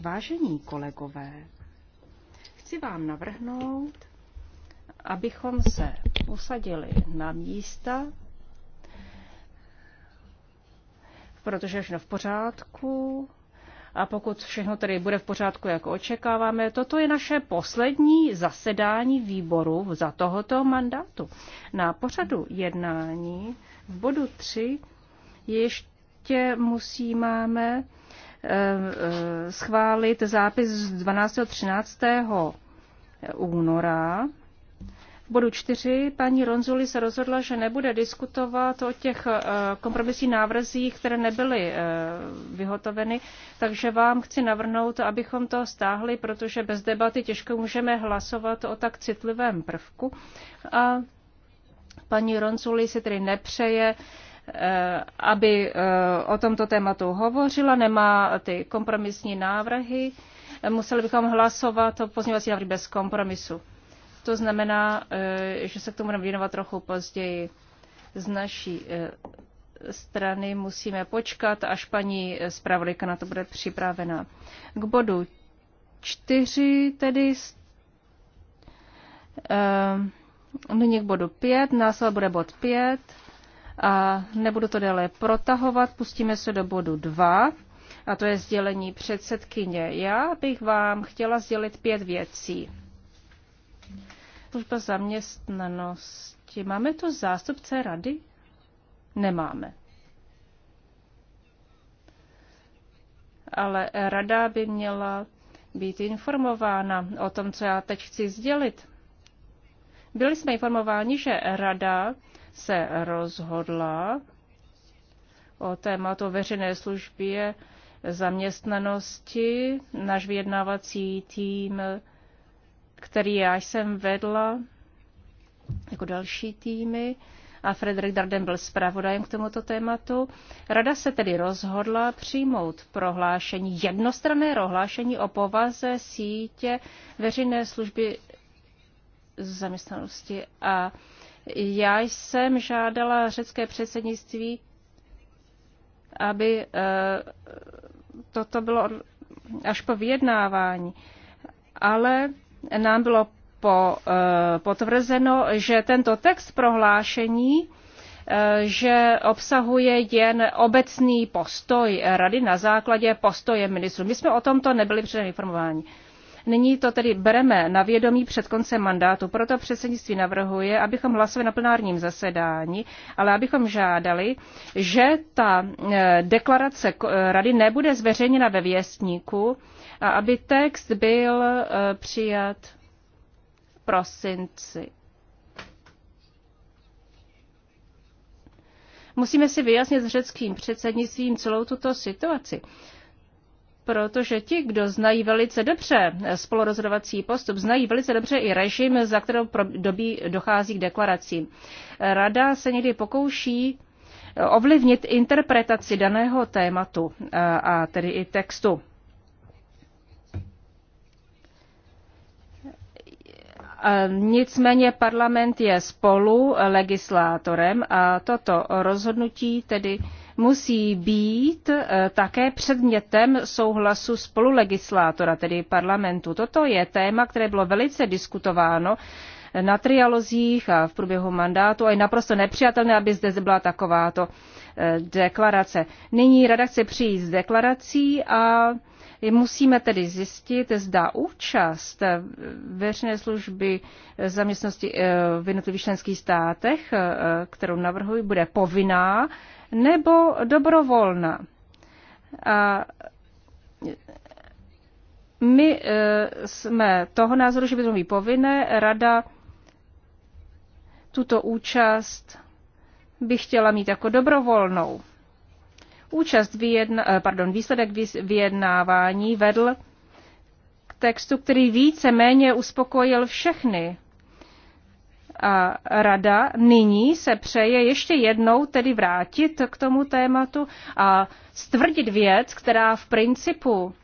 Vážení kolegové, chci vám navrhnout, abychom se usadili na místa, protože všechno v pořádku. A pokud všechno tady bude v pořádku, jako očekáváme, toto je naše poslední zasedání výboru za tohoto mandátu. Na pořadu jednání v bodu 3 ještě musí máme Eh, schválit zápis z 12. 13. února. V bodu 4 paní Ronzuli se rozhodla, že nebude diskutovat o těch eh, kompromisních návrzích, které nebyly eh, vyhotoveny, takže vám chci navrhnout, abychom to stáhli, protože bez debaty těžko můžeme hlasovat o tak citlivém prvku. A paní Ronzuli si tedy nepřeje Eh, aby eh, o tomto tématu hovořila, nemá ty kompromisní návrhy. Eh, museli bychom hlasovat o pozměňovací návrhy bez kompromisu. To znamená, že se k tomu budeme věnovat trochu později. Z naší strany musíme počkat, až paní zpravodajka na to bude připravena. K bodu čtyři tedy nyní k bodu pět, následně bude bod pět. A nebudu to déle protahovat, pustíme se do bodu 2, a to je sdělení předsedkyně. Já bych vám chtěla sdělit pět věcí. Služba zaměstnanosti. Máme tu zástupce rady? Nemáme. Ale rada by měla být informována o tom, co já teď chci sdělit. Byli jsme informováni, že rada se rozhodla o tématu veřejné služby zaměstnanosti. Náš vyjednávací tým, který já jsem vedla, jako další týmy, a Frederik Darden byl zpravodajem k tomuto tématu. Rada se tedy rozhodla přijmout prohlášení, jednostranné prohlášení o povaze sítě veřejné služby zaměstnanosti a já jsem žádala řecké předsednictví, aby eh, toto bylo až po vyjednávání, ale nám bylo po, eh, potvrzeno, že tento text prohlášení eh, že obsahuje jen obecný postoj rady na základě postoje ministrů. My jsme o tomto nebyli předem informováni. Nyní to tedy bereme na vědomí před koncem mandátu. Proto předsednictví navrhuje, abychom hlasovali na plenárním zasedání, ale abychom žádali, že ta eh, deklarace eh, rady nebude zveřejněna ve věstníku a aby text byl eh, přijat v prosinci. Musíme si vyjasnit s řeckým předsednictvím celou tuto situaci protože ti, kdo znají velice dobře spolorozhodovací postup, znají velice dobře i režim, za kterou dobí dochází k deklaracím. Rada se někdy pokouší eh, ovlivnit interpretaci daného tématu eh, a tedy i textu. Eh, nicméně parlament je spolu legislátorem a toto rozhodnutí tedy musí být eh, také předmětem souhlasu spolulegislátora, tedy parlamentu. Toto je téma, které bylo velice diskutováno na trialozích a v průběhu mandátu a je naprosto nepřijatelné, aby zde byla takováto eh, deklarace. Nyní rada chce přijít s deklarací a musíme tedy zjistit, zda účast veřejné služby zaměstnosti eh, v jednotlivých členských státech, kterou navrhuji, bude povinná nebo dobrovolná. A my e, jsme toho názoru, že by to bylo povinné. Rada tuto účast by chtěla mít jako dobrovolnou. Účast vyjedna, e, pardon, výsledek vyjednávání vedl k textu, který více méně uspokojil všechny. A rada nyní se přeje ještě jednou tedy vrátit k tomu tématu a stvrdit věc, která v principu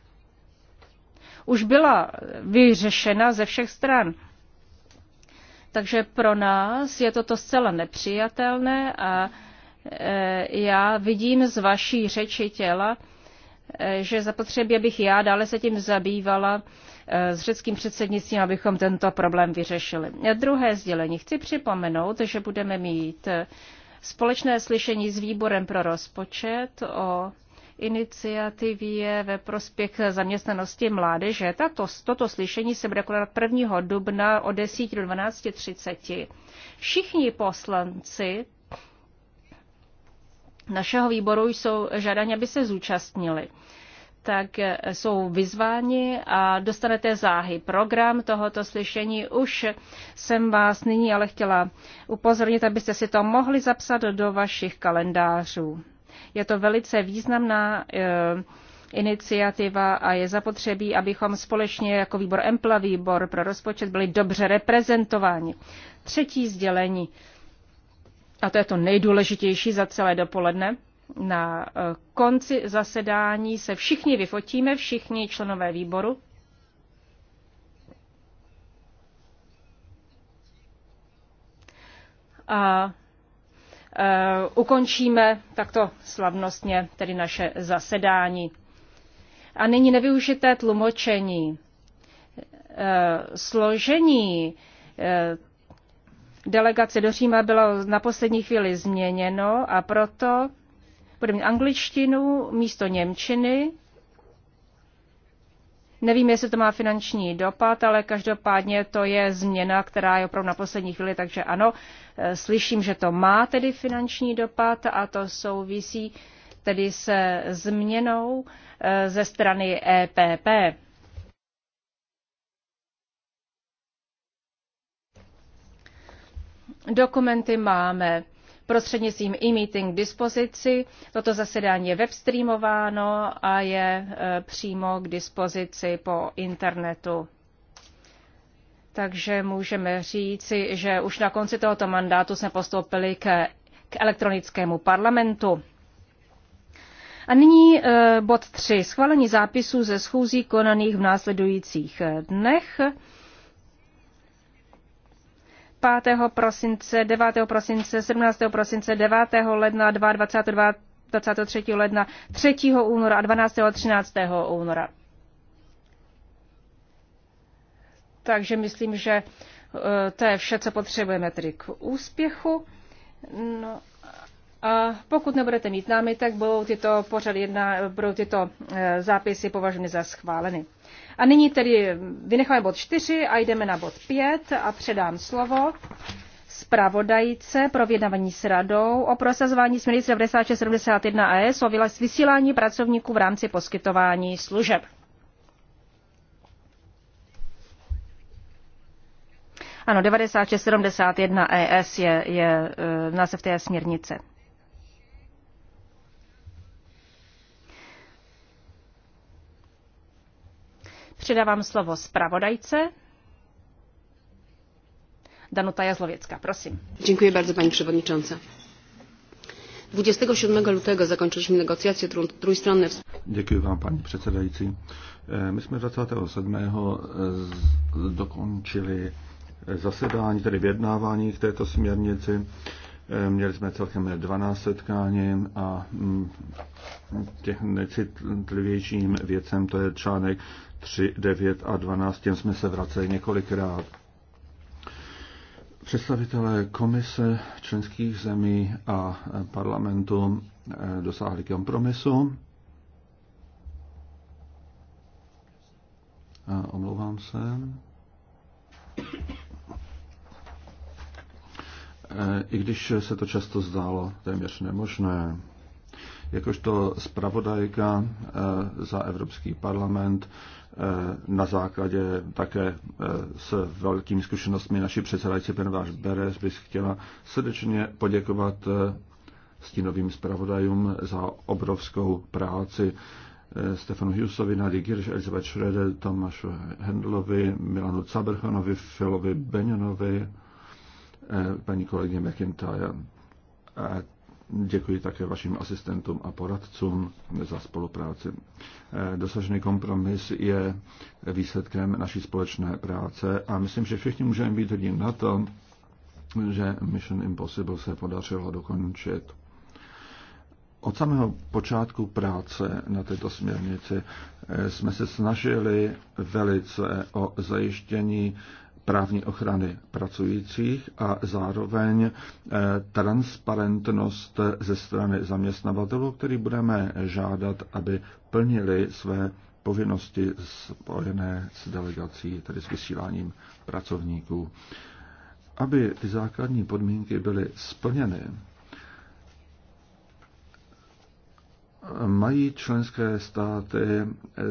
už byla vyřešena ze všech stran. Takže pro nás je toto zcela nepřijatelné a e, já vidím z vaší řeči těla, e, že zapotřebí bych já dále se tím zabývala Eh, s řeckým předsednictvím, abychom tento problém vyřešili. Druhé sdělení. Chci připomenout, že budeme mít eh, společné slyšení s výborem pro rozpočet o iniciativě ve prospěch zaměstnanosti mládeže. Tato, toto slyšení se bude konat 1. dubna od 10 do 12.30. Všichni poslanci našeho výboru jsou žádáni, aby se zúčastnili tak eh, jsou vyzváni a dostanete záhy program tohoto slyšení. Už jsem vás nyní ale chtěla upozornit, abyste si to mohli zapsat do vašich kalendářů. Je to velice významná eh, iniciativa a je zapotřebí, abychom společně jako výbor EMPLA, výbor pro rozpočet, byli dobře reprezentováni. Třetí sdělení, a to je to nejdůležitější za celé dopoledne, na eh, konci zasedání se všichni vyfotíme, všichni členové výboru. A eh, ukončíme takto slavnostně tedy naše zasedání. A nyní nevyužité tlumočení. Eh, složení delegace do Říma bylo na poslední chvíli změněno a proto bude mít angličtinu místo Němčiny. Nevím, jestli to má finanční dopad, ale každopádně to je změna, která je opravdu na poslední chvíli, takže ano, eh, slyším, že to má tedy finanční dopad a to souvisí tedy se změnou eh, ze strany EPP. Dokumenty máme prostřednictvím e-meeting dispozici. Toto zasedání je webstreamováno a je e, přímo k dispozici po internetu. Takže můžeme říci, že už na konci tohoto mandátu jsme postoupili k, k elektronickému parlamentu. A nyní e, bod 3. Schválení zápisů ze schůzí konaných v následujících e, dnech. 5. prosince, 9. prosince, 17. prosince, 9. ledna, 22. 23. ledna, 3. února a 12. a 13. února. Takže myslím, že e, to je vše, co potřebujeme tedy k úspěchu. No a pokud nebudete mít námi, tak budou tyto, pořad jedna, budou tyto e, zápisy považeny za schváleny. A nyní tedy vynecháme bod 4 a jdeme na bod 5 a předám slovo zpravodajce pro vyjednávání s radou o prosazování směrnice 9671 AS o vysílání pracovníků v rámci poskytování služeb. Ano, 9671 ES je, je e, název té směrnice. Předávám slovo zpravodajce. Danuta Jazlověcka, prosím. Dziękuję bardzo, pani przewodnicząca. 27 lutego zakończyliśmy negocjacje trójstronne. Děkuji vám, paní předsedající. Eh, my jsme 27. Eh, dokončili eh, zasedání, tedy vyjednávání k této směrnici Eh, měli jsme celkem 12 setkání a mm, těch necitlivějším věcem, to je článek 3, 9 a 12, těm jsme se vraceli několikrát. Představitelé komise členských zemí a eh, parlamentu eh, dosáhli kompromisu. omlouvám se. Eh, i když se to často zdálo téměř nemožné. Jakožto zpravodajka eh, za Evropský parlament eh, na základě také s velkými zkušenostmi naší předsedající Váš Beres bych chtěla srdečně poděkovat stínovým zpravodajům za obrovskou práci. Stefanu Hughesovi, Nadě Girš, Elizabeth Schroeder, Tomášu Hendlovi, Milanu Caberchanovi, Filovi Benjanovi. Eh, paní kolegyně McIntyre. A děkuji také vašim asistentům a poradcům za spolupráci. Eh, dosažený kompromis je výsledkem naší společné práce a myslím, že všichni můžeme být hrdí na to, že Mission Impossible se podařilo dokončit. Od samého počátku práce na této směrnici eh, jsme se snažili velice o zajištění právní ochrany pracujících a zároveň eh, transparentnost ze strany zaměstnavatelů, který budeme žádat, aby plnili své povinnosti spojené s delegací, tedy s vysíláním pracovníků. Aby ty základní podmínky byly splněny, mají členské státy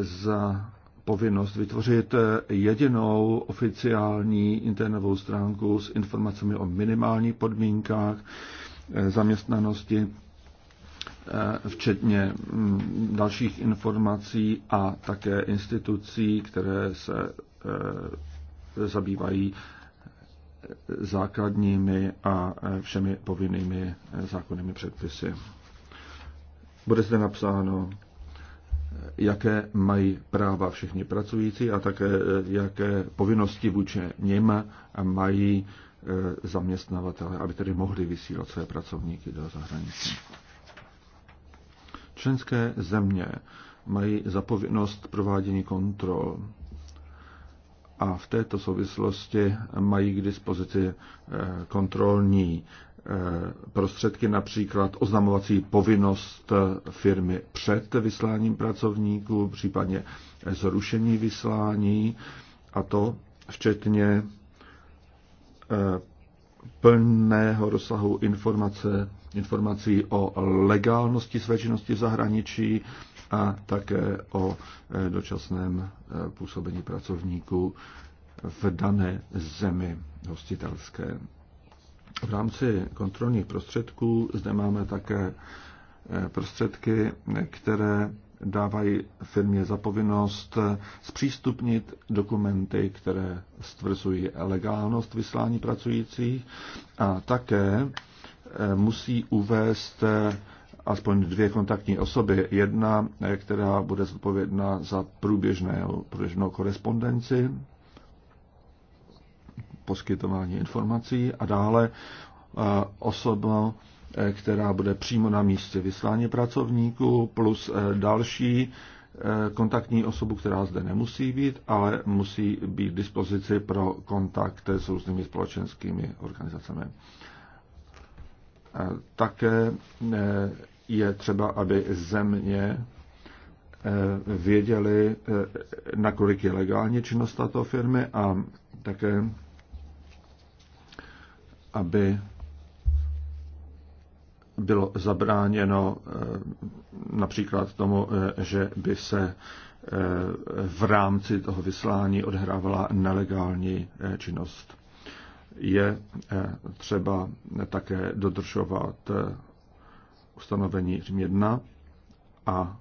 za povinnost vytvořit eh, jedinou oficiální internetovou stránku s informacemi o minimálních podmínkách eh, zaměstnanosti, eh, včetně mm, dalších informací a také institucí, které se zabývají základními a všemi povinnými zákonnými předpisy. Bude zde napsáno jaké mají práva všichni pracující a také eh, jaké povinnosti vůči něm mají eh, zaměstnavatele, aby tedy mohli vysílat své pracovníky do zahraničí. Členské země mají zapovinnost provádění kontrol a v této souvislosti mají k dispozici eh, kontrolní Eh, prostředky, například oznamovací povinnost eh, firmy před vysláním pracovníků, případně zrušení vyslání, a to včetně eh, plného rozsahu informace, informací o legálnosti své činnosti v zahraničí a také o dočasném působení pracovníků v dané zemi hostitelské. V rámci kontrolních prostředků zde máme také eh, prostředky, které dávají firmě za povinnost eh, zpřístupnit dokumenty, které stvrzují legálnost vyslání pracujících a také eh, musí uvést aspoň dvě kontaktní osoby. Jedna, která bude zodpovědná za průběžnou, průběžnou korespondenci poskytování informací a dále eh, osoba, eh, která bude přímo na místě vyslání pracovníků, plus eh, další kontaktní osobu, která zde nemusí být, ale musí být k dispozici pro kontakt s různými společenskými organizacemi. Také je třeba, aby země věděli, nakolik je legální činnost tato firmy a také aby bylo zabráněno eh, například tomu, eh, že by se eh, v rámci toho vyslání odhrávala nelegální činnost. Je třeba také dodržovat ustanovení Řím 1 a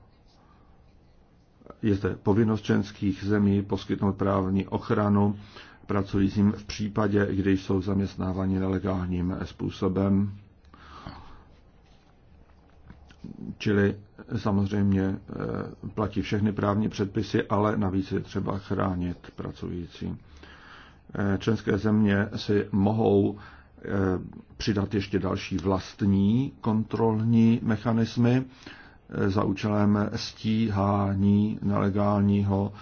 je zde povinnost členských zemí poskytnout právní ochranu pracujícím v případě, když jsou zaměstnávaní nelegálním způsobem. Čili samozřejmě eh, platí všechny právní předpisy, ale navíc je třeba chránit pracující. Eh, členské země si mohou eh, přidat ještě další vlastní kontrolní mechanismy za účelem stíhání nelegálního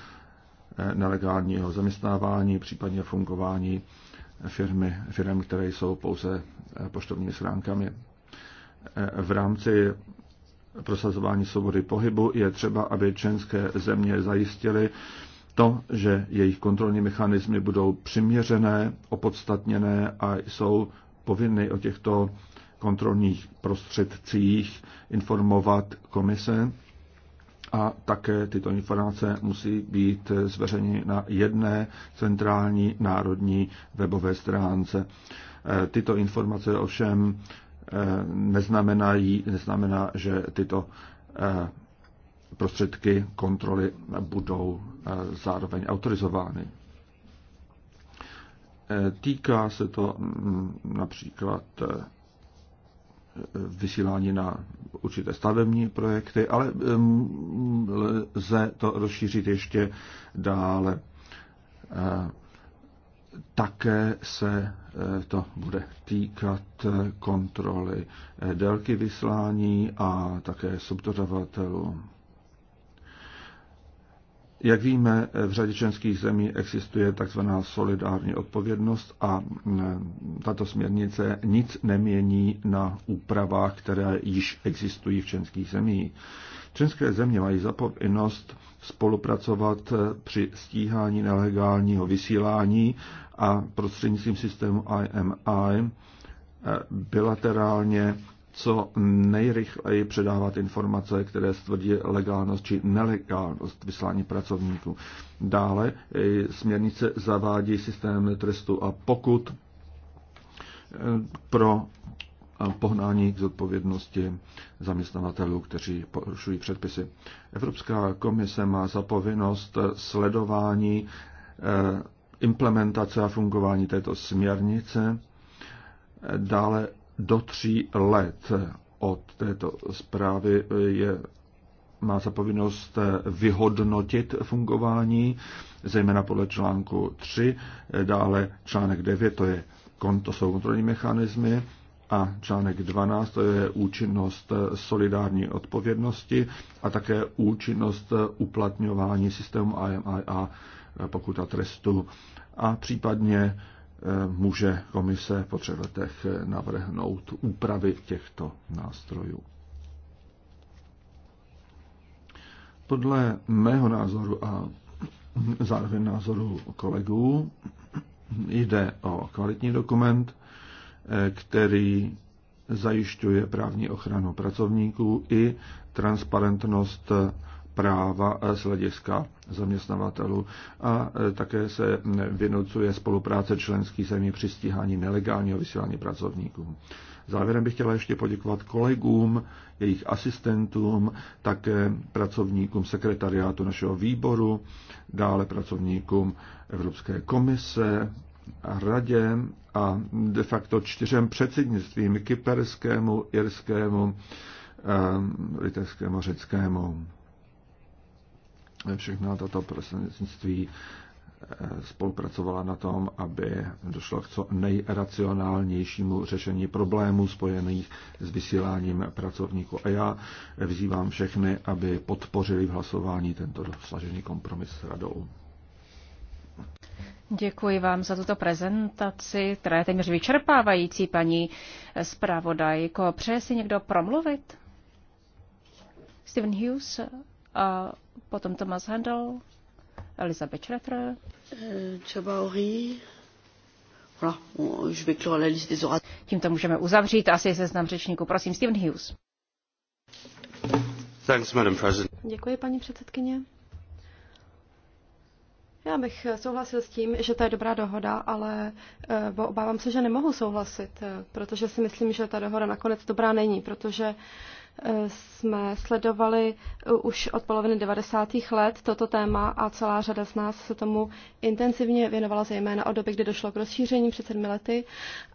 nelegálního zaměstnávání, případně fungování firmy, firm, které jsou pouze eh, poštovními schránkami. Eh, v rámci prosazování svobody pohybu je třeba, aby členské země zajistily to, že jejich kontrolní mechanismy budou přiměřené, opodstatněné a jsou povinny o těchto kontrolních prostředcích informovat komise a také tyto informace musí být zveřejněny na jedné centrální národní webové stránce. E, tyto informace ovšem e, neznamenají, neznamená, že tyto e, prostředky kontroly budou zároveň autorizovány. Týká se to například vysílání na určité stavební projekty, ale lze to rozšířit ještě dále. E, také se e, to bude týkat e, kontroly délky vyslání a také subdodavatelů. Jak víme, v řadě členských zemí existuje tzv. solidární odpovědnost a tato směrnice nic nemění na úpravách, které již existují v členských zemích. Členské země mají zapovinnost spolupracovat při stíhání nelegálního vysílání a prostřednictvím systému IMI bilaterálně co nejrychleji předávat informace, které stvrdí legálnost či nelegálnost vyslání pracovníků. Dále eh, směrnice zavádí systém trestu a pokud eh, pro eh, pohnání k zodpovědnosti zaměstnavatelů, kteří porušují předpisy. Evropská komise má zapovinnost sledování implementace a fungování této směrnice, dále do tří let od této zprávy je, má povinnost vyhodnotit fungování, zejména podle článku 3, dále článek 9, to, je, to jsou kontrolní mechanismy, a článek 12, to je účinnost solidární odpovědnosti a také účinnost uplatňování systému IMI a pokuta trestu a případně může komise po třech letech navrhnout úpravy těchto nástrojů. Podle mého názoru a zároveň názoru kolegů jde o kvalitní dokument, který zajišťuje právní ochranu pracovníků i transparentnost práva z hlediska zaměstnavatelů a e, také se vynucuje spolupráce členských zemí při stíhání nelegálního vysílání pracovníků. Závěrem bych chtěla ještě poděkovat kolegům, jejich asistentům, také pracovníkům sekretariátu našeho výboru, dále pracovníkům Evropské komise, radě a de facto čtyřem předsednictvím kyperskému, irskému, e, litevskému, řeckému všechna tato prostřednictví eh, spolupracovala na tom, aby došlo k co nejracionálnějšímu řešení problémů spojených s vysíláním pracovníků. A já vyzývám všechny, aby podpořili v hlasování tento dosažený kompromis s radou. Děkuji vám za tuto prezentaci, která je téměř vyčerpávající, paní zpravodajko. Přeje si někdo promluvit? Stephen Hughes a potom Thomas Handel, Elizabeth Schroeder. Eh, Chabauri. Tímto můžeme uzavřít asi seznam řečníků. Prosím, Stephen Hughes. Thanks, Madam President. Děkuji, paní předsedkyně. Já bych souhlasil s tím, že to je dobrá dohoda, ale eh, obávám se, že nemohu souhlasit, eh, protože si myslím, že ta dohoda nakonec dobrá není, protože jsme sledovali eh, už od poloviny 90. let toto téma a celá řada z nás se tomu intenzivně věnovala, zejména od doby, kdy došlo k rozšíření před sedmi lety.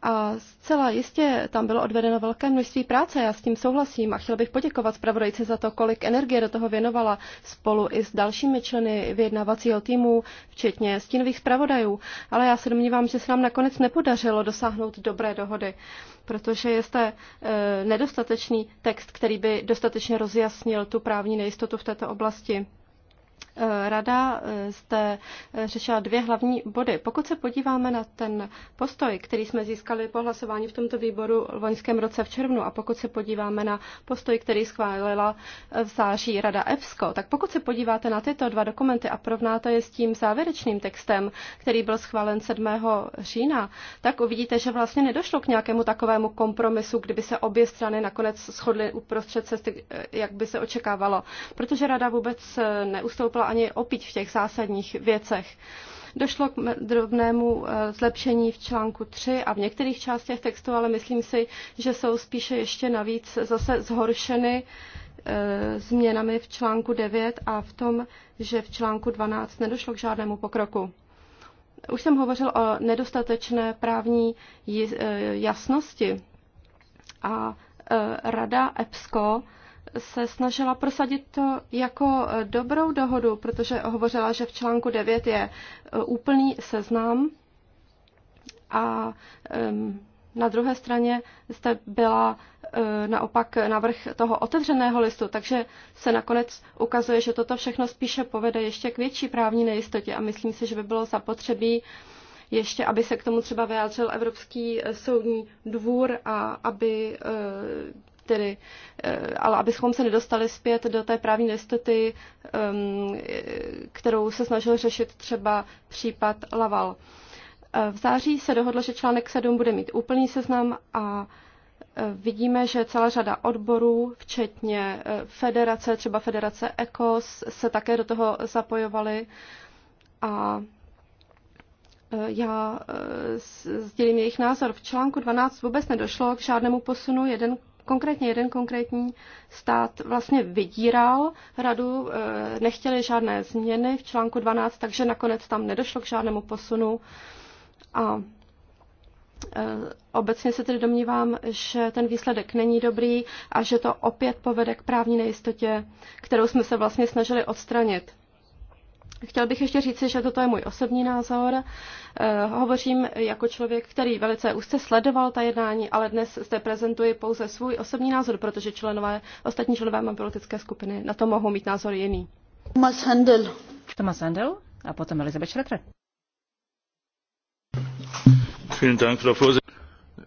A zcela jistě tam bylo odvedeno velké množství práce, já s tím souhlasím a chtěla bych poděkovat zpravodajce za to, kolik energie do toho věnovala spolu i s dalšími členy vyjednavacího týmu, včetně stínových zpravodajů. Ale já se domnívám, že se nám nakonec nepodařilo dosáhnout dobré dohody protože je zde eh, nedostatečný text, který by dostatečně rozjasnil tu právní nejistotu v této oblasti. Eh, Rada eh, zde eh, řešila dvě hlavní body. Pokud se podíváme na ten postoj, který jsme získali po hlasování v tomto výboru v loňském roce v červnu a pokud se podíváme na postoj, který schválila v září Rada EPSCO, tak pokud se podíváte na tyto dva dokumenty a porovnáte je s tím závěrečným textem, který byl schválen 7. října, tak uvidíte, že vlastně nedošlo k nějakému takovému kompromisu, kdyby se obě strany nakonec shodly uprostřed cesty, jak by se očekávalo, protože Rada vůbec neustoupila nestoupla ani opít v těch zásadních věcech. Došlo k drobnému eh, zlepšení v článku 3 a v některých částech textu, ale myslím si, že jsou spíše ještě navíc zase zhoršeny eh, změnami v článku 9 a v tom, že v článku 12 nedošlo k žádnému pokroku. Už jsem hovořil o nedostatečné právní eh, jasnosti a Rada EPSCO se snažila prosadit to jako e, dobrou dohodu, protože hovořila, že v článku 9 je e, úplný seznam a na druhé straně jste byla e, naopak navrh toho otevřeného listu, takže se nakonec ukazuje, že toto všechno spíše povede ještě k větší právní nejistotě a myslím si, že by bylo zapotřebí ještě, aby se k tomu třeba vyjádřil Evropský soudní dvůr a aby tedy, eh, ale abychom se nedostali zpět do té právní nejistoty, ehm, kterou se snažil řešit třeba případ Laval. Eh, v září se dohodlo, že článek 7 bude mít úplný seznam a eh, vidíme, že celá řada odborů, včetně federace, třeba federace ECOS, se také do toho zapojovaly a já sdělím jejich názor. V článku 12 vůbec nedošlo k žádnému posunu. Jeden konkrétně jeden konkrétní stát vlastně vydíral radu, eh, nechtěli žádné změny v článku 12, takže nakonec tam nedošlo k žádnému posunu. A eh, obecně se tedy domnívám, že ten výsledek není dobrý a že to opět povede k právní nejistotě, kterou jsme se vlastně snažili odstranit. Chtěl bych ještě říci, že toto je můj osobní názor. Eh, hovořím jako člověk, který velice úzce sledoval ta jednání, ale dnes zde prezentuji pouze svůj osobní názor, protože členové, ostatní členové mé politické skupiny na to mohou mít názor jiný. Thomas Handel. Thomas Handel a potom Elizabeth Schroeder.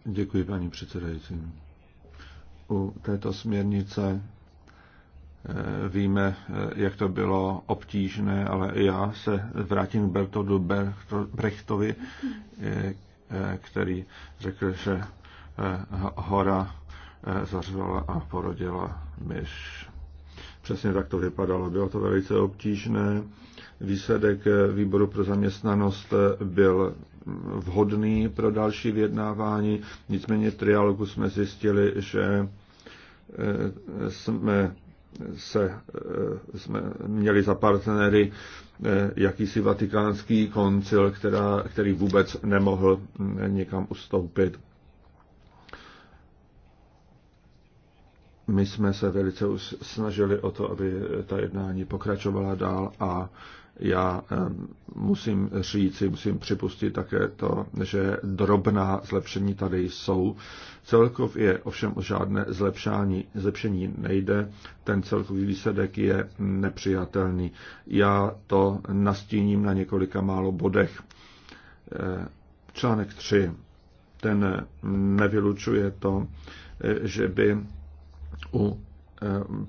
Děkuji, paní předsedající. U této směrnice Eh, víme, eh, jak to bylo obtížné, ale já se vrátím k Bertoldu Brechtovi, eh, který řekl, že hora zařvala a porodila myš. Přesně tak to vypadalo. Bylo to velice obtížné. Výsledek výboru pro zaměstnanost byl vhodný pro další vyjednávání. Nicméně v trialogu jsme zjistili, že jsme se, e, jsme měli za partnery e, jakýsi vatikánský koncil, která, který vůbec nemohl někam ustoupit. My jsme se velice snažili o to, aby ta jednání pokračovala dál a já e, musím říct, musím připustit také to, že drobná zlepšení tady jsou Celkově ovšem o žádné zlepšání, zlepšení nejde, ten celkový výsledek je nepřijatelný. Já to nastíním na několika málo bodech. E, článek 3, ten nevylučuje to, e, že by u e,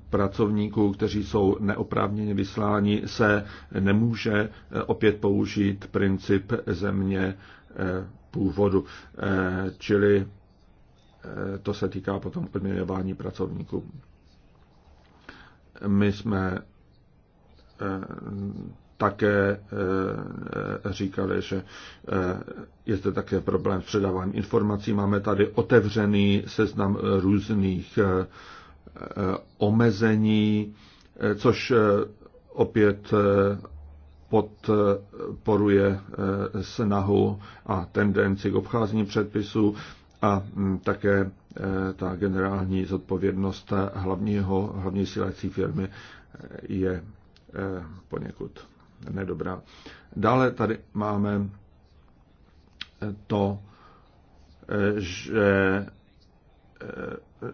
pracovníků, kteří jsou neoprávněně vysláni, se nemůže opět použít princip země původu. Čili Eh, to se týká potom odměňování pracovníků. My jsme eh, také eh, říkali, že je zde také problém s předáváním informací. Máme tady otevřený seznam různých omezení, což opět podporuje snahu a tendenci k obcházení předpisů a mm, také e, ta generální zodpovědnost hlavního, hlavní silací firmy e, je e, poněkud nedobrá. Dále tady máme to, že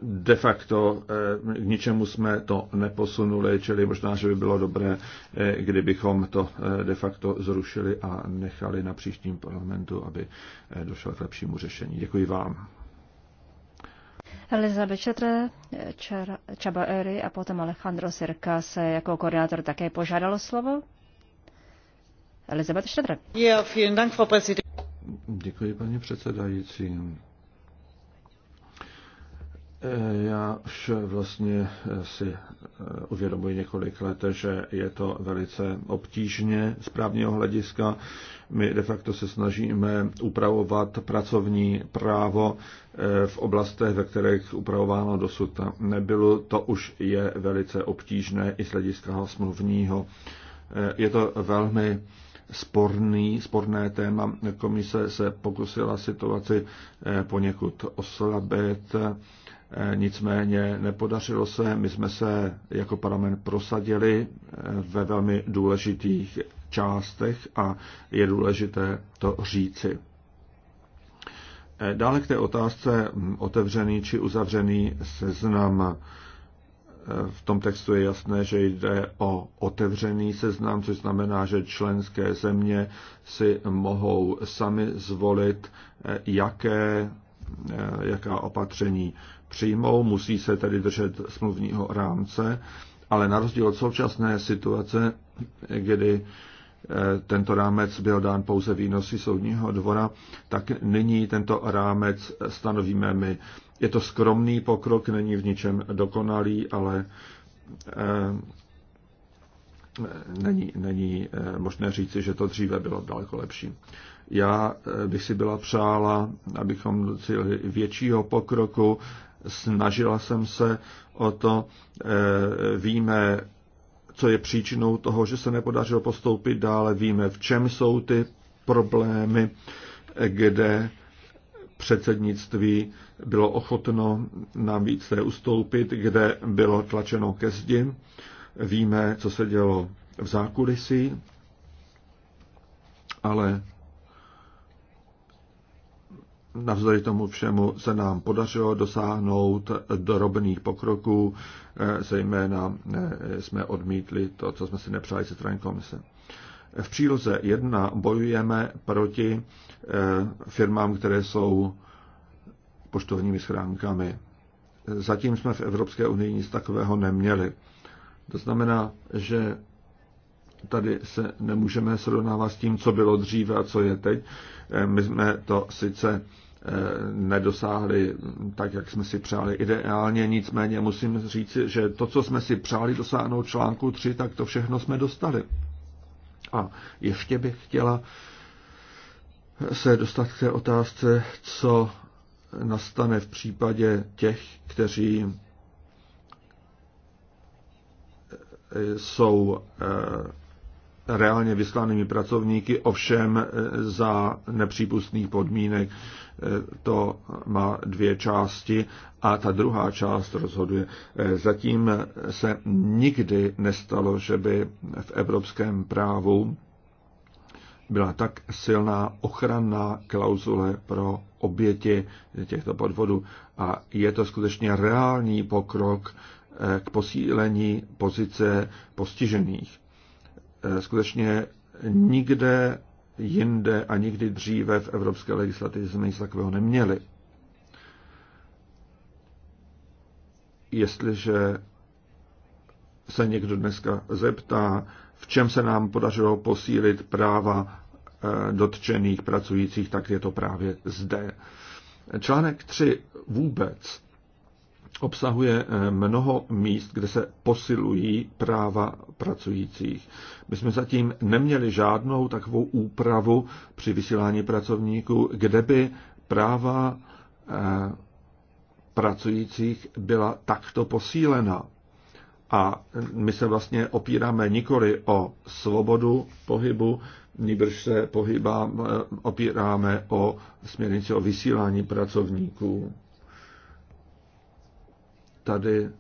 de facto eh, k ničemu jsme to neposunuli, čili možná, že by bylo dobré, eh, kdybychom to eh, de facto zrušili a nechali na příštím parlamentu, aby došlo k lepšímu řešení. Děkuji vám. Elizabeth Četre, Čaba Ery a potom Alejandro Sirka se jako koordinátor také požádalo slovo. Elizabeth Četre. Děkuji, paní předsedající. Eh, já už vlastně eh, si eh, uvědomuji několik let, že je to velice obtížně z právního hlediska. My de facto se snažíme upravovat pracovní právo v oblastech, ve kterých upravováno dosud nebylo. To už je velice obtížné i z hlediska smluvního. Je to velmi sporný, sporné téma. Komise se pokusila situaci poněkud oslabit Eh, nicméně nepodařilo se, my jsme se jako parlament prosadili eh, ve velmi důležitých částech a je důležité to říci. Eh, dále k té otázce hm, otevřený či uzavřený seznam. V tom textu je jasné, že jde o otevřený seznam, což znamená, že členské země si mohou sami zvolit, jaké Eh, jaká opatření přijmou, musí se tedy držet smluvního rámce, ale na rozdíl od současné situace, kdy eh, tento rámec byl dán pouze výnosy soudního dvora, tak nyní tento rámec stanovíme my. Je to skromný pokrok, není v ničem dokonalý, ale eh, není, není možné říci, že to dříve bylo daleko lepší. Já eh, bych si byla přála, abychom docílili většího pokroku. Snažila jsem se o to. Eh, víme, co je příčinou toho, že se nepodařilo postoupit dále. Víme, v čem jsou ty problémy, kde předsednictví bylo ochotno nám více ustoupit, kde bylo tlačeno ke zdi. Víme, co se dělo v zákulisí, ale Navzdory tomu všemu se nám podařilo dosáhnout drobných pokroků, eh, zejména eh, jsme odmítli to, co jsme si nepřáli se strany komise. V příloze 1 bojujeme proti eh, firmám, které jsou poštovními schránkami. Zatím jsme v Evropské unii nic takového neměli. To znamená, že tady se nemůžeme srovnávat s tím, co bylo dříve a co je teď. Eh, my jsme to sice eh, nedosáhli tak, jak jsme si přáli ideálně, nicméně musím říct, že to, co jsme si přáli dosáhnout článku 3, tak to všechno jsme dostali. A ještě bych chtěla se dostat k té otázce, co nastane v případě těch, kteří eh, jsou reálně vyslanými pracovníky, ovšem e, za nepřípustných podmínek. E, to má dvě části a ta druhá část rozhoduje. E, zatím se nikdy nestalo, že by v evropském právu byla tak silná ochranná klauzule pro oběti těchto podvodů. A je to skutečně reálný pokrok k posílení pozice postižených. Eh, skutečně nikde jinde a nikdy dříve v evropské legislativě jsme nic takového neměli. Jestliže se někdo dneska zeptá, v čem se nám podařilo posílit práva eh, dotčených pracujících, tak je to právě zde. Článek 3 vůbec obsahuje eh, mnoho míst, kde se posilují práva pracujících. My jsme zatím neměli žádnou takovou úpravu při vysílání pracovníků, kde by práva eh, pracujících byla takto posílena. A my se vlastně opíráme nikoli o svobodu pohybu, níbrž se pohybám, eh, opíráme o směrnici o vysílání pracovníků tady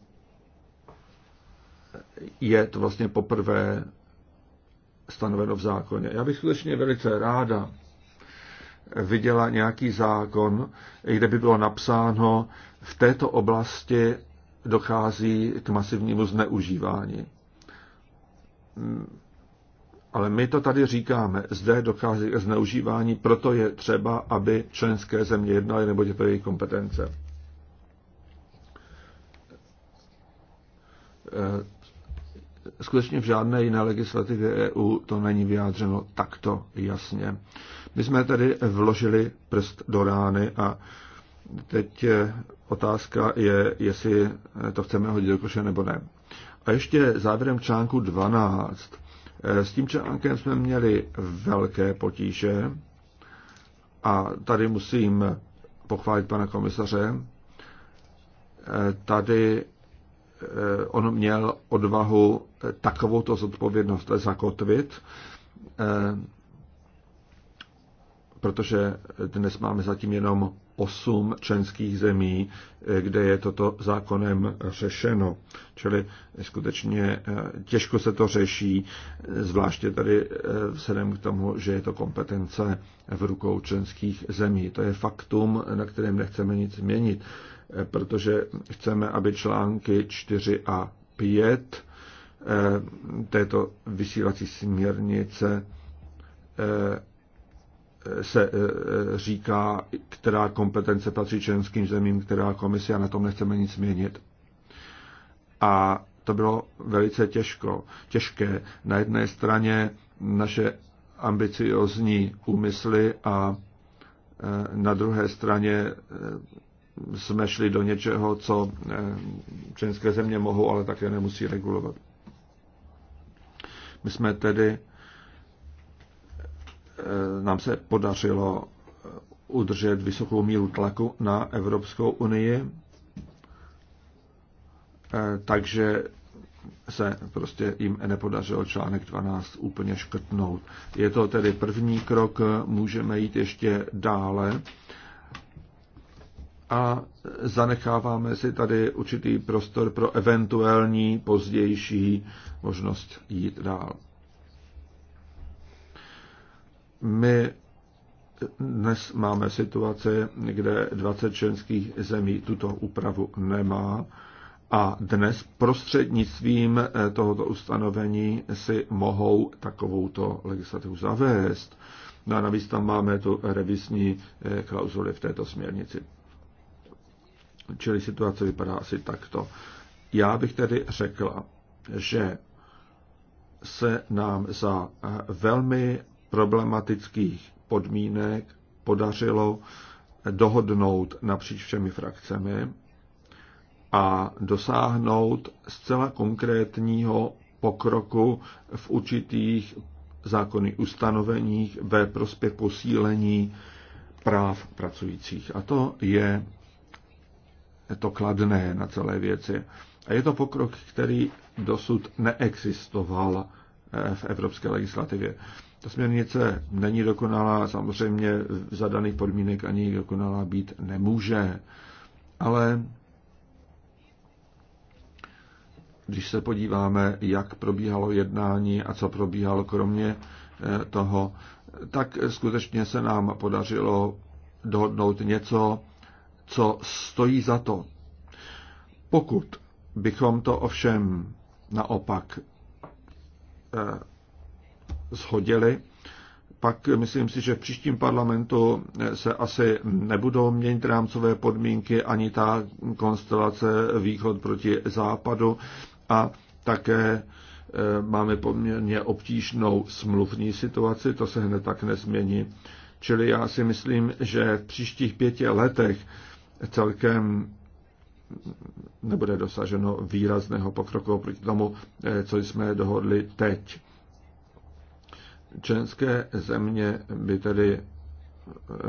je to vlastně poprvé stanoveno v zákoně. Já bych skutečně velice ráda viděla nějaký zákon, kde by bylo napsáno, v této oblasti dochází k masivnímu zneužívání. Ale my to tady říkáme, zde dochází k zneužívání, proto je třeba, aby členské země jednaly nebo je to její kompetence. Eh, skutečně v žádné jiné legislativě EU to není vyjádřeno takto jasně. My jsme tady vložili prst do rány a teď eh, otázka je, jestli eh, to chceme hodit do koše nebo ne. A ještě závěrem článku 12. S tím článkem jsme měli velké potíže a tady musím pochválit pana komisaře. Tady Eh, on měl odvahu takovou to zodpovědnost zakotvit, eh, protože dnes máme zatím jenom osm členských zemí, eh, kde je toto zákonem řešeno. Čili skutečně eh, těžko se to řeší, eh, zvláště tady vzhledem k tomu, že je to kompetence v rukou členských zemí. To je faktum, na kterém nechceme nic měnit, protože chceme, aby články 4 a 5 této vysílací směrnice se e, říká, která kompetence patří členským zemím, která komise a na tom nechceme nic měnit. A to bylo velice těžko, těžké. Na jedné straně naše ambiciozní úmysly a e, na druhé straně e, jsme šli do něčeho, co členské země mohou, ale také nemusí regulovat. My jsme tedy Eh, nám se podařilo eh, udržet vysokou míru tlaku na Evropskou unii, eh, takže se prostě jim nepodařilo článek 12 úplně škrtnout. Je to tedy první krok, můžeme jít ještě dále a zanecháváme si tady určitý prostor pro eventuální pozdější možnost jít dál. My dnes máme situace, kde 20 členských zemí tuto úpravu nemá a dnes prostřednictvím eh, tohoto ustanovení si mohou takovouto legislativu zavést. No a navíc tam máme tu revisní eh, klauzuly v této směrnici. Čili situace vypadá asi takto. Já bych tedy řekla, že se nám za eh, velmi problematických podmínek podařilo dohodnout napříč všemi frakcemi a dosáhnout zcela konkrétního pokroku v určitých zákonných ustanoveních ve prospěch posílení práv pracujících. A to je to kladné na celé věci. A je to pokrok, který dosud neexistoval eh, v evropské legislativě. Ta směrnice není dokonalá, samozřejmě za daných podmínek ani dokonalá být nemůže. Ale když se podíváme, jak probíhalo jednání a co probíhalo kromě eh, toho, tak skutečně se nám podařilo dohodnout něco, co stojí za to. Pokud bychom to ovšem naopak eh, shodili, pak myslím si, že v příštím parlamentu eh, se asi nebudou měnit rámcové podmínky ani ta konstelace východ proti západu a také eh, máme poměrně obtížnou smluvní situaci, to se hned tak nezmění. Čili já si myslím, že v příštích pěti letech celkem nebude dosaženo výrazného pokroku proti tomu, eh, co jsme dohodli teď. Členské země by tedy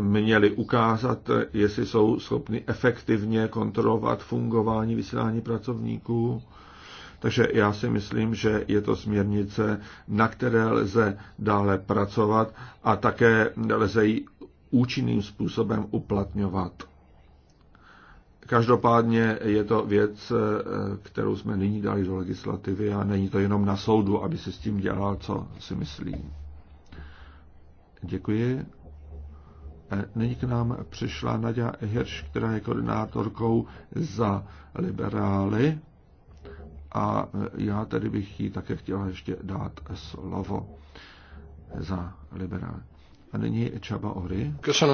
měly ukázat, jestli jsou schopny efektivně kontrolovat fungování vysílání pracovníků. Takže já si myslím, že je to směrnice, na které lze dále pracovat a také lze ji účinným způsobem uplatňovat. Každopádně je to věc, kterou jsme nyní dali do legislativy a není to jenom na soudu, aby si s tím dělal, co si myslím. Děkuji. E, nyní k nám přišla Nadia Hirš, která je koordinátorkou za liberály a e, já tedy bych jí také chtěla ještě dát slovo za liberály. A nyní čaba Ory. E,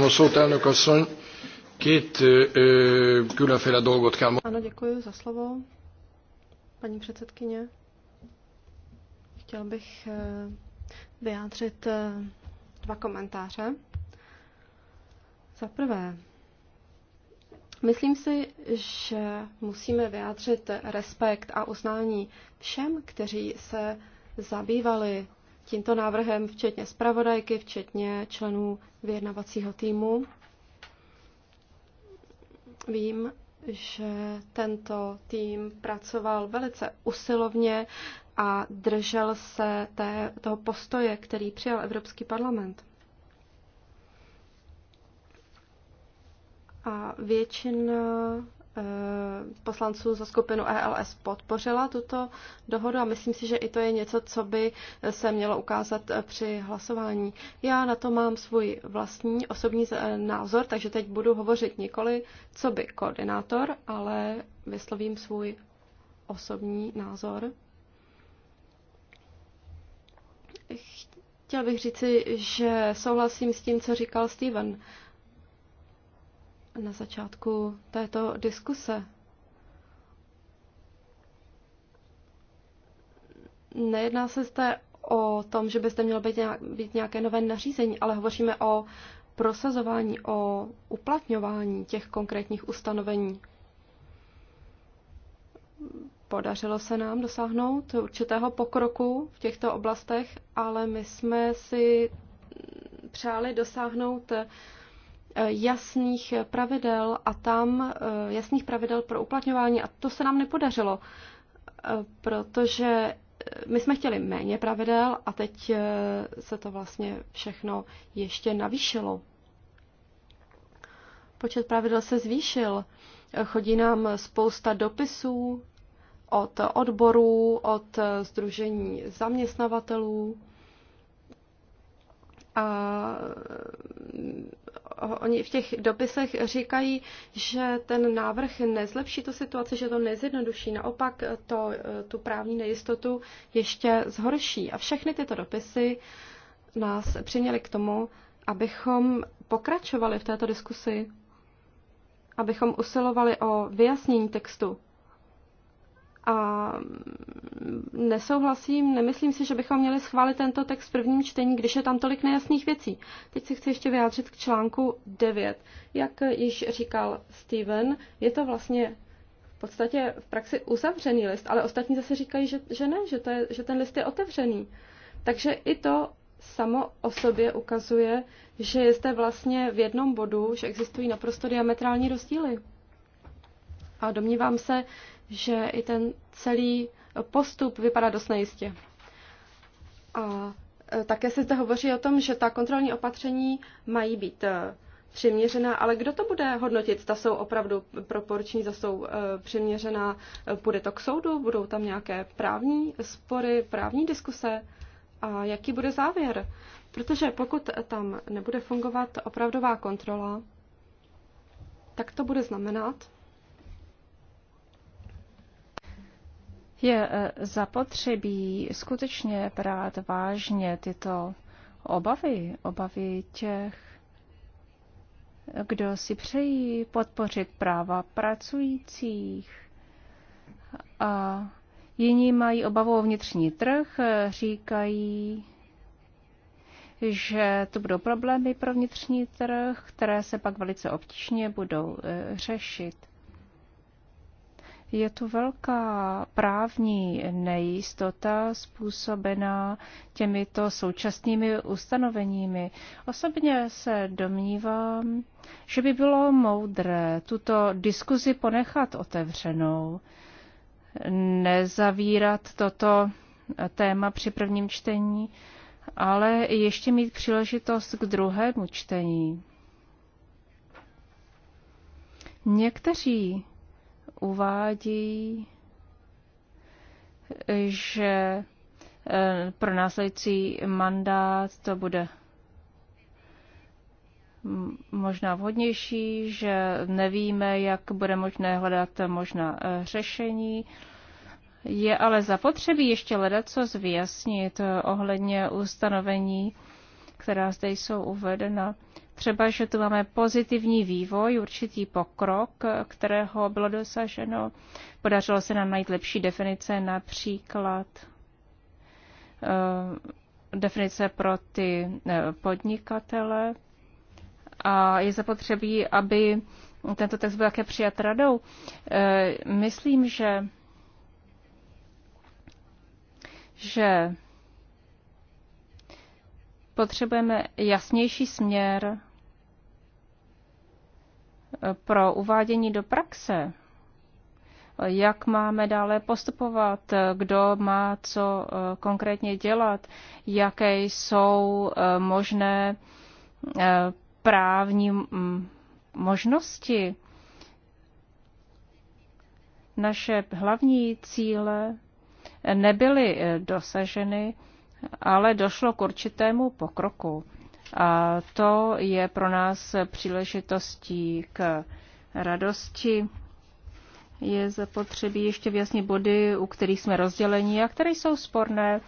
ano, děkuji za slovo, paní předsedkyně. Chtěl bych vyjádřit dva komentáře. Za prvé, myslím si, že musíme vyjádřit respekt a uznání všem, kteří se zabývali tímto návrhem, včetně zpravodajky, včetně členů vyjednavacího týmu. Vím, že tento tým pracoval velice usilovně a držel se té, toho postoje, který přijal Evropský parlament. A většina eh, poslanců za skupinu ELS podpořila tuto dohodu a myslím si, že i to je něco, co by se mělo ukázat eh, při hlasování. Já na to mám svůj vlastní osobní eh, názor, takže teď budu hovořit nikoli co by koordinátor, ale vyslovím svůj osobní názor. Chtěl bych říci, že souhlasím s tím, co říkal Steven na začátku této diskuse. Nejedná se zde o tom, že byste měl být, nějak, být nějaké nové nařízení, ale hovoříme o prosazování, o uplatňování těch konkrétních ustanovení. Podařilo se nám dosáhnout určitého pokroku v těchto oblastech, ale my jsme si přáli dosáhnout eh, jasných pravidel a tam eh, jasných pravidel pro uplatňování a to se nám nepodařilo, eh, protože my jsme chtěli méně pravidel a teď se to vlastně všechno ještě navýšilo. Počet pravidel se zvýšil. Chodí nám spousta dopisů od odborů, od Združení zaměstnavatelů. A eh, oni v těch dopisech říkají, že ten návrh nezlepší tu situaci, že to nezjednoduší, naopak to, eh, tu právní nejistotu ještě zhorší. A všechny tyto dopisy nás přiměly k tomu, abychom pokračovali v této diskusi, abychom usilovali o vyjasnění textu, a nesouhlasím, nemyslím si, že bychom měli schválit tento text v prvním čtení, když je tam tolik nejasných věcí. Teď se chci ještě vyjádřit k článku 9. Jak již říkal Steven, je to vlastně v podstatě v praxi uzavřený list, ale ostatní zase říkají, že, že ne, že, to je, že ten list je otevřený. Takže i to samo o sobě ukazuje, že jste vlastně v jednom bodu, že existují naprosto diametrální rozdíly. A domnívám se, že i ten celý postup vypadá dost nejistě. A e, také se zde hovoří o tom, že ta kontrolní opatření mají být e, přiměřená, ale kdo to bude hodnotit? Ta jsou opravdu proporční, zda jsou e, přiměřená. Bude to k soudu? Budou tam nějaké právní spory, právní diskuse? A jaký bude závěr? Protože pokud tam nebude fungovat opravdová kontrola, tak to bude znamenat, Je e, zapotřebí skutečně brát vážně tyto obavy, obavy těch, kdo si přejí podpořit práva pracujících. A jiní mají obavu o vnitřní trh, e, říkají, že to budou problémy pro vnitřní trh, které se pak velice obtížně budou e, řešit. Je tu velká právní nejistota způsobená těmito současnými ustanoveními. Osobně se domnívám, že by bylo moudré tuto diskuzi ponechat otevřenou, nezavírat toto téma při prvním čtení, ale ještě mít příležitost k druhému čtení. Někteří uvádí, že eh, pro následující mandát to bude možná vhodnější, že nevíme, jak bude možné hledat možná eh, řešení. Je ale zapotřebí ještě hledat co zvyjasnit eh, ohledně ustanovení, která zde jsou uvedena třeba, že tu máme pozitivní vývoj, určitý pokrok, kterého bylo dosaženo. Podařilo se nám najít lepší definice, například eh, definice pro ty eh, podnikatele. A je zapotřebí, aby tento text byl také přijat radou. Eh, myslím, že že potřebujeme jasnější směr pro uvádění do praxe, jak máme dále postupovat, kdo má co eh, konkrétně dělat, jaké jsou eh, možné eh, právní mm, možnosti. Naše hlavní cíle nebyly dosaženy, ale došlo k určitému pokroku. A to je pro nás příležitostí k radosti. Je zapotřebí ještě vyjasnit body, u kterých jsme rozděleni a které jsou sporné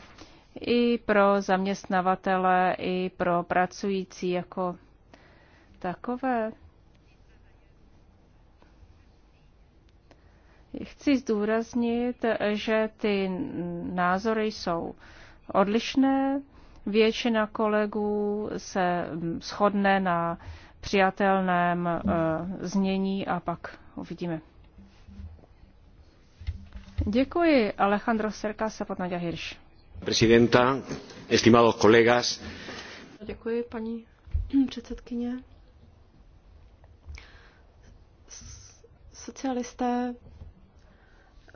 i pro zaměstnavatele, i pro pracující jako takové. Chci zdůraznit, že ty názory jsou odlišné, Většina kolegů se shodne na přijatelném eh, znění a pak uvidíme. Děkuji, Alejandro Serka, Sapotnadia Hirš. Prezidenta, estimados kolegas. Děkuji, paní předsedkyně. Socialisté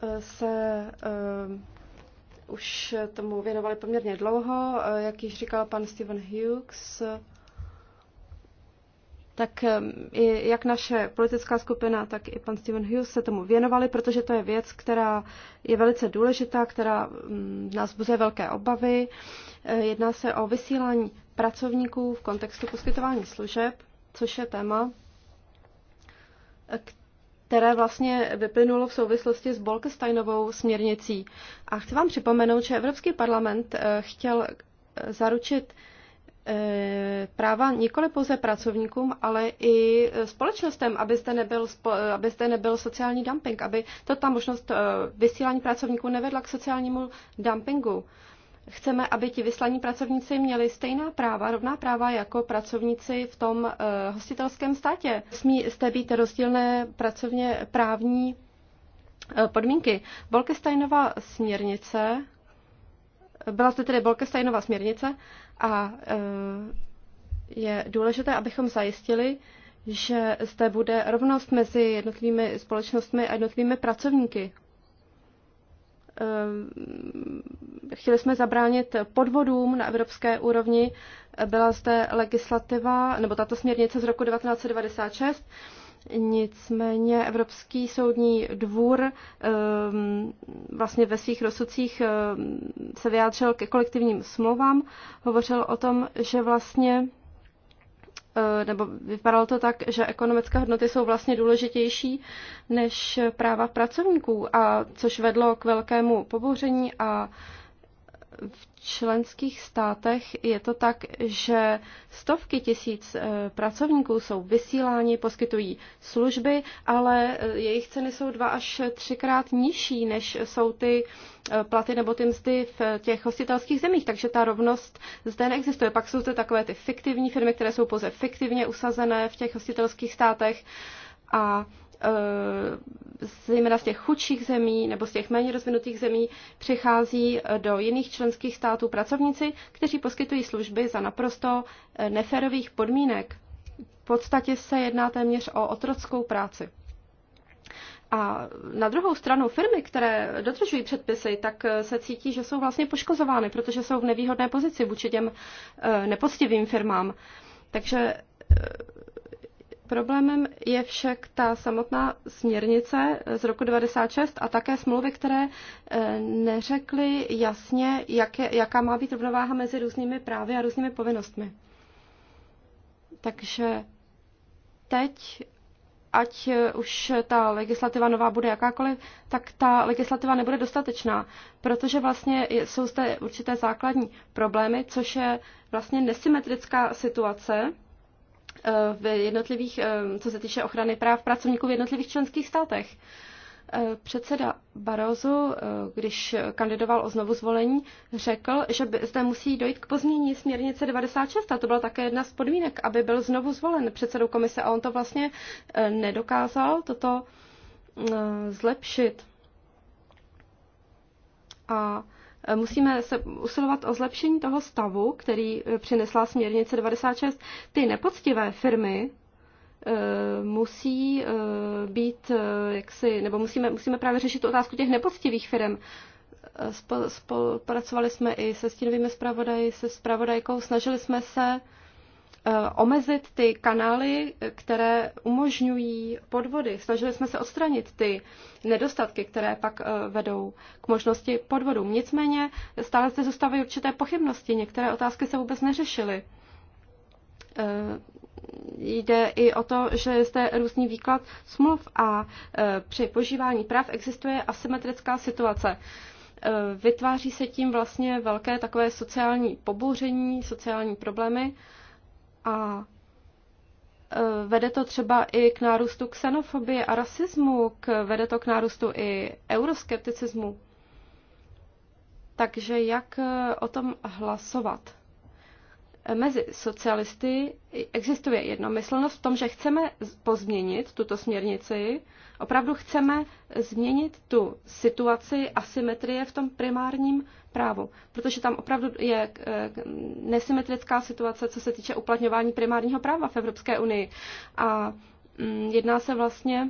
eh, se eh, už tomu věnovali poměrně dlouho, jak již říkal pan Stephen Hughes, tak um, i jak naše politická skupina, tak i pan Steven Hughes se tomu věnovali, protože to je věc, která je velice důležitá, která um, nás buzuje velké obavy. Eh, jedná se o vysílání pracovníků v kontextu poskytování služeb, což je téma, eh, které vlastně vyplynulo v souvislosti s Bolkesteinovou směrnicí. A chci vám připomenout, že Evropský parlament eh, chtěl eh, zaručit eh, práva nikoli pouze pracovníkům, ale i společnostem, zde, nebyl, zde nebyl sociální dumping, aby to ta možnost vysílání pracovníků nevedla k sociálnímu dumpingu. Chceme, aby ti vyslaní pracovníci měli stejná práva, rovná práva jako pracovníci v tom uh, hostitelském státě. Smí zde být rozdílné pracovně právní eh, podmínky. Bolkestajnová směrnice, byla to tedy Bolkestajnová směrnice a eh, je důležité, abychom zajistili, že zde bude rovnost mezi jednotlivými společnostmi a jednotlivými pracovníky. Ehm, chtěli jsme zabránit podvodům na evropské úrovni. Byla zde legislativa, nebo tato směrnice z roku 1996, Nicméně Evropský soudní dvůr ehm, vlastně ve svých rozsudcích ehm, se vyjádřil ke kolektivním smlouvám, hovořil o tom, že vlastně Eh, nebo vypadalo to tak, že ekonomické hodnoty jsou vlastně důležitější než práva pracovníků, a což vedlo k velkému pobouření a v členských státech je to tak, že stovky tisíc eh, pracovníků jsou vysíláni, poskytují služby, ale eh, jejich ceny jsou dva až třikrát nižší, než jsou ty eh, platy nebo ty mzdy v těch hostitelských zemích, takže ta rovnost zde neexistuje. Pak jsou zde takové ty fiktivní firmy, které jsou pouze fiktivně usazené v těch hostitelských státech a Eh, zejména z těch chudších zemí nebo z těch méně rozvinutých zemí přichází eh, do jiných členských států pracovníci, kteří poskytují služby za naprosto eh, neférových podmínek. V podstatě se jedná téměř o otrockou práci. A na druhou stranu firmy, které dodržují předpisy, tak se cítí, že jsou vlastně poškozovány, protože jsou v nevýhodné pozici vůči těm nepoctivým firmám. Takže Problémem je však ta samotná směrnice z roku 96 a také smlouvy, které eh, neřekly jasně, jak je, jaká má být rovnováha mezi různými právy a různými povinnostmi. Takže teď, ať už ta legislativa nová bude jakákoliv, tak ta legislativa nebude dostatečná, protože vlastně jsou zde určité základní problémy, což je vlastně nesymetrická situace Eh, v jednotlivých, eh, co se týče ochrany práv pracovníků v jednotlivých členských státech. Eh, předseda Barozu, když kandidoval o znovu zvolení, řekl, že by zde musí dojít k pozmění směrnice 96 a to byla také jedna z podmínek, aby byl znovu zvolen předsedou komise a on to vlastně nedokázal toto zlepšit. A Eh, musíme se usilovat o zlepšení toho stavu, který eh, přinesla směrnice 96. Ty nepoctivé firmy eh, musí být jaksi, nebo musíme, musíme právě řešit tu otázku těch nepoctivých firm. Spolupracovali jsme i se stínovými zpravodaji, se zpravodajkou, snažili jsme se Eh, omezit ty kanály, které umožňují podvody. Snažili jsme se odstranit ty nedostatky, které pak eh, vedou k možnosti podvodu. Nicméně stále zde zůstávají určité pochybnosti. Některé otázky se vůbec neřešily. Eh, jde i o to, že je zde různý výklad smluv a při požívání práv existuje asymetrická situace vytváří se tím vlastně velké takové sociální pobouření, sociální problémy a e, vede to třeba i k nárůstu xenofobie a rasismu, k, vede to k nárůstu i euroskepticismu. Takže jak e, o tom hlasovat? mezi socialisty existuje jednomyslnost v tom, že chceme pozměnit tuto směrnici, opravdu chceme změnit tu situaci asymetrie v tom primárním právu, protože tam opravdu je eh, nesymetrická situace, co se týče uplatňování primárního práva v Evropské unii. A mm, jedná se vlastně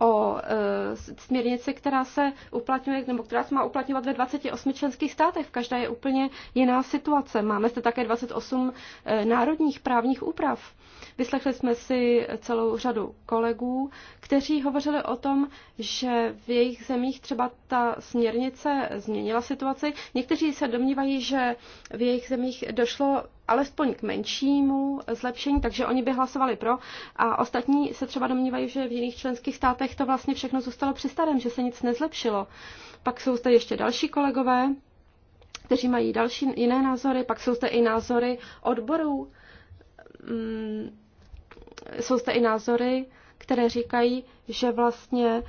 o e, směrnici, která se uplatňuje, nebo která se má uplatňovat ve 28 členských státech. v Každá je úplně jiná situace. Máme zde také 28 e, národních právních úprav. Vyslechli jsme si celou řadu kolegů, kteří hovořili o tom, že v jejich zemích třeba ta směrnice změnila situaci. Někteří se domnívají, že v jejich zemích došlo alespoň k menšímu zlepšení, takže oni by hlasovali pro. A ostatní se třeba domnívají, že v jiných členských státech to vlastně všechno zůstalo při starém, že se nic nezlepšilo. Pak jsou zde ještě další kolegové, kteří mají další jiné názory, pak jsou zde i názory odborů. Mm, jsou zde i názory, které říkají, že vlastně e,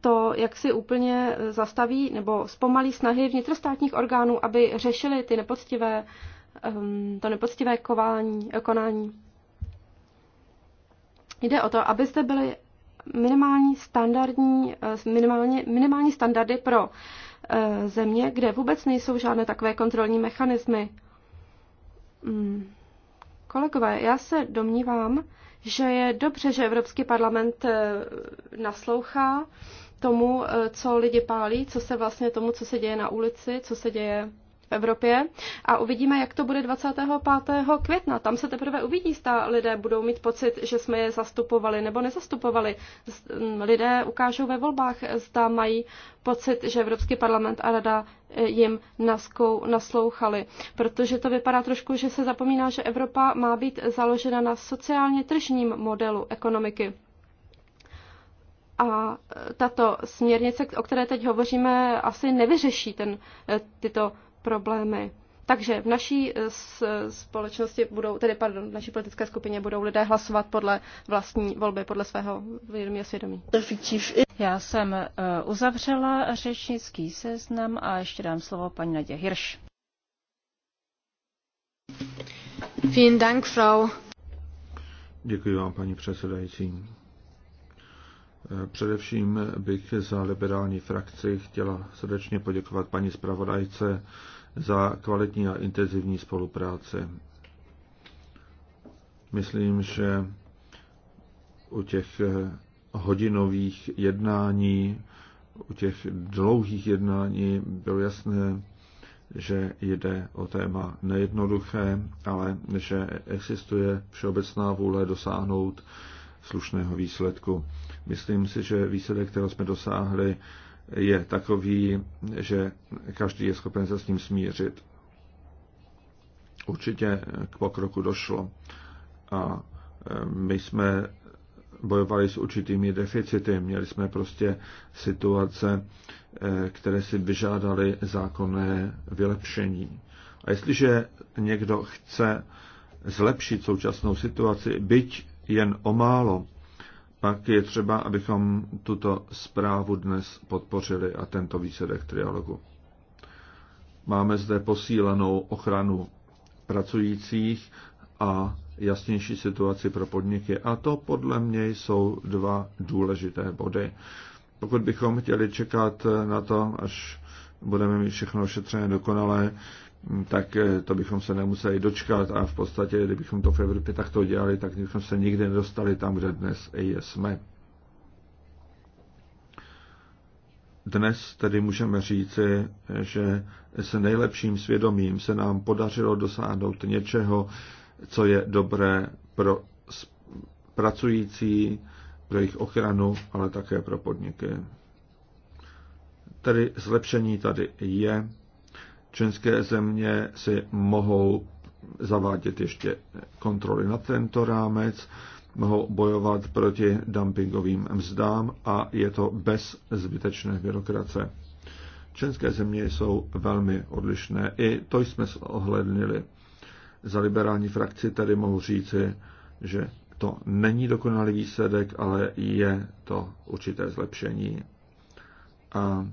to, jak si úplně e, zastaví nebo zpomalí snahy vnitrostátních orgánů, aby řešili ty nepoctivé, to nepoctivé kování, konání. Jde o to, aby zde byly minimální, standardní, e, minimálně, minimální standardy pro země, kde vůbec nejsou žádné takové kontrolní mechanismy. Hmm. Kolegové, já se domnívám, že je dobře, že Evropský parlament eh, naslouchá tomu, eh, co lidi pálí, co se vlastně tomu, co se děje na ulici, co se děje v Evropě a uvidíme, jak to bude 25. května. Tam se teprve uvidí, zda lidé budou mít pocit, že jsme je zastupovali nebo nezastupovali. Lidé ukážou ve volbách, zda mají pocit, že Evropský parlament a rada e, jim naskou, naslouchali. Protože to vypadá trošku, že se zapomíná, že Evropa má být založena na sociálně tržním modelu ekonomiky. A e, tato směrnice, o které teď hovoříme, asi nevyřeší ten, e, tyto problémy. Takže v naší eh, společnosti budou, tedy pardon, v naší politické skupině budou lidé hlasovat podle vlastní volby, podle svého vědomí a svědomí. Já jsem eh, uzavřela řečnický seznam a ještě dám slovo paní Nadě Hirš. Vielen Dank, Frau. Děkuji vám, paní předsedající. Především bych za liberální frakci chtěla srdečně poděkovat paní zpravodajce za kvalitní a intenzivní spolupráci. Myslím, že u těch eh, hodinových jednání, u těch dlouhých jednání bylo jasné, že jde o téma nejednoduché, ale že existuje všeobecná vůle dosáhnout slušného výsledku. Myslím si, že výsledek, kterého jsme dosáhli, je takový, že každý je schopen se s ním smířit. Určitě k pokroku došlo a e, my jsme bojovali s určitými deficity. Měli jsme prostě situace, e, které si vyžádaly zákonné vylepšení. A jestliže někdo chce zlepšit současnou situaci, byť jen o málo, pak je třeba, abychom tuto zprávu dnes podpořili a tento výsledek trialogu. Máme zde posílenou ochranu pracujících a jasnější situaci pro podniky. A to podle mě jsou dva důležité body. Pokud bychom chtěli čekat na to, až budeme mít všechno ošetřené dokonalé, tak eh, to bychom se nemuseli dočkat a v podstatě, kdybychom to v Evropě takto dělali, tak bychom se nikdy nedostali tam, kde dnes jsme. Dnes tedy můžeme říci, že s nejlepším svědomím se nám podařilo dosáhnout něčeho, co je dobré pro pracující, pro jejich ochranu, ale také pro podniky. Tedy zlepšení tady je Členské země si mohou zavádět ještě kontroly na tento rámec, mohou bojovat proti dumpingovým mzdám a je to bez zbytečné byrokrace. Členské země jsou velmi odlišné. I to jsme ohlednili. Za liberální frakci tedy mohu říci, že to není dokonalý výsledek, ale je to určité zlepšení. A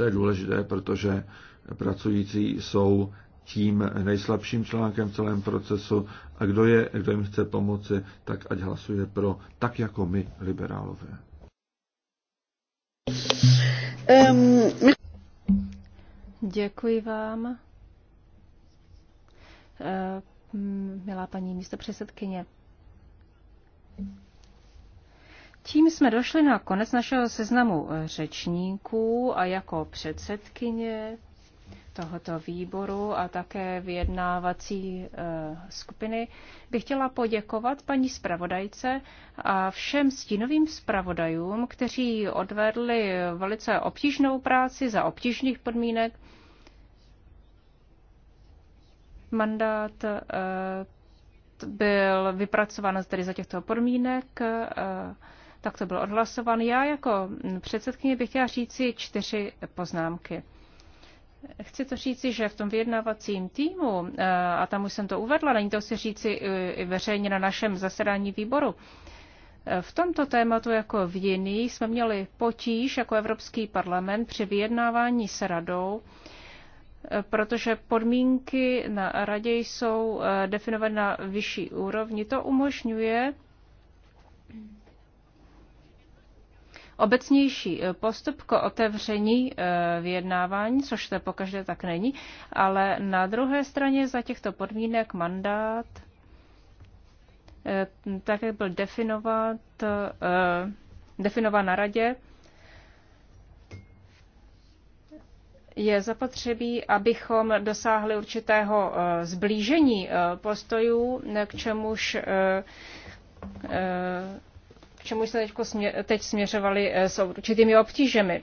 to je důležité, protože pracující jsou tím nejslabším článkem v celém procesu a kdo, je, kdo jim chce pomoci, tak ať hlasuje pro, tak jako my, liberálové. Ehm, Děkuji vám, ehm, milá paní místopředsedkyně. Tím jsme došli na konec našeho seznamu eh, řečníků a jako předsedkyně tohoto výboru a také vyjednávací eh, skupiny bych chtěla poděkovat paní zpravodajce a všem stínovým zpravodajům, kteří odvedli velice obtížnou práci za obtížných podmínek. Mandát eh, byl vypracován tedy za těchto podmínek tak to bylo odhlasováno. Já jako předsedkyně bych chtěla říci čtyři poznámky. Chci to říci, že v tom vyjednávacím týmu, eh, a tam už jsem to uvedla, není to si říci eh, i veřejně na našem zasedání výboru, eh, v tomto tématu jako v jiných jsme měli potíž jako Evropský parlament při vyjednávání s radou, protože podmínky na radě jsou definovány na vyšší úrovni. To umožňuje obecnější eh, postup k otevření eh, vyjednávání, což to pokaždé tak není, ale na druhé straně za těchto podmínek mandát eh, tak jak byl definovat, definován na radě, je zapotřebí, abychom dosáhli určitého zblížení postojů, k čemuž k čemu jsme teď směřovali eh, s určitými obtížemi.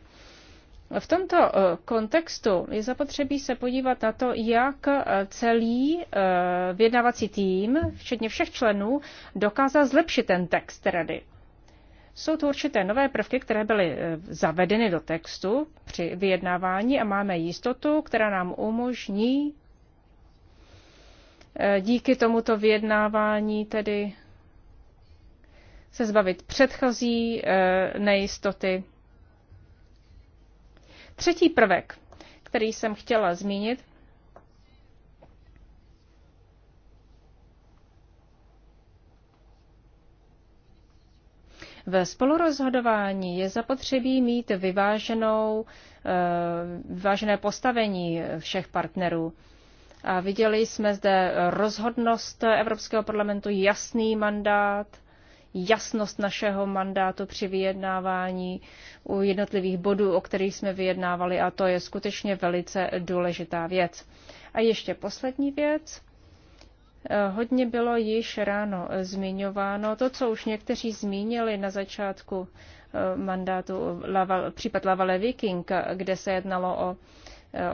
V tomto eh, kontextu je zapotřebí se podívat na to, jak eh, celý vyjednávací tým, včetně všech členů, dokázal zlepšit ten text rady. Jsou to určité nové prvky, které byly zavedeny do textu při vyjednávání a máme jistotu, která nám umožní díky tomuto vyjednávání tedy se zbavit předchozí eh, nejistoty. Třetí prvek, který jsem chtěla zmínit, Ve spolurozhodování je zapotřebí mít vyváženou, eh, vyvážené postavení všech partnerů. A viděli jsme zde rozhodnost Evropského parlamentu, jasný mandát, jasnost našeho mandátu při vyjednávání u jednotlivých bodů, o kterých jsme vyjednávali a to je skutečně velice důležitá věc. A ještě poslední věc. Eh, hodně bylo již ráno zmiňováno to, co už někteří zmínili na začátku eh, mandátu, případ Lavale Viking, kde se jednalo o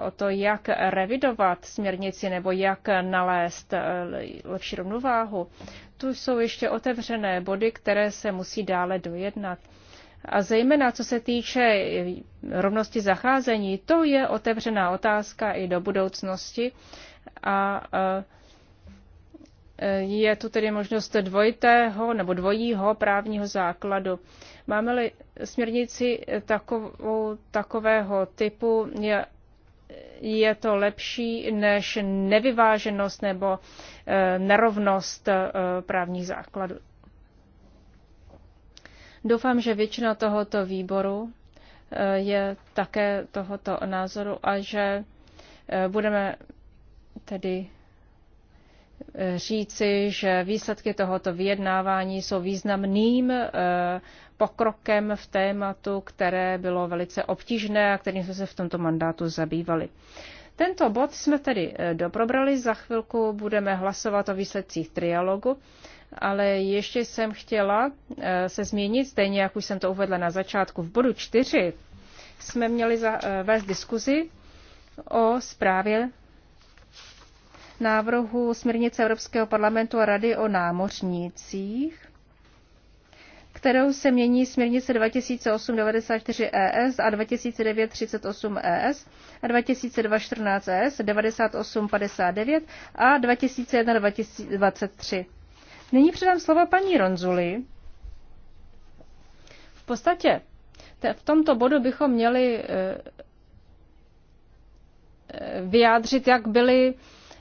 o to, jak revidovat směrnici nebo jak nalézt eh, lepší rovnováhu. Tu jsou ještě otevřené body, které se musí dále dojednat. A zejména co se týče rovnosti zacházení, to je otevřená otázka i do budoucnosti. A eh, je tu tedy možnost dvojitého nebo dvojího právního základu. Máme-li směrnici takovou, takového typu, je je to lepší než nevyváženost nebo eh, nerovnost eh, právních základů. Doufám, že většina tohoto výboru eh, je také tohoto názoru a že budeme tedy říci, že výsledky tohoto vyjednávání jsou významným eh, pokrokem v tématu, které bylo velice obtížné a kterým jsme se v tomto mandátu zabývali. Tento bod jsme tedy eh, doprobrali, za chvilku budeme hlasovat o výsledcích trialogu, ale ještě jsem chtěla eh, se změnit, stejně jak už jsem to uvedla na začátku. V bodu čtyři. jsme měli vést diskuzi o zprávě návrhu směrnice Evropského parlamentu a Rady o námořnících, kterou se mění směrnice 2008-94-ES e a 2009-38-ES e a 2002-14-ES, e 98-59 a 2001-23. Nyní předám slova paní Ronzuli. V podstatě v tomto bodu bychom měli eh, eh, vyjádřit, jak byly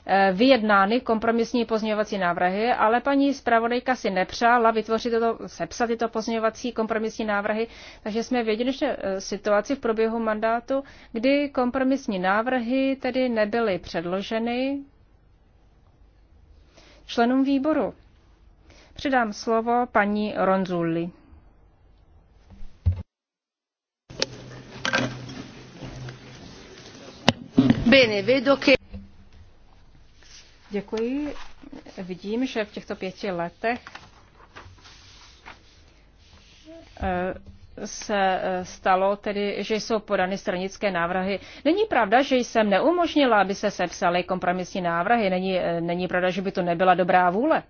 Eh, vyjednány kompromisní pozměňovací návrhy, ale paní zpravodajka si nepřála vytvořit toto, sepsat tyto pozměňovací kompromisní návrhy, takže jsme v jedinečné eh, situaci v průběhu mandátu, kdy kompromisní návrhy tedy nebyly předloženy členům výboru. Předám slovo paní Ronzulli. Bene, vedo che... Děkuji. Vidím, že v těchto pěti letech eh, se eh, stalo tedy, že jsou podany stranické návrhy. Není pravda, že jsem neumožnila, aby se sepsaly kompromisní návrhy. Není, eh, není pravda, že by to nebyla dobrá vůle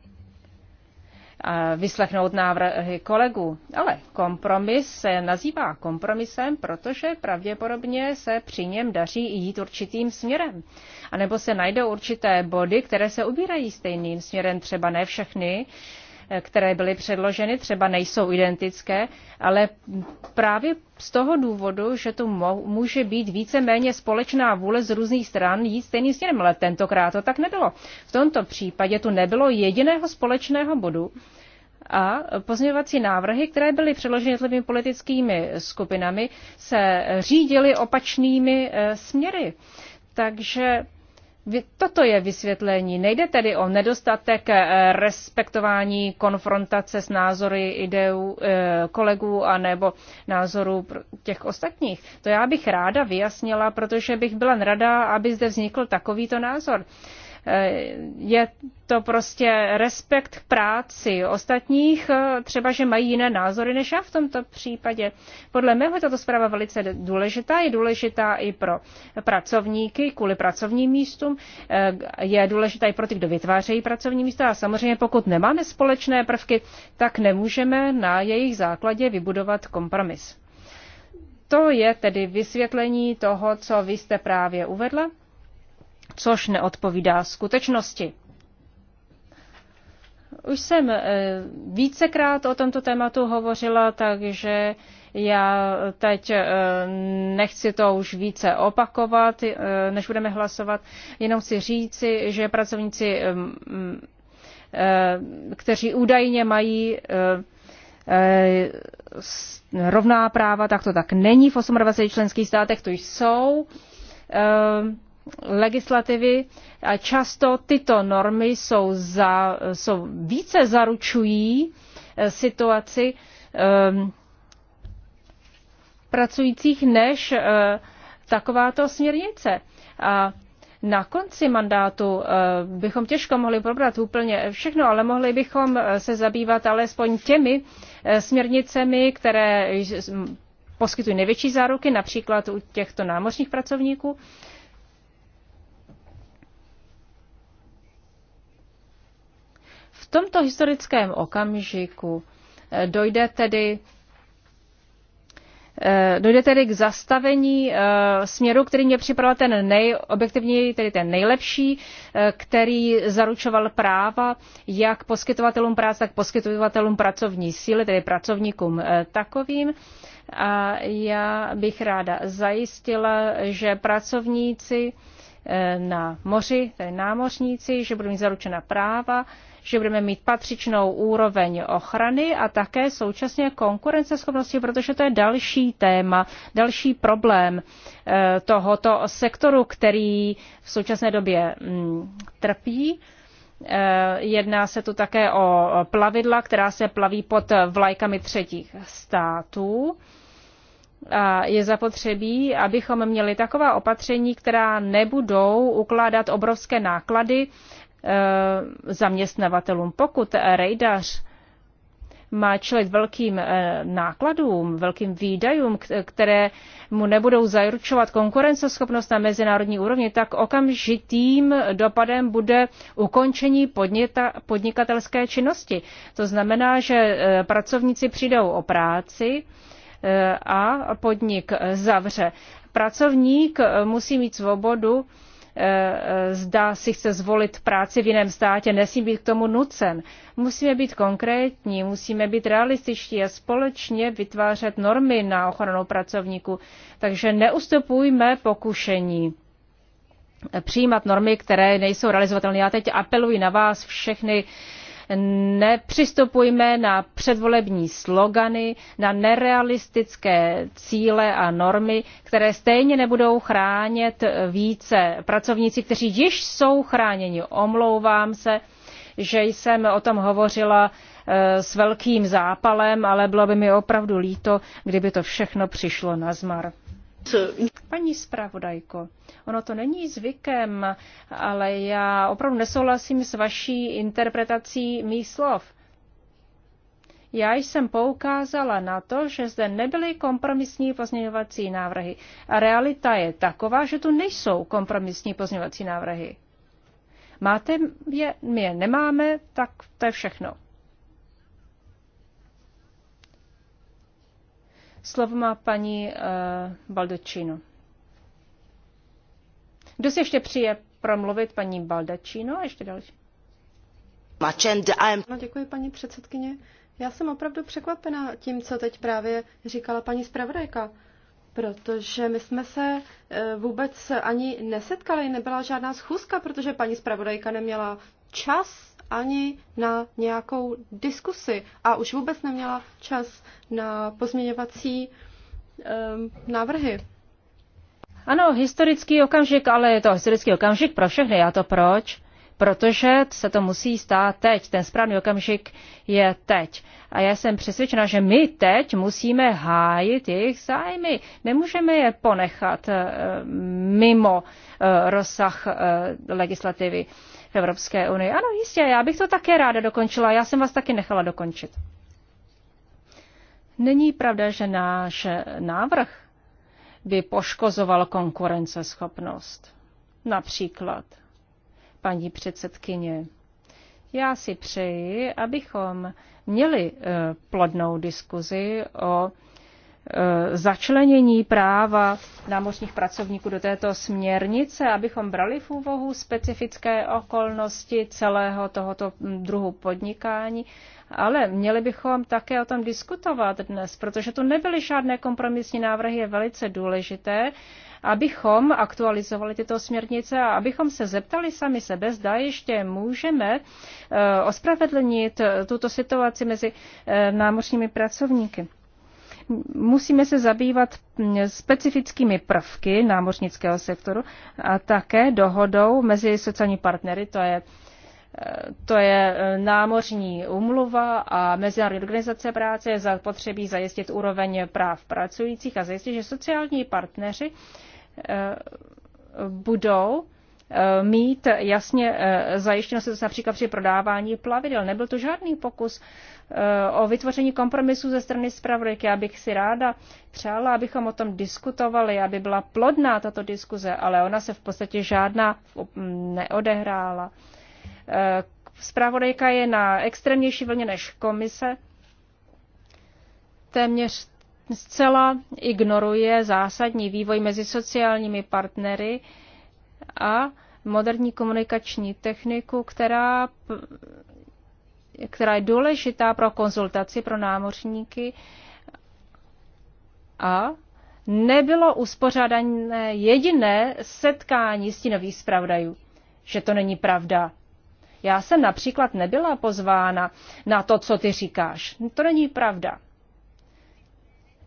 vyslechnout návrhy kolegů. Ale kompromis se nazývá kompromisem, protože pravděpodobně se při něm daří jít určitým směrem. A nebo se najdou určité body, které se ubírají stejným směrem, třeba ne všechny, které byly předloženy, třeba nejsou identické, ale právě z toho důvodu, že to může být víceméně společná vůle z různých stran jít stejným směrem, ale tentokrát to tak nebylo. V tomto případě tu nebylo jediného společného bodu a pozměňovací návrhy, které byly předloženy jednotlivými politickými skupinami, se řídily opačnými eh, směry. Takže Toto je vysvětlení. Nejde tedy o nedostatek eh, respektování konfrontace s názory ideů eh, kolegů nebo názorů těch ostatních. To já bych ráda vyjasnila, protože bych byla rada, aby zde vznikl takovýto názor. Eh, je to prostě respekt k práci ostatních, eh, třeba, že mají jiné názory než já v tomto případě. Podle mého je tato zpráva velice důležitá, je důležitá i pro pracovníky, kvůli pracovním místům, eh, je důležitá i pro ty, kdo vytvářejí pracovní místa a samozřejmě pokud nemáme společné prvky, tak nemůžeme na jejich základě vybudovat kompromis. To je tedy vysvětlení toho, co vy jste právě uvedla což neodpovídá skutečnosti. Už jsem eh, vícekrát o tomto tématu hovořila, takže já teď eh, nechci to už více opakovat, eh, než budeme hlasovat. Jenom si říci, že pracovníci, kteří údajně mají rovná práva, tak to tak není v 28 členských státech, to jsou legislativy a často tyto normy jsou, za, jsou více zaručují eh, situaci um, pracujících než uh, takováto směrnice. A na konci mandátu eh, bychom těžko mohli probrat úplně všechno, ale mohli bychom se zabývat alespoň těmi směrnicemi, které poskytují největší záruky, například u těchto námořních pracovníků. tomto historickém okamžiku eh, dojde tedy eh, Dojde tedy k zastavení eh, směru, který mě připravil ten nejobjektivněji, tedy ten nejlepší, který zaručoval práva jak poskytovatelům práce, tak poskytovatelům pracovní síly, tedy pracovníkům takovým. A já bych ráda zajistila, že pracovníci na moři, tedy námořníci, že budou mít zaručena práva, že budeme mít patřičnou úroveň ochrany a také současně konkurenceschopnosti, protože to je další téma, další problém eh, tohoto sektoru, který v současné době mm, trpí. Eh, jedná se tu také o plavidla, která se plaví pod vlajkami třetích států. A je zapotřebí, abychom měli taková opatření, která nebudou ukládat obrovské náklady Eh, zaměstnavatelům. Pokud rejdař má čelit velkým eh, nákladům, velkým výdajům, které mu nebudou zaručovat konkurenceschopnost na mezinárodní úrovni, tak okamžitým dopadem bude ukončení podněta, podnikatelské činnosti. To znamená, že eh, pracovníci přijdou o práci a podnik zavře. Pracovník musí mít svobodu Eh, eh, zda si chce zvolit práci v jiném státě, nesmí být k tomu nucen. Musíme být konkrétní, musíme být realističtí a společně vytvářet normy na ochranu pracovníků. Takže neustupujme pokušení eh, přijímat normy, které nejsou realizovatelné. Já teď apeluji na vás všechny, nepřistupujme na předvolební slogany, na nerealistické cíle a normy, které stejně nebudou chránit více pracovníci, kteří již jsou chráněni. Omlouvám se, že jsem o tom hovořila eh, s velkým zápalem, ale bylo by mi opravdu líto, kdyby to všechno přišlo na zmar. Paní zpravodajko, ono to není zvykem, ale já opravdu nesouhlasím s vaší interpretací mých slov. Já jsem poukázala na to, že zde nebyly kompromisní pozměňovací návrhy. A realita je taková, že tu nejsou kompromisní pozměňovací návrhy. Máte je, my je nemáme, tak to je všechno. Slovo má paní uh, Baldacino. Kdo si ještě přije promluvit paní Baldacino a ještě další? No, děkuji, paní předsedkyně. Já jsem opravdu překvapena tím, co teď právě říkala paní zpravodajka, protože my jsme se eh, vůbec ani nesetkali, nebyla žádná schůzka, protože paní zpravodajka neměla čas ani na nějakou diskusi a už vůbec neměla čas na pozměňovací um, návrhy. Ano, historický okamžik, ale je to historický okamžik pro všechny. A to proč? Protože se to musí stát teď. Ten správný okamžik je teď. A já jsem přesvědčena, že my teď musíme hájit jejich zájmy. Nemůžeme je ponechat eh, mimo eh, rozsah eh, legislativy v Evropské unii. Ano, jistě, já bych to také ráda dokončila, já jsem vás taky nechala dokončit. Není pravda, že náš návrh by poškozoval konkurenceschopnost. Například, paní předsedkyně, já si přeji, abychom měli eh, plodnou diskuzi o Eh, začlenění práva námořních pracovníků do této směrnice, abychom brali v úvahu specifické okolnosti celého tohoto druhu podnikání, ale měli bychom také o tom diskutovat dnes, protože tu nebyly žádné kompromisní návrhy, je velice důležité, abychom aktualizovali tyto směrnice a abychom se zeptali sami sebe, zda ještě můžeme eh, ospravedlnit tuto situaci mezi eh, námořními pracovníky musíme se zabývat mm, specifickými prvky námořnického sektoru a také dohodou mezi sociální partnery, to je eh, to je eh, námořní umluva a Mezinárodní organizace práce je zapotřebí zajistit úroveň práv pracujících a zajistit, že sociální partneři eh, budou Eh, mít jasně eh, zajištěno se například při prodávání plavidel. Nebyl to žádný pokus eh, o vytvoření kompromisu ze strany zpravodajky. Já bych si ráda přála, abychom o tom diskutovali, aby byla plodná tato diskuze, ale ona se v podstatě žádná neodehrála. Zpravodajka je na extrémnější vlně než komise. Téměř zcela ignoruje zásadní vývoj mezi sociálními partnery, a moderní komunikační techniku, která, která je důležitá pro konzultaci pro námořníky a nebylo uspořádané jediné setkání stínových zpravodajů. Že to není pravda. Já jsem například nebyla pozvána na to, co ty říkáš. To není pravda.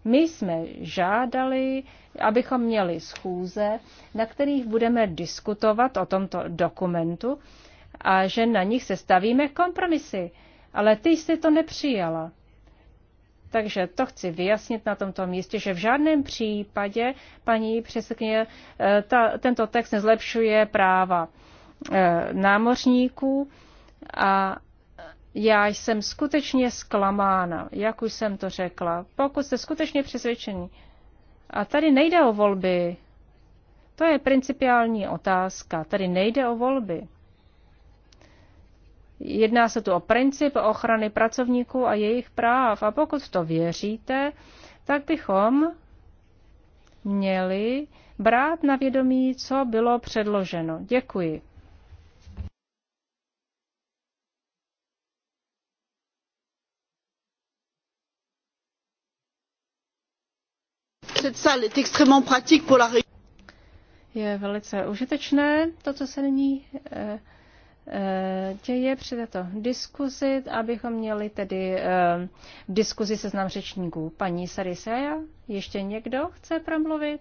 My jsme žádali abychom měli schůze, na kterých budeme diskutovat o tomto dokumentu a že na nich se stavíme kompromisy. Ale ty jsi to nepřijala. Takže to chci vyjasnit na tomto místě, že v žádném případě, paní přesně, eh, ta, tento text nezlepšuje práva eh, námořníků a já jsem skutečně zklamána, jak už jsem to řekla. Pokud jste skutečně přesvědčení, a tady nejde o volby. To je principiální otázka. Tady nejde o volby. Jedná se tu o princip ochrany pracovníků a jejich práv. A pokud to věříte, tak bychom měli brát na vědomí, co bylo předloženo. Děkuji. cette salle est extrêmement pratique pour la Je velice užitečné to, co se nyní eh, eh, děje při této diskuzi, abychom měli tedy eh, v diskuzi seznam řečníků. Paní Sariseja, ještě někdo chce promluvit?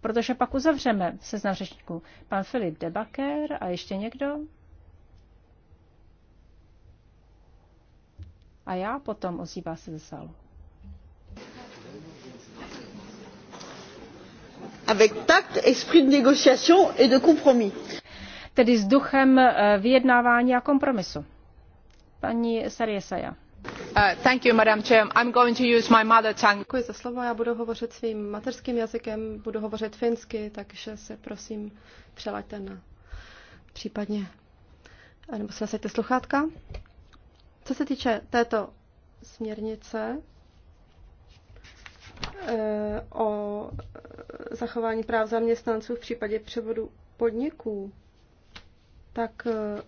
Protože pak uzavřeme seznam řečníků. Pan Filip Debaker a ještě někdo? A já potom ozývá se ze sálu. avec tact esprit de négociation et de compromis. Tedy s duchem eh, vyjednávání a kompromisu. Paní Sarjesaja. Uh, thank you, Madam Chair. I'm going to use my mother tongue. Děkuji za slovo. Já budu hovořit svým mateřským jazykem, budu hovořit finsky, takže se prosím přelaďte na případně nebo se nasaďte sluchátka. Co se týče této směrnice, o zachování práv zaměstnanců v případě převodu podniků, tak eh,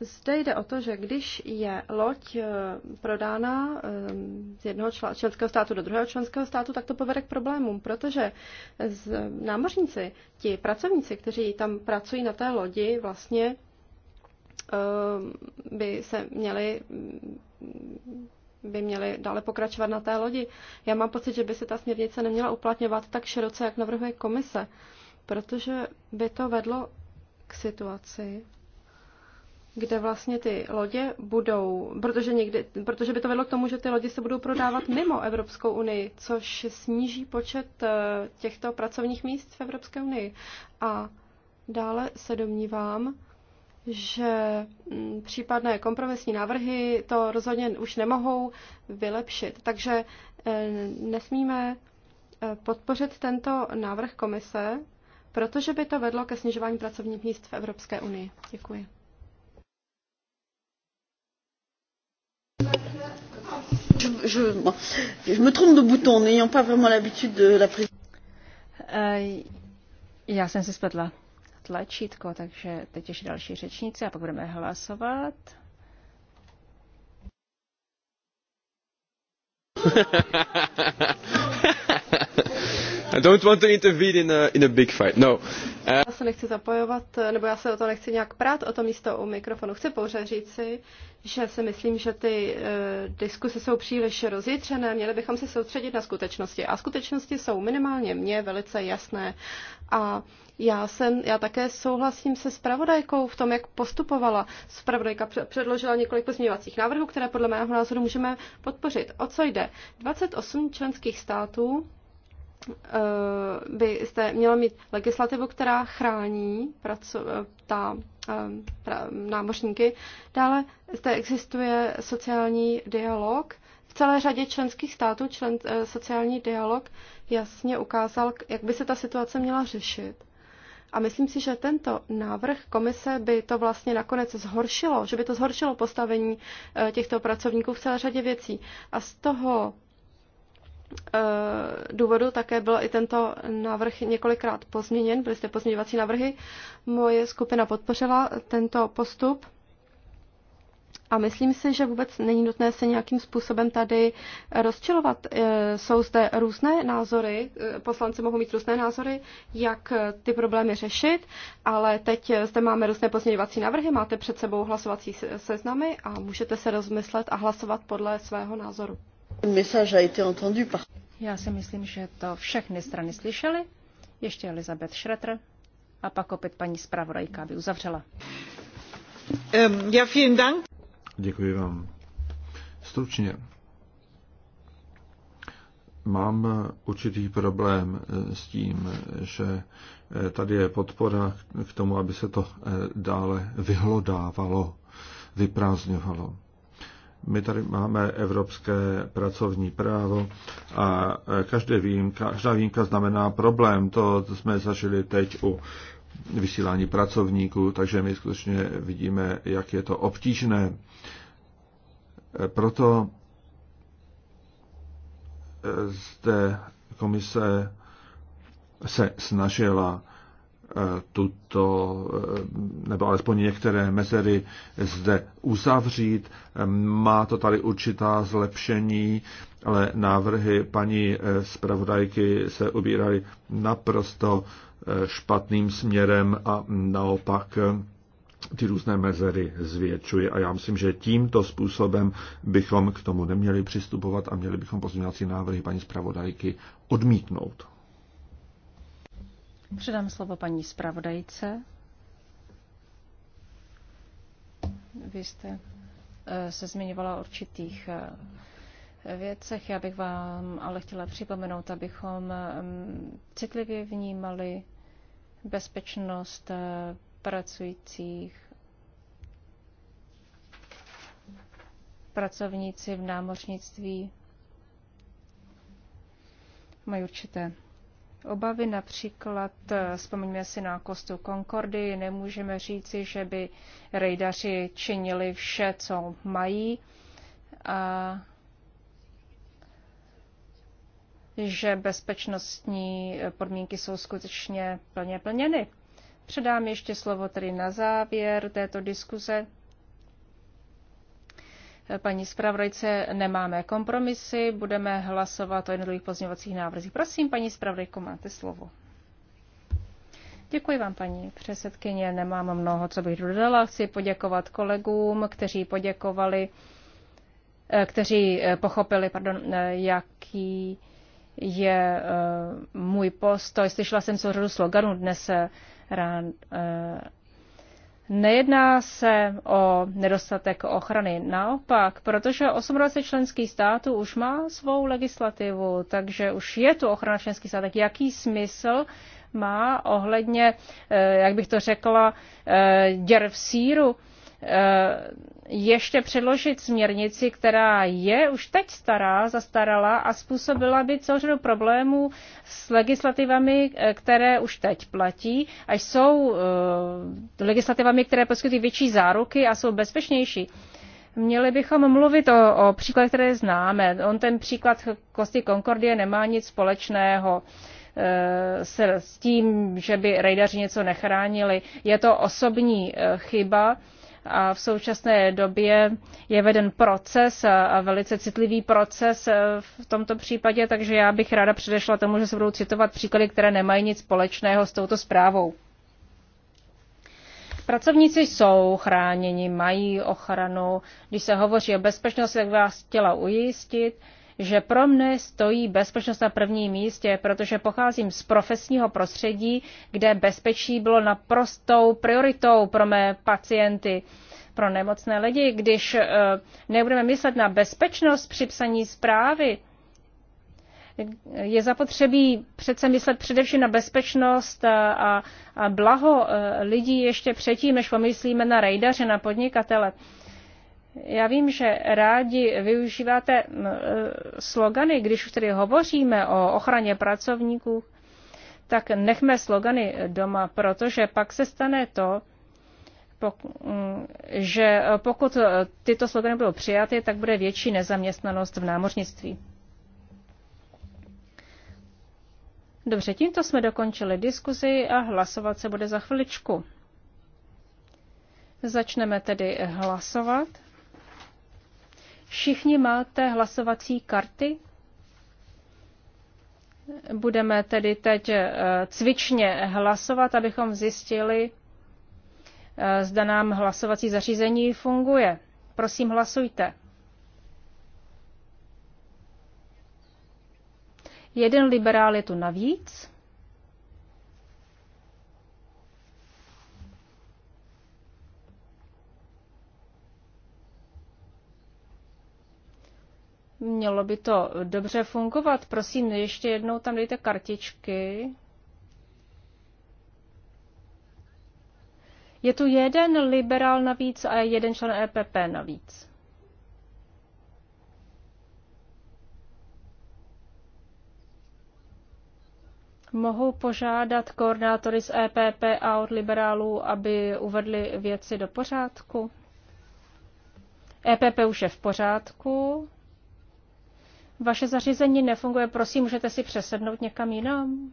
zde jde o to, že když je loď eh, prodána eh, z jednoho členského státu do druhého členského státu, tak to povede k problémům, protože z námořníci, ti pracovníci, kteří tam pracují na té lodi, vlastně by se měli by měly dále pokračovat na té lodi. Já mám pocit, že by se ta směrnice neměla uplatňovat tak široce, jak navrhuje komise, protože by to vedlo k situaci, kde vlastně ty lodě budou, protože, někdy, protože by to vedlo k tomu, že ty lodě se budou prodávat mimo Evropskou unii, což sníží počet eh, těchto pracovních míst v Evropské unii. A dále se domnívám, že mm, případné kompromisní návrhy to rozhodně už nemohou vylepšit. Takže eh, nesmíme eh, podpořit tento návrh komise, protože by to vedlo ke snižování pracovních míst v Evropské unii. Děkuji. Je, eh, Já jsem se spletla tlačítko, takže teď ještě další řečnice a pak budeme hlasovat. I don't want to intervene in a, in a big fight. No. Uh... Já se nechci zapojovat, nebo já se o to nechci nějak prát, o to místo u mikrofonu. Chci pouze říci, že si myslím, že ty uh, diskuse jsou příliš rozjitřené, měli bychom se soustředit na skutečnosti. A skutečnosti jsou minimálně mně velice jasné. A já, jsem, já také souhlasím se spravodajkou v tom, jak postupovala. Spravodajka předložila několik pozměňovacích návrhů, které podle mého názoru můžeme podpořit. O co jde? 28 členských států eh, byste měla mít legislativu, která chrání praco- eh, ta, eh, pra, námořníky. Dále zde existuje sociální dialog. V celé řadě členských států člen, sociální dialog jasně ukázal, jak by se ta situace měla řešit. A myslím si, že tento návrh komise by to vlastně nakonec zhoršilo, že by to zhoršilo postavení eh, těchto pracovníků v celé řadě věcí. A z toho eh, důvodu také byl i tento návrh několikrát pozměněn, byly zde pozměňovací návrhy. Moje skupina podpořila tento postup a myslím si, že vůbec není nutné se nějakým způsobem tady eh, rozčilovat. Eh, jsou zde různé názory, eh, poslanci mohou mít různé názory, jak ty problémy řešit, ale teď zde máme různé pozměňovací návrhy, máte před sebou hlasovací seznamy a můžete se rozmyslet a hlasovat podle svého názoru. Já si myslím, že to všechny strany slyšely. Ještě Elizabeth Schroeter a pak opět paní zpravodajka, aby uzavřela. Um, ja, vielen Dank. Děkuji vám. Stručně. Mám určitý problém eh, s tím, eh, že eh, tady je podpora k tomu, aby se to dále vyhlodávalo, vyprázdňovalo. My tady máme evropské pracovní právo a každá výjimka, každá výjimka znamená problém. To jsme zažili teď u vysílání pracovníků, takže my skutečně vidíme, jak je to obtížné. Proto eh, zde komise se snažila E, tuto, e, nebo alespoň některé mezery zde uzavřít. Má to tady určitá zlepšení, ale návrhy paní e, zpravodajky se ubíraly naprosto špatným směrem a naopak ty různé mezery zvětšuje. A já myslím, že tímto způsobem bychom k tomu neměli přistupovat a měli bychom pozměňovací návrhy paní zpravodajky odmítnout. Předám slovo paní zpravodajce. Vy jste eh, se zmiňovala o určitých eh, věcech. Já bych vám ale chtěla připomenout, abychom mm, citlivě vnímali bezpečnost eh, pracujících pracovníci v námořnictví mají určité obavy. Například eh, vzpomeňme si na kostu Concordy, nemůžeme říci, že by rejdaři činili vše, co mají. A že bezpečnostní podmínky jsou skutečně plně plněny. Předám ještě slovo tedy na závěr této diskuze paní zpravodajce nemáme kompromisy, budeme hlasovat o jednotlivých pozměňovacích návrzích. Prosím, paní zpravodajko, máte slovo. Děkuji vám, paní předsedkyně. Nemám mnoho, co bych dodala. Chci poděkovat kolegům, kteří poděkovali, eh, kteří eh, pochopili, pardon, eh, jaký je můj postoj. Slyšela jsem celou řadu sloganů dnes ráno. Nejedná se o nedostatek ochrany, naopak, protože 18 členských států už má svou legislativu, takže už je tu ochrana členských států. Jaký smysl má ohledně, eh, jak bych to řekla, eh, děr v síru? Eh, ještě předložit směrnici, která je už teď stará, zastarala a způsobila by celou řadu problémů s legislativami, eh, které už teď platí a jsou eh, legislativami, které poskytují větší záruky a jsou bezpečnější. Měli bychom mluvit o, o příklad, které známe. On ten příklad Kosty Concordie nemá nic společného s tím, že by rejdaři něco nechránili. Je to osobní chyba a v současné době je veden proces a velice citlivý proces e, v tomto případě, takže já bych ráda předešla tomu, že se budou citovat příklady, které nemají nic společného s touto zprávou. Pracovníci jsou chráněni, mají ochranu. Když se hovoří o bezpečnosti, tak vás chtěla ujistit, že pro mne stojí bezpečnost na prvním místě, protože pocházím z profesního prostředí, kde bezpečí bylo naprostou prioritou pro mé pacienty pro nemocné lidi. Když eh, nebudeme myslet na bezpečnost při psaní zprávy, je zapotřebí přece myslet především na bezpečnost a, a, a blaho eh, lidí ještě předtím, než pomyslíme na rejdaře, na podnikatele. Já vím, že rádi využíváte e, slogany, když už tedy hovoříme o ochraně pracovníků, tak nechme slogany doma, protože pak se stane to, že pokud tyto slogany budou přijaty, tak bude větší nezaměstnanost v námořnictví. Dobře, tímto jsme dokončili diskuzi a hlasovat se bude za chviličku. Začneme tedy hlasovat. Všichni máte hlasovací karty? Budeme tedy teď eh, cvičně hlasovat, abychom zjistili, eh, zda nám hlasovací zařízení funguje. Prosím, hlasujte. Jeden liberál je tu navíc. Mělo by to dobře fungovat. Prosím, ještě jednou tam dejte kartičky. Je tu jeden liberál navíc a jeden člen EPP navíc. Mohu požádat koordinátory z EPP a od liberálů, aby uvedli věci do pořádku? EPP už je v pořádku. Vaše zařízení nefunguje, prosím, můžete si přesednout někam jinam?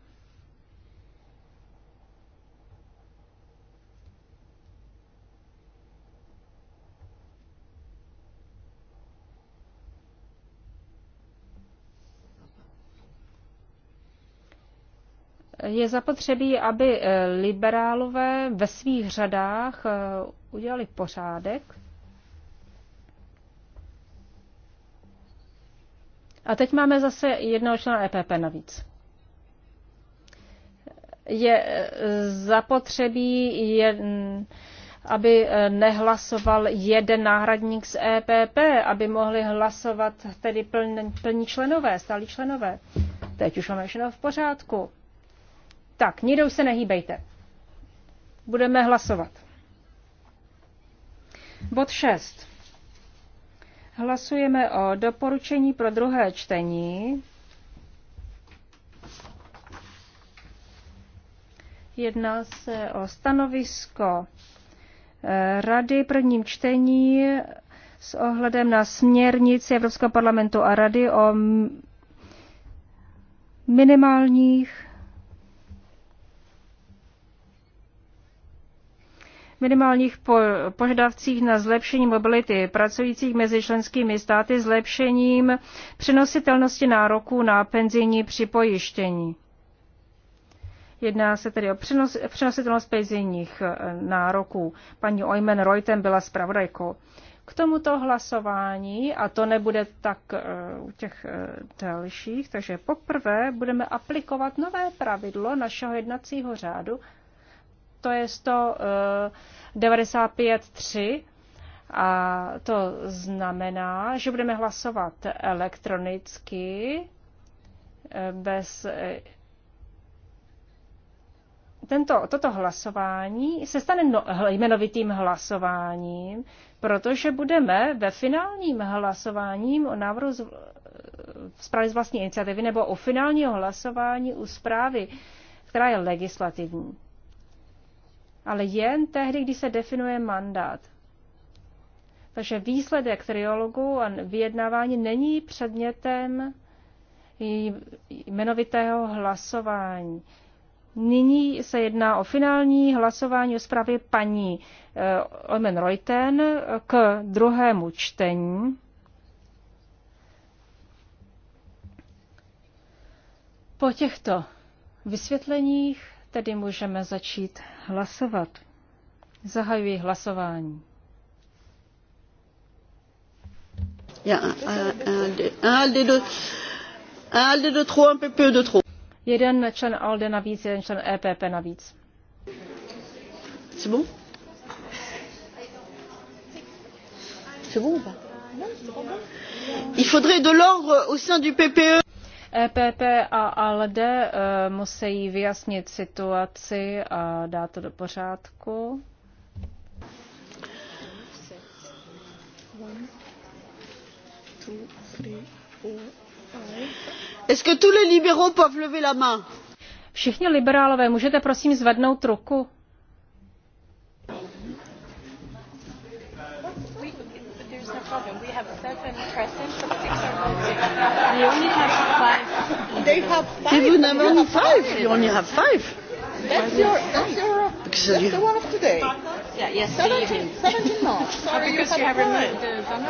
je zapotřebí, aby eh, liberálové ve svých řadách eh, udělali pořádek. A teď máme zase jednoho člena EPP navíc. Je eh, zapotřebí, je, aby eh, nehlasoval jeden náhradník z EPP, aby mohli hlasovat tedy pln, plní členové, stálí členové. Teď už máme všechno v pořádku. Tak, nikdo se nehýbejte. Budeme hlasovat. Bod 6. Hlasujeme o doporučení pro druhé čtení. Jedná se o stanovisko eh, Rady prvním čtení s ohledem na směrnici Evropského parlamentu a Rady o minimálních minimálních požadavcích na zlepšení mobility pracujících mezi členskými státy zlepšením přenositelnosti nároků na penzijní připojištění. Jedná se tedy o přenos, přenositelnost penzijních e, nároků. Paní Ojmen Reutem byla zpravodajkou. K tomuto hlasování, a to nebude tak e, u těch e, dalších, takže poprvé budeme aplikovat nové pravidlo našeho jednacího řádu to je 195.3 eh, a to znamená, že budeme hlasovat elektronicky eh, bez eh, tento, toto hlasování se stane no, jmenovitým hlasováním, protože budeme ve finálním hlasováním o návrhu z, zprávy z vlastní iniciativy nebo o finálního hlasování u zprávy, která je legislativní ale jen tehdy, když se definuje mandát. Takže výsledek triologu a vyjednávání není předmětem jmenovitého hlasování. Nyní se jedná o finální hlasování o zprávě paní eh, Omen Reuten k druhému čtení. Po těchto vysvětleních Tedy můžeme začít hlasovat. Zahajuji hlasování. Jeden člen ALDE navíc, jeden člen EPP navíc. C'est bon C'est bon ou pas Il faudrait de l'ordre au sein du PPE. EPP a ALDE musí vyjasnit situaci a dát to do pořádku. Est-ce que tous les libéraux peuvent lever la main? Všichni liberálové, můžete prosím zvednout ruku? We, They only have five. They have five. They would have only five. You only have five. That's your, that's your Excellent. That's the one of today. Yeah, yes, 17, 17 March. Sorry, because you have removed the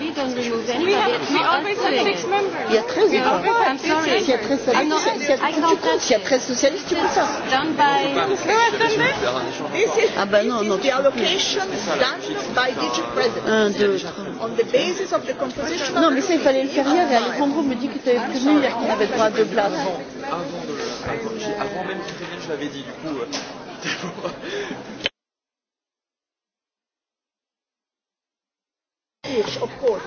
We don't remove anybody. We, have, we always have six members. Il y a 13 ou pas I'm sorry. S'il y a 13 socialistes, s'il y a 13 tu comptes. S'il y a 13 socialistes, tu comptes ça. Done by... No, attendez. This is, ah bah non, non, the allocation done by DG President. Un, deux, trois. On the basis of the composition... Non, mais ça, il fallait le faire hier. Et Alejandro me dit que tu avais prévenu hier qu'on avait droit à deux places. Avant, avant, avant, avant même que Frédéric l'avait dit, du coup... Euh, of course.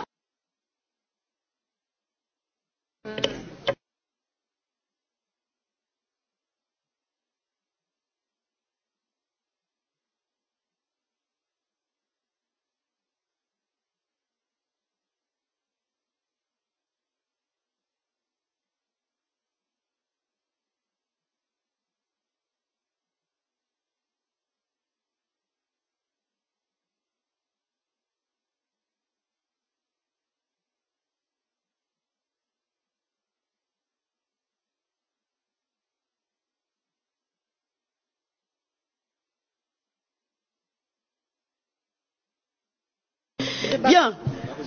Bien,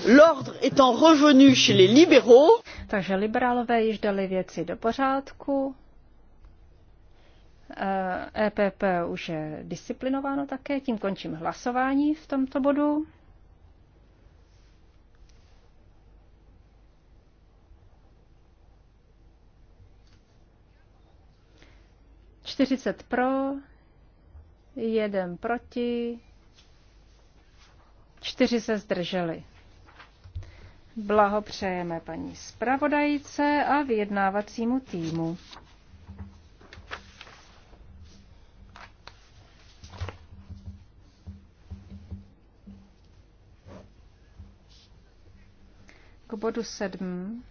l'ordre étant revenu chez les libéraux. Takže liberálové již dali věci do pořádku. EPP eh, e už je disciplinováno také, tím končím hlasování v tomto bodu. Čtyřicet pro, jeden proti, čtyři se zdrželi. Blahopřejeme paní zpravodajce a vyjednávacímu týmu. K bodu sedm.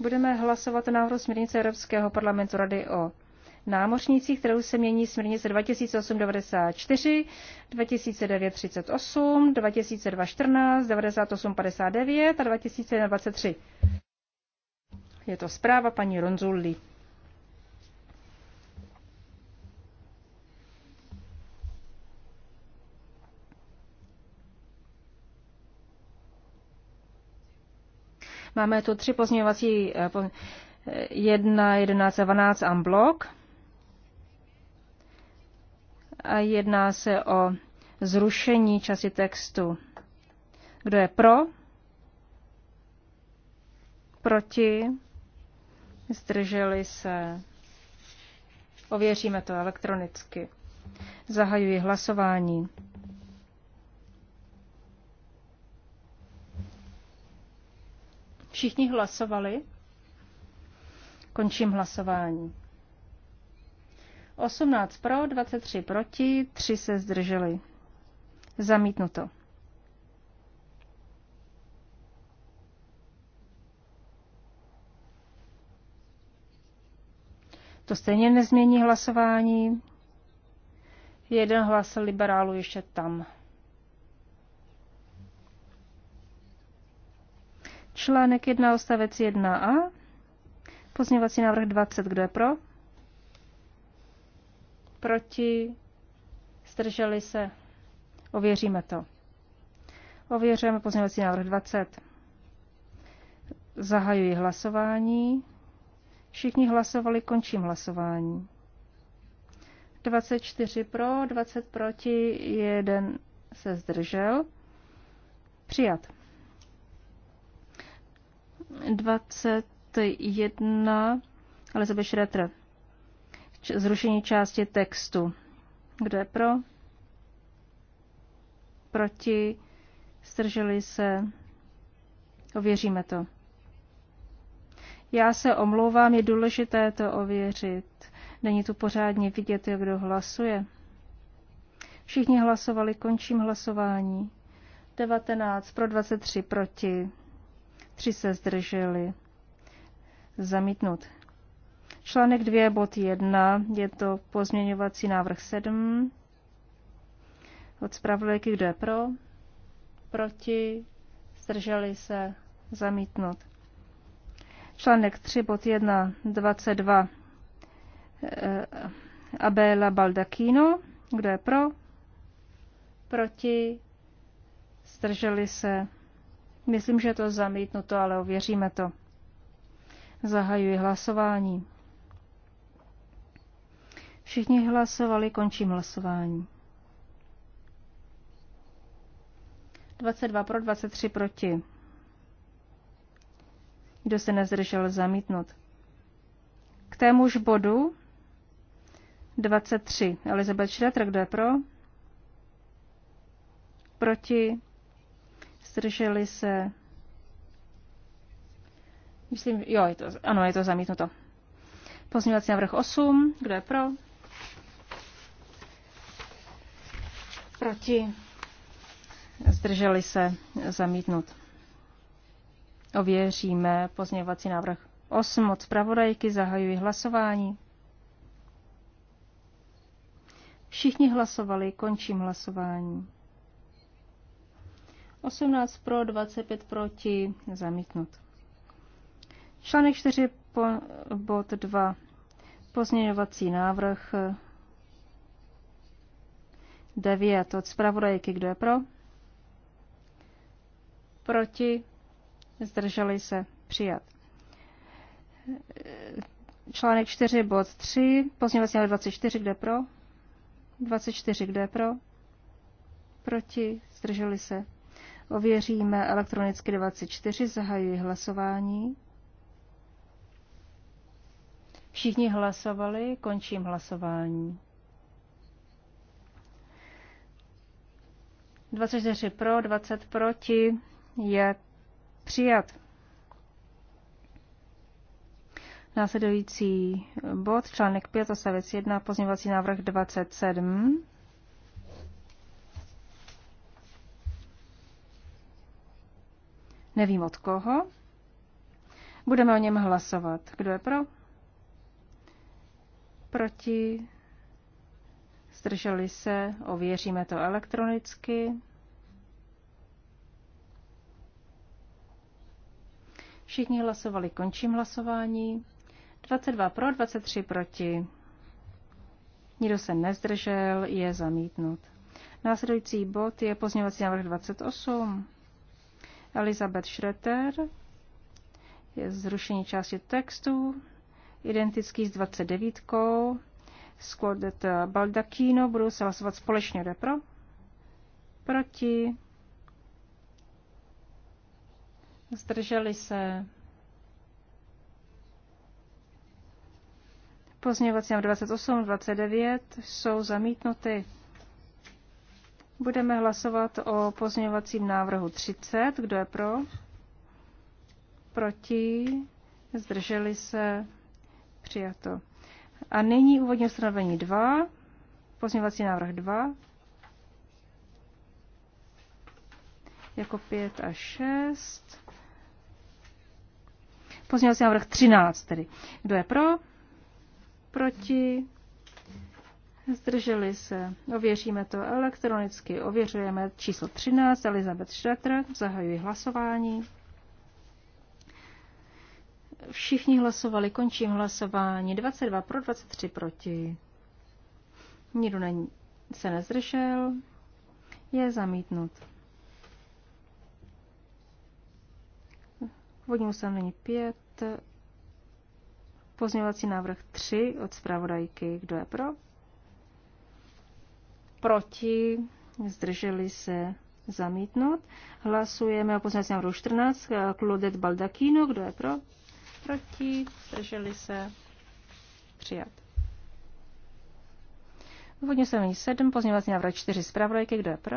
budeme hlasovat o návrhu směrnice Evropského parlamentu Rady o námořnicích, kterou se mění směrnice 2008-94, 2009-38, 2002 a 2023. Je to zpráva paní Ronzulli. Máme tu tři pozměňovací eh, eh, jedna, jedenáct a dvanáct en a jedná se o zrušení části textu. Kdo je pro? Proti? Zdrželi se? Ověříme to elektronicky. Zahajuji hlasování. Všichni hlasovali? Končím hlasování. 18 pro, 23 proti, 3 se zdrželi. Zamítnuto. To stejně nezmění hlasování. Jeden hlas liberálu ještě tam. Článek 1, ostavec 1a. Pozměňovací návrh 20. Kdo je pro? proti, strželi se, ověříme to. Ověřujeme pozměňovací návrh 20. Zahajuji hlasování. Všichni hlasovali, končím hlasování. 24 pro, 20 proti, jeden se zdržel. Přijat. 21 Elizabeth Schroeder zrušení části textu. Kdo je pro? Proti? Strželi se? Ověříme to. Já se omlouvám, je důležité to ověřit. Není tu pořádně vidět, jak kdo hlasuje. Všichni hlasovali, končím hlasování. 19 pro 23 proti, 3 se zdrželi. Zamítnut. Článek 2, bod 1, je to pozměňovací návrh 7 od zpravodajky, kdo je pro, proti, zdrželi se, zamítnout. Článek 3, bod 1, 22, e, Abela Baldacchino, kdo je pro, proti, zdrželi se. Myslím, že to zamítnuto, ale ověříme to. Zahajuji hlasování. Všichni hlasovali, končím hlasování. 22 pro, 23 proti. Kdo se nezdržel zamítnout? K témuž bodu 23. Elizabeth Schroeder, kdo je pro? Proti? Zdrželi se? Myslím, jo, je to, ano, je to zamítnuto. Pozměňovací návrh 8. Kdo je pro? Proti? Zdrželi se zamítnut. Ověříme pozměňovací návrh 8 od zpravodajky. Zahajuji hlasování. Všichni hlasovali, končím hlasování. 18 pro, 25 proti, zamítnut. Článek 4, po, bod 2, pozměňovací návrh 9 od zpravodajky. Kdo je pro? Proti? Zdrželi se? Přijat. Článek 4, bod 3, pozměňovací návrh 24, kde pro? 24, kde pro? Proti? Zdrželi se? Ověříme elektronicky 24, zahajuji hlasování. Všichni hlasovali, končím hlasování. 24 pro, 20 proti je přijat. Následující bod, článek 5, odstavec 1, pozměňovací návrh 27. Nevím od koho. Budeme o něm hlasovat. Kdo je pro? Proti? zdrželi se, ověříme to elektronicky. Všichni hlasovali, končím hlasování. 22 pro, 23 proti. Nikdo se nezdržel, je zamítnut. Následující bod je pozměňovací návrh 28. Elizabeth Schroeter je zrušení části textu, identický s 29. Sklodet Baldacchino. Budou se hlasovat společně. Jde pro? Proti? Zdrželi se? Pozměňovací 28, 29 jsou zamítnuty. Budeme hlasovat o pozměňovacím návrhu 30. Kdo je pro? Proti? Zdrželi se? Přijato. A nyní úvodní ustanovení 2, pozměňovací návrh 2, jako 5 a 6. Pozměňovací návrh 13 tedy. Kdo je pro? Proti? Zdrželi se. Ověříme to elektronicky. Ověřujeme číslo 13. Elizabeth Schroeder. Zahajuji hlasování. Všichni hlasovali, končím hlasování. 22 pro, 23 proti. Nikdo není, se nezdržel. Je zamítnut. Původní ustanovení 5. Pozměňovací návrh 3 od zpravodajky. Kdo je pro? Proti. Zdrželi se zamítnout. Hlasujeme o pozměňovacím návrhu 14. Claudette Baldacchino. Kdo je pro? proti, zdrželi se, přijat. Původně jsem 7, pozměňovací návrh 4 zpravodajky, kdo je pro?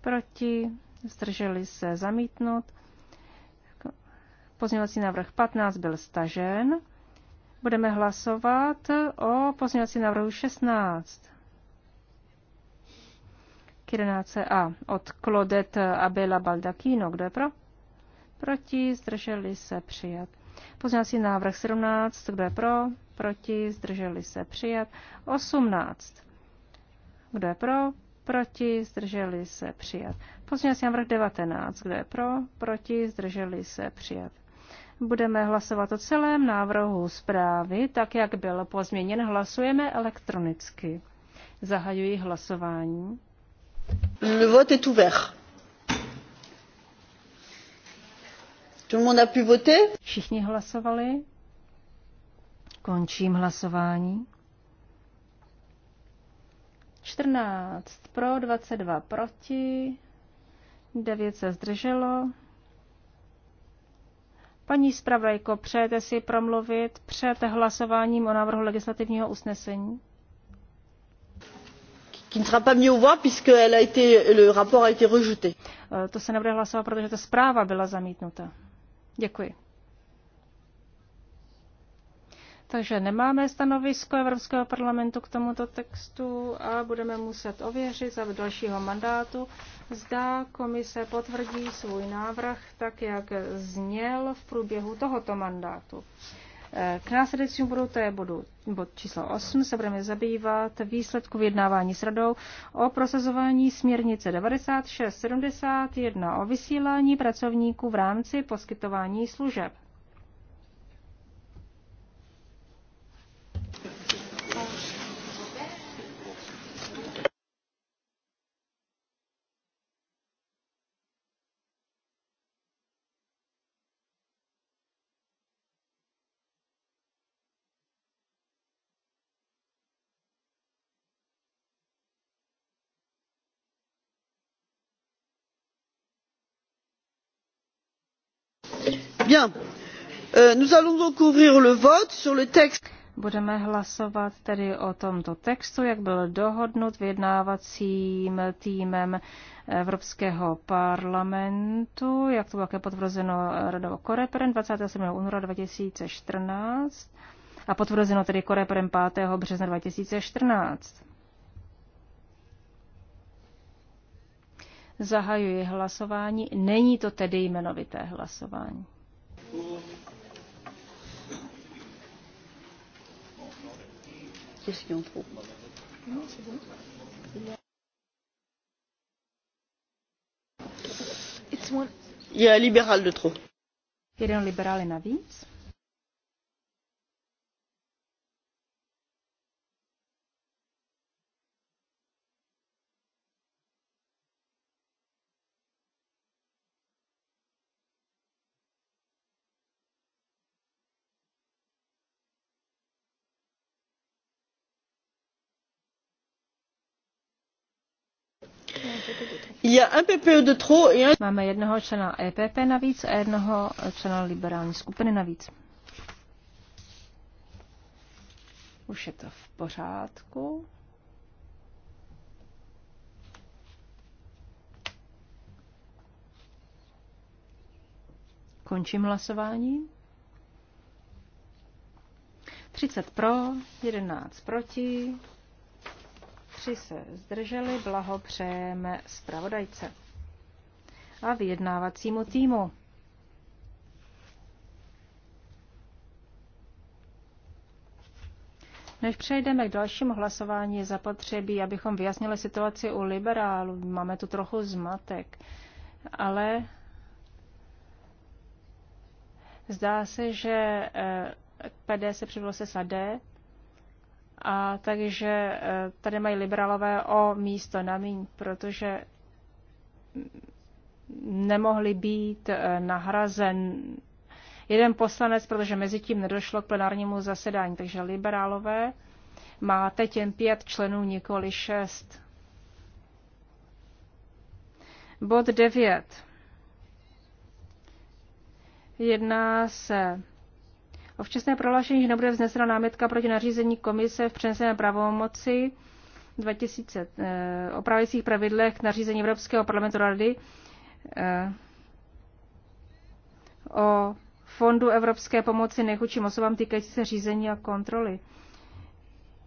Proti, zdrželi se, zamítnout. Pozměňovací návrh 15 byl stažen. Budeme hlasovat o pozměňovací návrhu 16 k 11a od Claudette Abela Baldacchino. Kdo je pro? Proti? Zdrželi se přijat. Pozměňovací návrh 17. Kdo je pro? Proti? Zdrželi se přijat. 18. Kdo je pro? Proti? Zdrželi se přijat. Pozměňovací návrh 19. Kdo je pro? Proti? Zdrželi se přijat. Budeme hlasovat o celém návrhu zprávy, tak jak byl pozměněn. Hlasujeme elektronicky. Zahajuji hlasování. Le vote est ouvert. Tout le monde a pu voter? Všichni hlasovali. Končím hlasování. 14 pro, 22 proti, 9 se zdrželo. Paní zpravodajko, přejete si promluvit před hlasováním o návrhu legislativního usnesení? qui ne sera pas mis puisque le rapport a été rejeté. Eh, to se nebude hlasovat, protože ta zpráva byla zamítnuta. Děkuji. Takže nemáme stanovisko Evropského parlamentu k tomuto textu a budeme muset ověřit za dalšího mandátu, zda komise potvrdí svůj návrh tak, jak zněl v průběhu tohoto mandátu. K následujícímu bodu, to je bodu, bod číslo 8, se budeme zabývat výsledku vyjednávání s radou o prosazování směrnice 9671 o vysílání pracovníků v rámci poskytování služeb. Euh, Budeme hlasovat tedy o tomto textu, jak byl dohodnut vyjednávacím týmem Evropského parlamentu, jak to bylo také potvrzeno radou Koreperem 27. února 2014 a potvrzeno tedy Koreperem 5. března 2014. Zahajuji hlasování. Není to tedy jmenovité hlasování. Qu'est-ce qu'il y en Non, c'est bon. Je liberál de trop. Je liberál navíc. E Máme jednoho člena EPP navíc a jednoho člena liberální skupiny navíc. Už je to v pořádku. Končím hlasování. 30 pro, 11 proti, tři se zdrželi, blahopřejeme zpravodajce a vyjednávacímu týmu. Než přejdeme k dalšímu hlasování, je zapotřebí, abychom vyjasnili situaci u liberálů. Máme tu trochu zmatek, ale zdá se, že eh, PD se přivlo se SAD a takže eh, tady mají liberálové o místo na míň, protože nemohli být eh, nahrazen jeden poslanec, protože mezi tím nedošlo k plenárnímu zasedání. Takže liberálové má teď jen pět členů, nikoli šest. Bod devět. Jedná se O včasné prohlášení, že nebude vznesena námitka proti nařízení komise v přeneseném pravomoci 2000, eh, o pravěcích pravidlech k nařízení Evropského parlamentu rady eh, o Fondu evropské pomoci nejchudším osobám týkající se řízení a kontroly.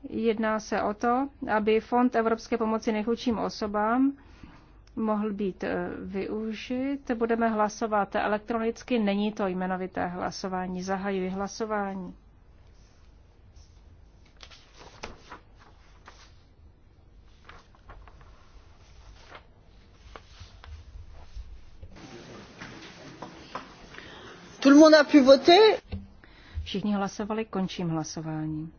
Jedná se o to, aby Fond evropské pomoci nejchudším osobám mohl být e, využit. Budeme hlasovat elektronicky, není to jmenovité hlasování. Zahajuji hlasování. Tout le monde a pu voter? Všichni hlasovali, končím hlasování.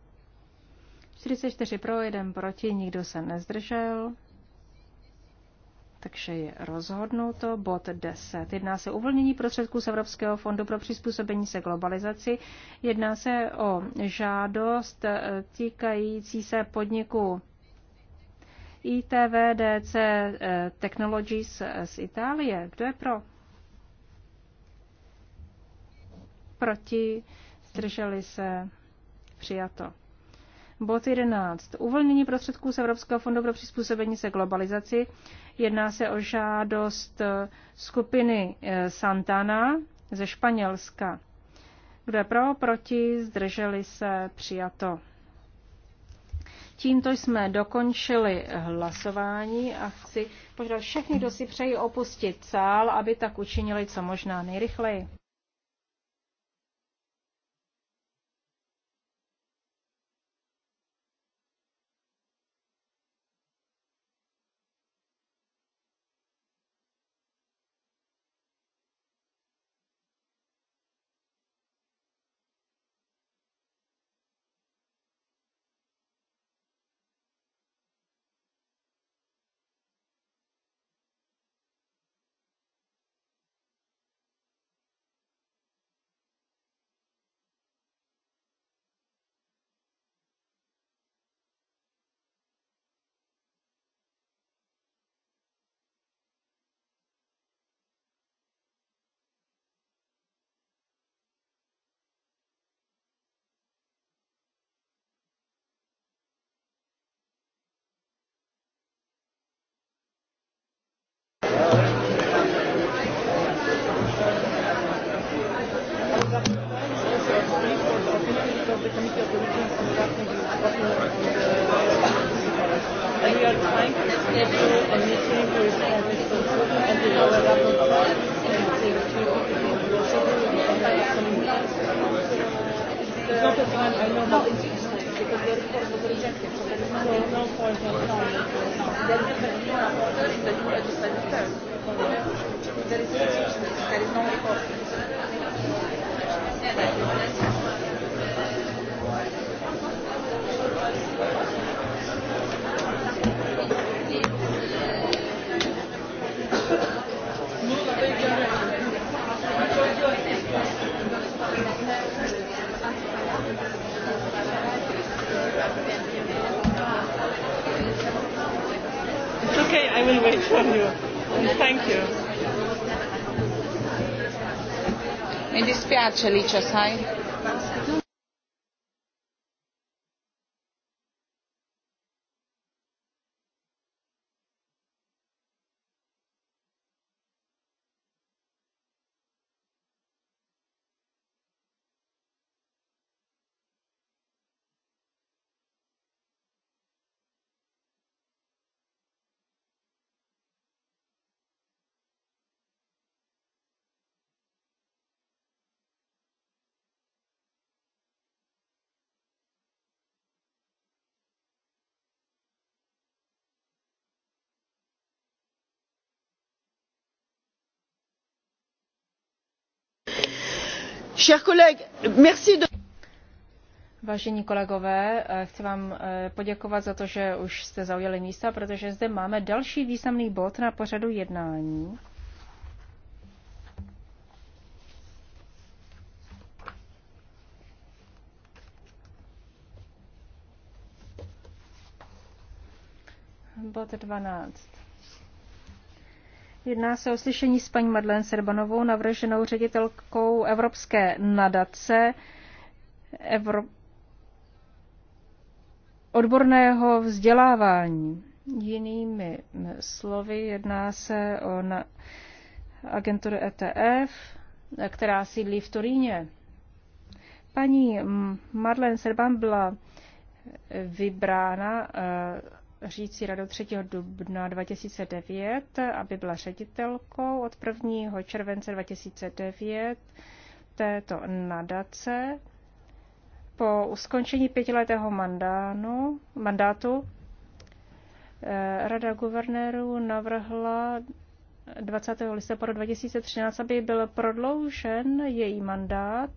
44 pro, 1 proti, nikdo se nezdržel takže je rozhodnuto. Bod 10. Jedná se o uvolnění prostředků z Evropského fondu pro přizpůsobení se globalizaci. Jedná se o žádost eh, týkající se podniku ITVDC eh, Technologies eh, z Itálie. Kdo je pro? Proti? Zdrželi se? Přijato. Bod 11. Uvolnění prostředků z Evropského fondu pro přizpůsobení se globalizaci. Jedná se o žádost eh, skupiny eh, Santana ze Španělska. Kdo je pro, proti, zdrželi se, přijato. Tímto jsme dokončili hlasování a chci požádat všechny, kdo si přejí opustit sál, aby tak učinili co možná nejrychleji. because no, I know no, it's useless because your report was rejected, so there is no, so no point on no, no, no. There is a new rapporteur in the new legislative term. There is yeah, yeah. useless. There is no report. Thank you. It's okay, I will wait for you. And thank you. Mi dispiace Licia, sai? Vážení kolegové, eh, chci vám eh, poděkovat za to, že už jste zaujali místa, protože zde máme další významný bod na pořadu jednání. Bod 12. Jedná se o slyšení s paní Madlen Serbanovou, navrženou ředitelkou Evropské nadace Evro... odborného vzdělávání. Jinými slovy, jedná se o na... agenturu ETF, která sídlí v Turíně. Paní Madlen Serban byla vybrána eh, řídící radu 3. dubna 2009, aby byla ředitelkou od 1. července 2009 této nadace. Po skončení pětiletého mandánu, mandátu eh, Rada guvernérů navrhla 20. listopadu 2013, aby byl prodloužen její mandát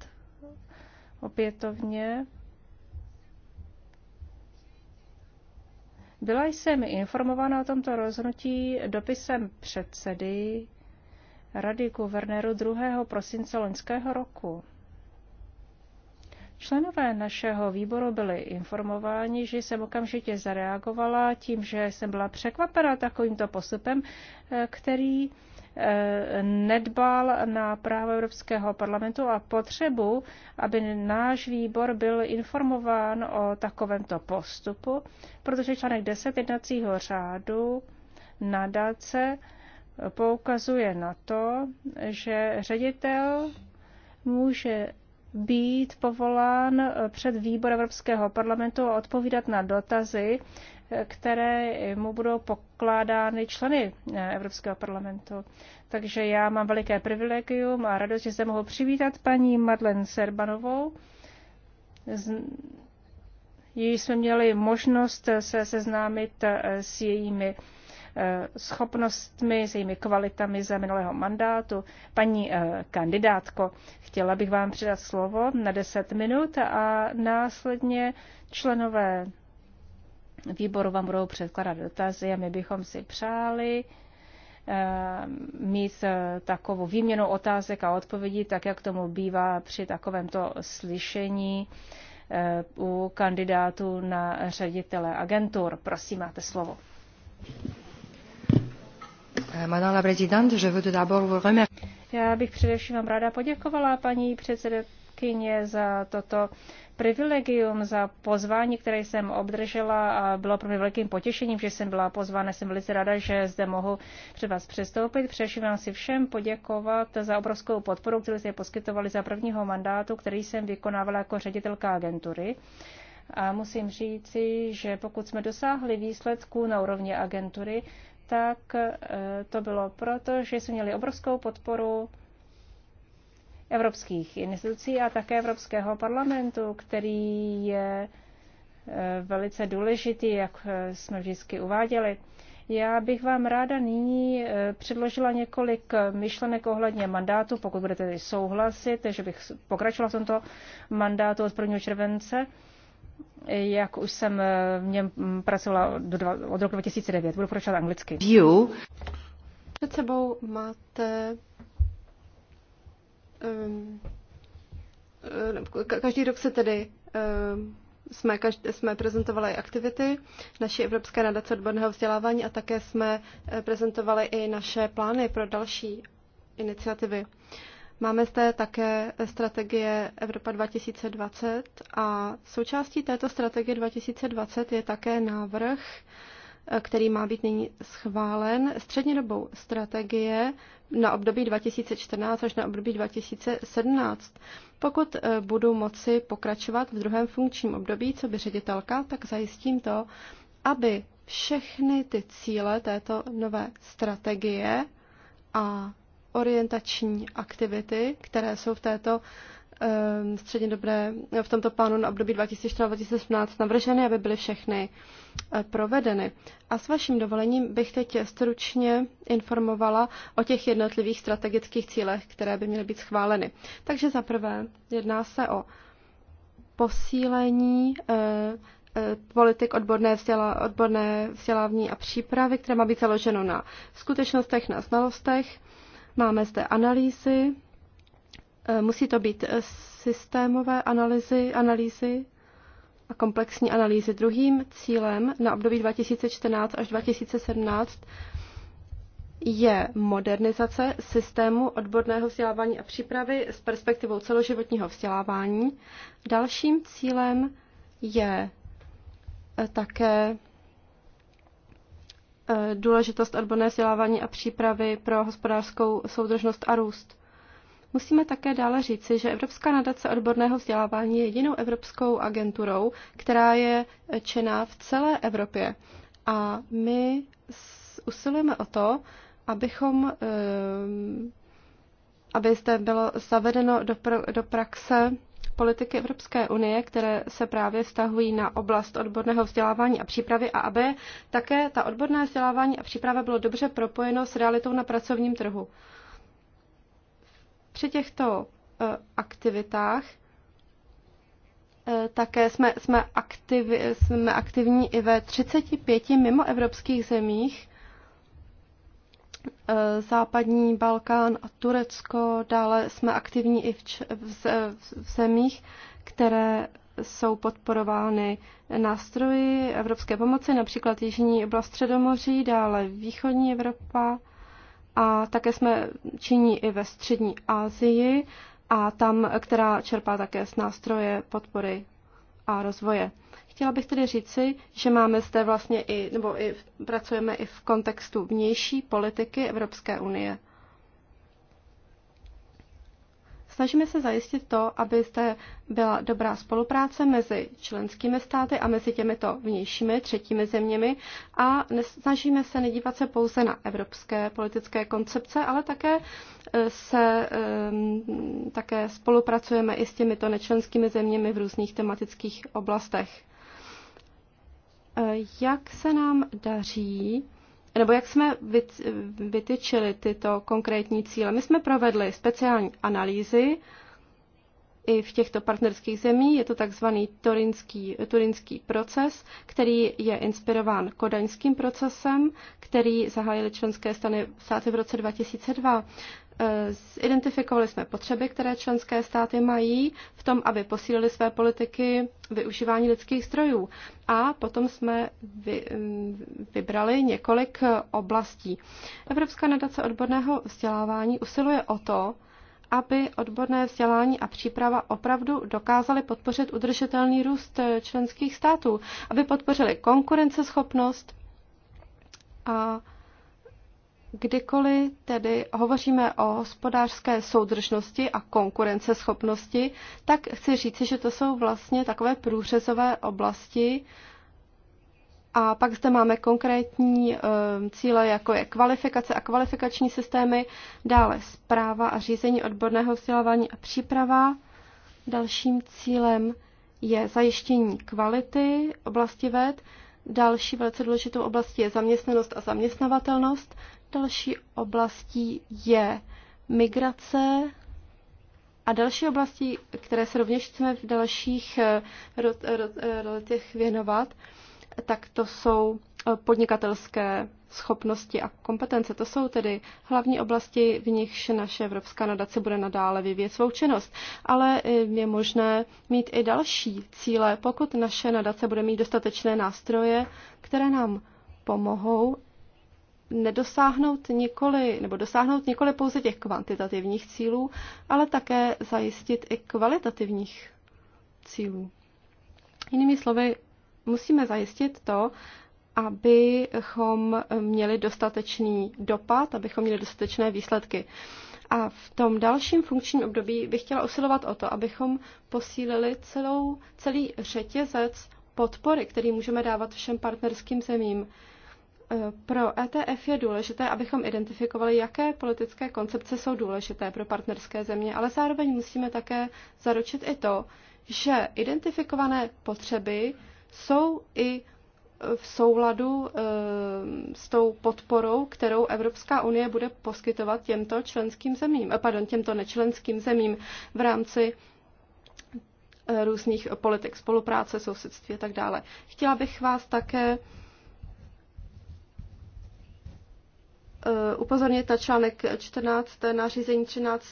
opětovně Byla jsem informována o tomto rozhodnutí dopisem předsedy Rady guvernéru 2. prosince loňského roku. Členové našeho výboru byli informováni, že jsem okamžitě zareagovala tím, že jsem byla překvapena takovýmto postupem, eh, který Eh, nedbal na právo Evropského parlamentu a potřebu, aby náš výbor byl informován o takovémto postupu, protože článek 10 jednacího řádu nadace poukazuje na to, že ředitel může být povolán před výbor Evropského parlamentu a odpovídat na dotazy které mu budou pokládány členy eh, Evropského parlamentu. Takže já mám veliké privilegium a radost, že se mohu přivítat paní Madlen Serbanovou. Z... Její jsme měli možnost se seznámit eh, s jejími eh, schopnostmi, s jejími kvalitami za minulého mandátu. Paní kandidátko, chtěla bych vám předat slovo na 10 minut a následně členové výboru vám budou předkladat dotazy a my bychom si přáli eh, mít eh, takovou výměnu otázek a odpovědí, tak jak tomu bývá při takovémto slyšení eh, u kandidátů na ředitele agentur. Prosím, máte slovo. Madame Já bych především vám ráda poděkovala paní předsedkyně za toto privilegium za pozvání, které jsem obdržela a bylo pro mě velkým potěšením, že jsem byla pozvána. Jsem velice ráda, že zde mohu před vás přestoupit. Především vám si všem poděkovat za obrovskou podporu, kterou jste poskytovali za prvního mandátu, který jsem vykonávala jako ředitelka agentury. A musím říci, že pokud jsme dosáhli výsledků na úrovni agentury, tak eh, to bylo proto, že jsme měli obrovskou podporu evropských institucí a také Evropského parlamentu, který je eh, velice důležitý, jak eh, jsme vždycky uváděli. Já bych vám ráda nyní eh, předložila několik myšlenek ohledně mandátu, pokud budete tedy souhlasit, že bych pokračovala v tomto mandátu od 1. července, jak už jsem v něm mm, pracovala od roku 2009. Budu pokračovat anglicky. View. Před sebou máte Ehm, eh, každý rok se tedy ehm, jsme, každý, jsme prezentovali aktivity naší Evropské nadace odborného vzdělávání a také jsme eh, prezentovali i naše plány pro další iniciativy. Máme zde také strategie Evropa 2020 a součástí této strategie 2020 je také návrh který má být nyní schválen, střednědobou strategie na období 2014 až na období 2017. Pokud eh, budu moci pokračovat v druhém funkčním období, co by ředitelka, tak zajistím to, aby všechny ty cíle této nové strategie a orientační aktivity, které jsou v této Ehm, středně dobré eh, v tomto plánu na období 2014 2018 navrženy, aby byly všechny eh, provedeny. A s vaším dovolením bych teď stručně informovala o těch jednotlivých strategických cílech, které by měly být schváleny. Takže za prvé jedná se o posílení eh, politik odborné, vzděla, odborné vzdělávání a přípravy, které má být založeno na skutečnostech, na znalostech. Máme zde analýzy, Eh, musí to být eh, systémové analýzy, analýzy a komplexní analýzy. Druhým cílem na období 2014 až 2017 je modernizace systému odborného vzdělávání a přípravy s perspektivou celoživotního vzdělávání. Dalším cílem je eh, také důležitost odborné vzdělávání a přípravy pro hospodářskou soudržnost a růst. Musíme také dále říci, že Evropská nadace odborného vzdělávání je jedinou evropskou agenturou, která je čená v celé Evropě. A my usilujeme o to, abychom, eh, aby zde bylo zavedeno do, pra- do praxe politiky Evropské unie, které se právě vztahují na oblast odborného vzdělávání a přípravy a aby také ta odborné vzdělávání a příprava bylo dobře propojeno s realitou na pracovním trhu. Při těchto eh, aktivitách eh, také jsme, jsme, aktiv, jsme aktivní i ve 35 mimoevropských zemích. Eh, Západní Balkán a Turecko, dále jsme aktivní i v, v, v zemích, které jsou podporovány nástroji evropské pomoci, například Jižní oblast Středomoří, dále Východní Evropa, a také jsme činí i ve střední Asii a tam, která čerpá také z nástroje podpory a rozvoje. Chtěla bych tedy říci, že máme zde vlastně i, nebo i pracujeme i v kontextu vnější politiky Evropské unie. Snažíme se zajistit to, aby zde byla dobrá spolupráce mezi členskými státy a mezi těmito vnějšími třetími zeměmi a snažíme se nedívat se pouze na evropské politické koncepce, ale také eh, se eh, také spolupracujeme i s těmito nečlenskými zeměmi v různých tematických oblastech. Eh, jak se nám daří nebo jak jsme vytyčili tyto konkrétní cíle. My jsme provedli speciální analýzy i v těchto partnerských zemích Je to takzvaný turinský, turinský proces, který je inspirován kodaňským procesem, který zahájili členské státy v roce 2002. Eh, Identifikovali jsme potřeby, které členské státy mají v tom, aby posílili své politiky využívání lidských strojů. A potom jsme vy, mm, vybrali několik eh, oblastí. Evropská nadace odborného vzdělávání usiluje o to, aby odborné vzdělání a příprava opravdu dokázaly podpořit udržitelný růst eh, členských států, aby podpořili konkurenceschopnost a Kdykoliv tedy hovoříme o hospodářské soudržnosti a konkurenceschopnosti, tak chci říci, že to jsou vlastně takové průřezové oblasti. A pak zde máme konkrétní eh, cíle, jako je kvalifikace a kvalifikační systémy, dále zpráva a řízení odborného vzdělávání a příprava. Dalším cílem je zajištění kvality oblasti ved. Další velice důležitou oblastí je zaměstnanost a zaměstnavatelnost. Další oblastí je migrace a další oblasti, které se rovněž chceme v dalších eh, eh, eh, letech věnovat, tak to jsou podnikatelské schopnosti a kompetence. To jsou tedy hlavní oblasti, v nichž naše Evropská nadace bude nadále vyvíjet svou činnost. Ale je možné mít i další cíle, pokud naše nadace bude mít dostatečné nástroje, které nám pomohou nedosáhnout nikoli, nebo dosáhnout nikoli pouze těch kvantitativních cílů, ale také zajistit i kvalitativních cílů. Jinými slovy, musíme zajistit to, abychom měli dostatečný dopad, abychom měli dostatečné výsledky. A v tom dalším funkčním období bych chtěla usilovat o to, abychom posílili celou, celý řetězec podpory, který můžeme dávat všem partnerským zemím pro ETF je důležité, abychom identifikovali, jaké politické koncepce jsou důležité pro partnerské země, ale zároveň musíme také zaručit i to, že identifikované potřeby jsou i v souladu eh, s tou podporou, kterou Evropská unie bude poskytovat těmto členským zemím, eh, pardon, těmto nečlenským zemím v rámci eh, různých politik spolupráce, sousedství a tak dále. Chtěla bych vás také Eh, upozornit na článek 14 nařízení 13,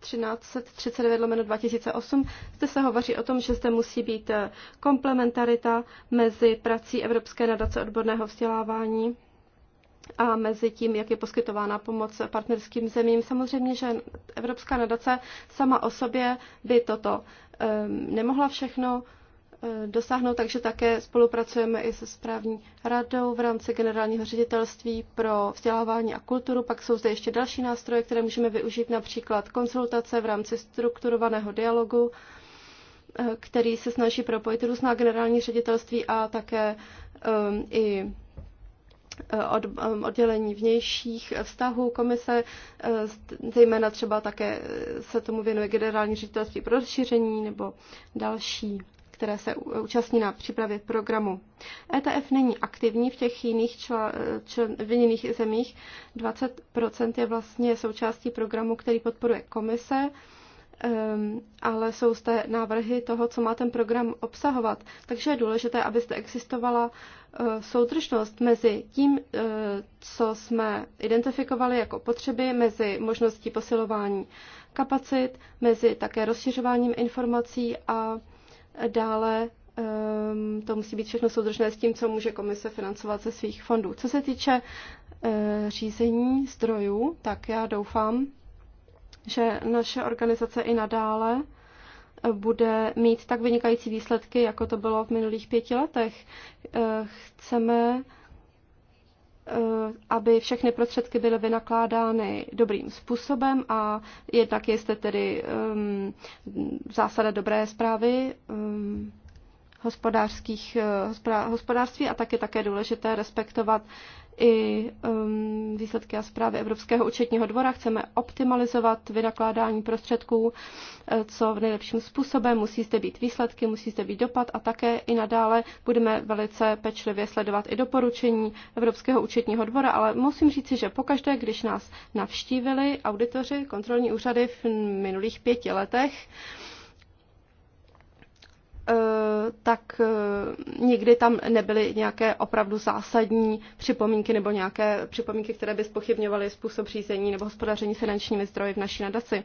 1339 lomeno 2008. Zde se hovoří o tom, že zde musí být eh, komplementarita mezi prací Evropské nadace odborného vzdělávání a mezi tím, jak je poskytována pomoc partnerským zemím. Samozřejmě, že Evropská nadace sama o sobě by toto eh, nemohla všechno Eh, dosáhnout, takže také spolupracujeme i se správní radou v rámci generálního ředitelství pro vzdělávání a kulturu. Pak jsou zde ještě další nástroje, které můžeme využít, například konzultace v rámci strukturovaného dialogu, eh, který se snaží propojit různá generální ředitelství a také um, i od, oddělení vnějších vztahů komise, zejména třeba také se tomu věnuje generální ředitelství pro rozšíření nebo další které se účastní na přípravě programu. ETF není aktivní v těch jiných, čl- čl- v jiných zemích. 20% je vlastně součástí programu, který podporuje komise, um, ale jsou zde návrhy toho, co má ten program obsahovat. Takže je důležité, aby zde existovala uh, soudržnost mezi tím, uh, co jsme identifikovali jako potřeby, mezi možností posilování kapacit, mezi také rozšiřováním informací a Dále ehm, to musí být všechno soudržné s tím, co může komise financovat ze svých fondů. Co se týče eh, řízení zdrojů, tak já doufám, že naše organizace i nadále eh, bude mít tak vynikající výsledky, jako to bylo v minulých pěti letech. Eh, chceme Eh, aby všechny prostředky byly vynakládány dobrým způsobem a jednak jste tedy um, zásada dobré zprávy um, hospodářských, eh, hospodářství a tak je také důležité respektovat i um, výsledky a zprávy Evropského účetního dvora. Chceme optimalizovat vynakládání prostředků eh, co v nejlepším způsobem. Musí zde být výsledky, musí zde být dopad a také i nadále budeme velice pečlivě sledovat i doporučení Evropského účetního dvora, ale musím říci, že pokaždé, když nás navštívili auditoři, kontrolní úřady v minulých pěti letech, Eh, tak eh, nikdy tam nebyly nějaké opravdu zásadní připomínky nebo nějaké připomínky, které by spochybňovaly způsob řízení nebo hospodaření finančními zdroji v naší nadaci.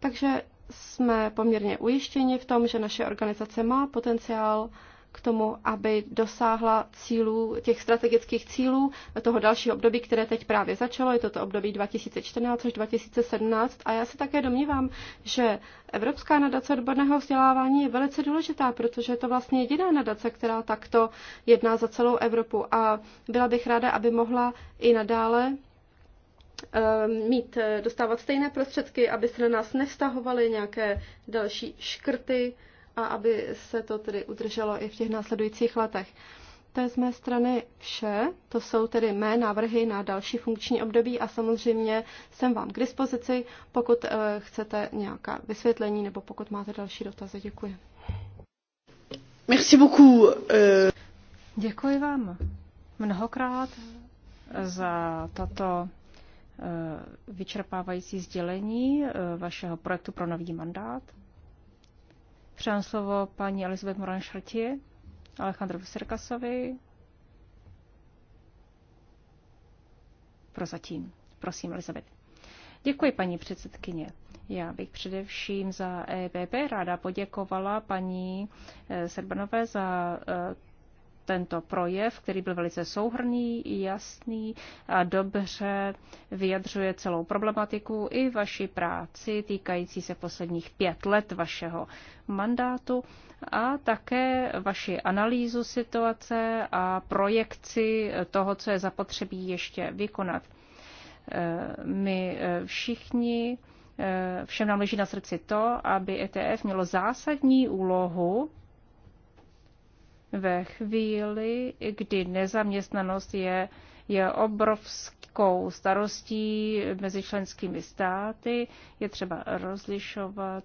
Takže jsme poměrně ujištěni v tom, že naše organizace má potenciál k tomu, aby dosáhla cílů, těch strategických cílů toho dalšího období, které teď právě začalo, je to to období 2014 až 2017 a já se také domnívám, že Evropská nadace odborného vzdělávání je velice důležitá, protože je to vlastně jediná nadace, která takto jedná za celou Evropu a byla bych ráda, aby mohla i nadále ehm, mít, eh, dostávat stejné prostředky, aby se na nás nevztahovaly nějaké další škrty, a aby se to tedy udrželo i v těch následujících letech. To je z mé strany vše. To jsou tedy mé návrhy na další funkční období a samozřejmě jsem vám k dispozici, pokud eh, chcete nějaká vysvětlení nebo pokud máte další dotazy. Děkuji. Merci beaucoup. Eh. Děkuji vám mnohokrát eh, za tato vyčerpávající sdělení vašeho projektu pro nový mandát. Předám slovo paní Elizabeth Moran Šrtě, Alejandro Serkasovi. Prozatím. Prosím, Elizabeth. Děkuji, paní předsedkyně. Já bych především za EPP ráda poděkovala paní eh, Serbanové za eh, tento projev, který byl velice souhrný, jasný a dobře vyjadřuje celou problematiku i vaši práci týkající se posledních pět let vašeho mandátu a také vaši analýzu situace a projekci toho, co je zapotřebí ještě vykonat. Eh, my eh, všichni, eh, všem nám leží na srdci to, aby ETF mělo zásadní úlohu ve chvíli, kdy nezaměstnanost je, je obrovskou starostí mezi členskými státy, je třeba rozlišovat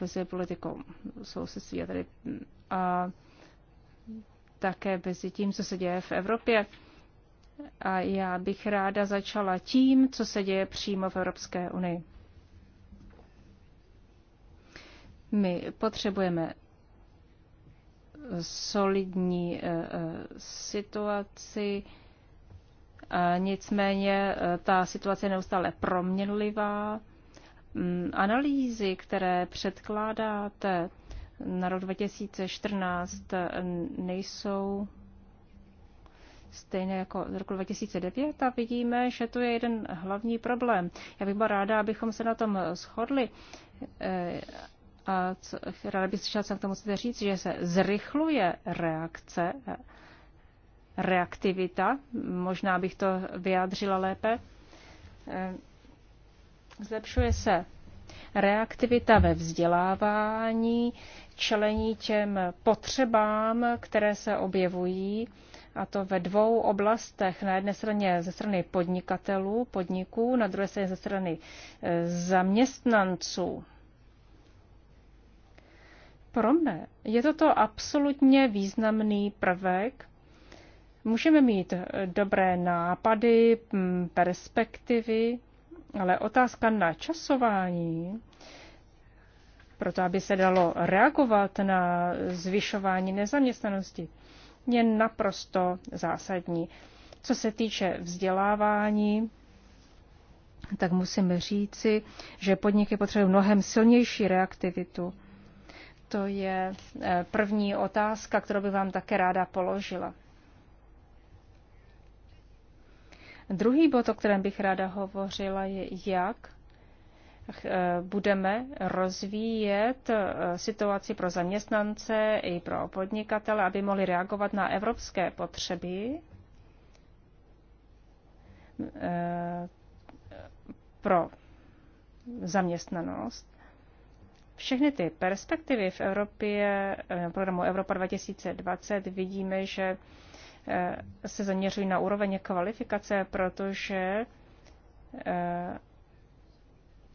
mezi politikou sousedství a, tady, a také mezi tím, co se děje v Evropě. A já bych ráda začala tím, co se děje přímo v Evropské unii. My potřebujeme solidní eh, eh, situaci. Nicméně eh, ta situace je neustále proměnlivá. Mm, analýzy, které předkládáte na rok 2014, nejsou stejné jako z roku 2009 a vidíme, že to je jeden hlavní problém. Já bych byla ráda, abychom se na tom shodli a co, ráda bych slyšela, co k tomu chcete říct, že se zrychluje reakce, reaktivita, možná bych to vyjádřila lépe. Eh, zlepšuje se reaktivita ve vzdělávání, čelení těm potřebám, které se objevují, a to ve dvou oblastech. Na jedné straně ze strany podnikatelů, podniků, na druhé straně ze strany eh, zaměstnanců. Pro mne je toto absolutně významný prvek. Můžeme mít dobré nápady, mm, perspektivy, ale otázka na časování, proto aby se dalo reagovat na zvyšování nezaměstnanosti, je naprosto zásadní. Co se týče vzdělávání, tak musím říci, že podniky potřebují mnohem silnější reaktivitu. To je eh, první otázka, kterou bych vám také ráda položila. Druhý bod, o kterém bych ráda hovořila, je jak eh, budeme rozvíjet eh, situaci pro zaměstnance i pro podnikatele, aby mohli reagovat na evropské potřeby pro zaměstnanost všechny ty perspektivy v Evropě, eh, programu Evropa 2020, vidíme, že eh, se zaměřují na úroveň kvalifikace, protože eh,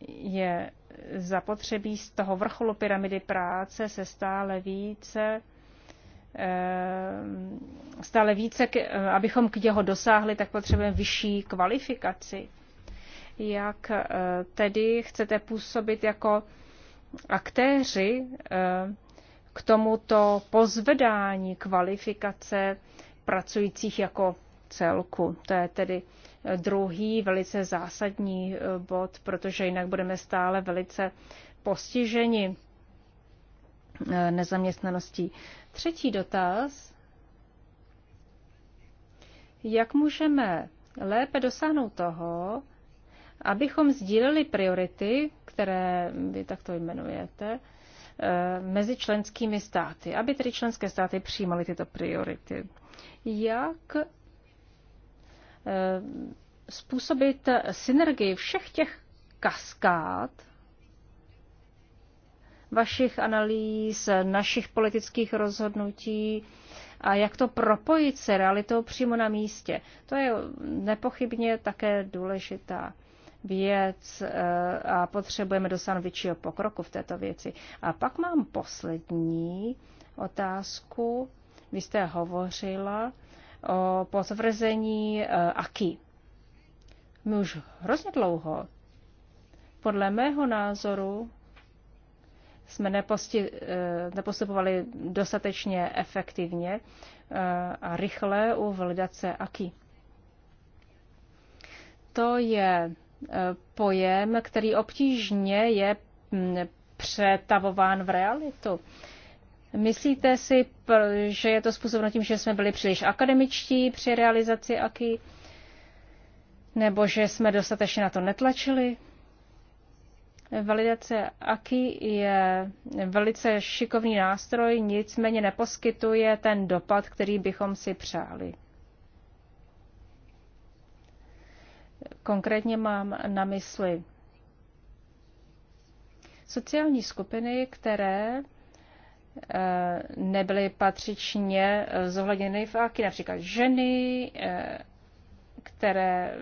je zapotřebí z toho vrcholu pyramidy práce se stále více stále více, abychom k jeho dosáhli, tak potřebujeme vyšší kvalifikaci. Jak tedy chcete působit jako aktéři eh, k tomuto pozvedání kvalifikace pracujících jako celku. To je tedy eh, druhý velice zásadní eh, bod, protože jinak budeme stále velice postiženi nezaměstnaností. Třetí dotaz. Jak můžeme lépe dosáhnout toho, abychom sdíleli priority které vy takto jmenujete, eh, mezi členskými státy, aby tedy členské státy přijímaly tyto priority. Jak eh, způsobit synergii všech těch kaskád vašich analýz, našich politických rozhodnutí a jak to propojit se realitou přímo na místě. To je nepochybně také důležitá věc eh, a potřebujeme dosáhnout většího pokroku v této věci. A pak mám poslední otázku. Vy jste hovořila o potvrzení eh, AKI. My už hrozně dlouho, podle mého názoru, jsme neposti, eh, nepostupovali dostatečně efektivně a rychle u validace AKI. To je pojem, který obtížně je mm, přetavován v realitu. Myslíte si, že je to způsobeno tím, že jsme byli příliš akademičtí při realizaci AKI? Nebo že jsme dostatečně na to netlačili? Validace AKI je velice šikovný nástroj, nicméně neposkytuje ten dopad, který bychom si přáli. Konkrétně mám na mysli sociální skupiny, které eh, nebyly patřičně eh, zohledněny v AKI, například ženy, eh, které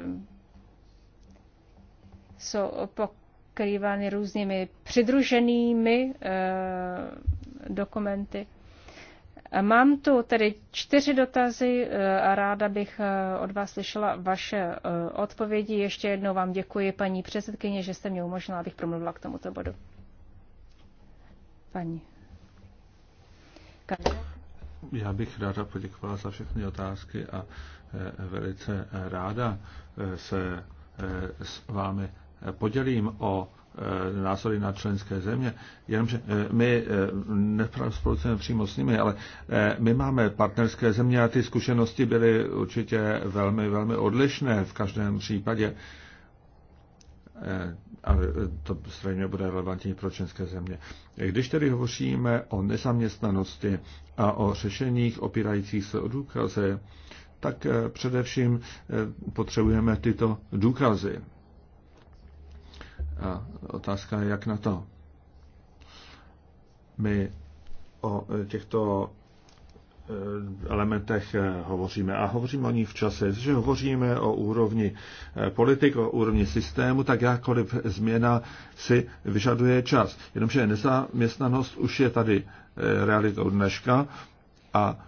jsou pokrývány různými přidruženými dokumenty. Mám tu tedy čtyři dotazy eh, a ráda bych eh, od vás slyšela vaše eh, odpovědi. Ještě jednou vám děkuji, paní předsedkyně, že jste mě umožnila, abych promluvila k tomuto bodu. Paní. Já bych ráda poděkovala za všechny otázky a velice ráda se s vámi podělím o Eh, názory na členské země, jenomže eh, my eh, nespolupracujeme přímo s nimi, ale my máme partnerské země a ty zkušenosti byly určitě velmi, velmi odlišné v každém případě. A to stejně bude relevantní pro členské země. Když tedy hovoříme o nezaměstnanosti a o řešeních opírajících se o důkazy, tak především potřebujeme tyto důkazy. A otázka je, jak na to. My o těchto eh, elementech eh, hovoříme. A hovoříme o nich v čase. Když hovoříme o úrovni eh, politik, o úrovni systému, tak jakkoliv změna si vyžaduje čas. Jenomže nezaměstnanost už je tady realitou dneška a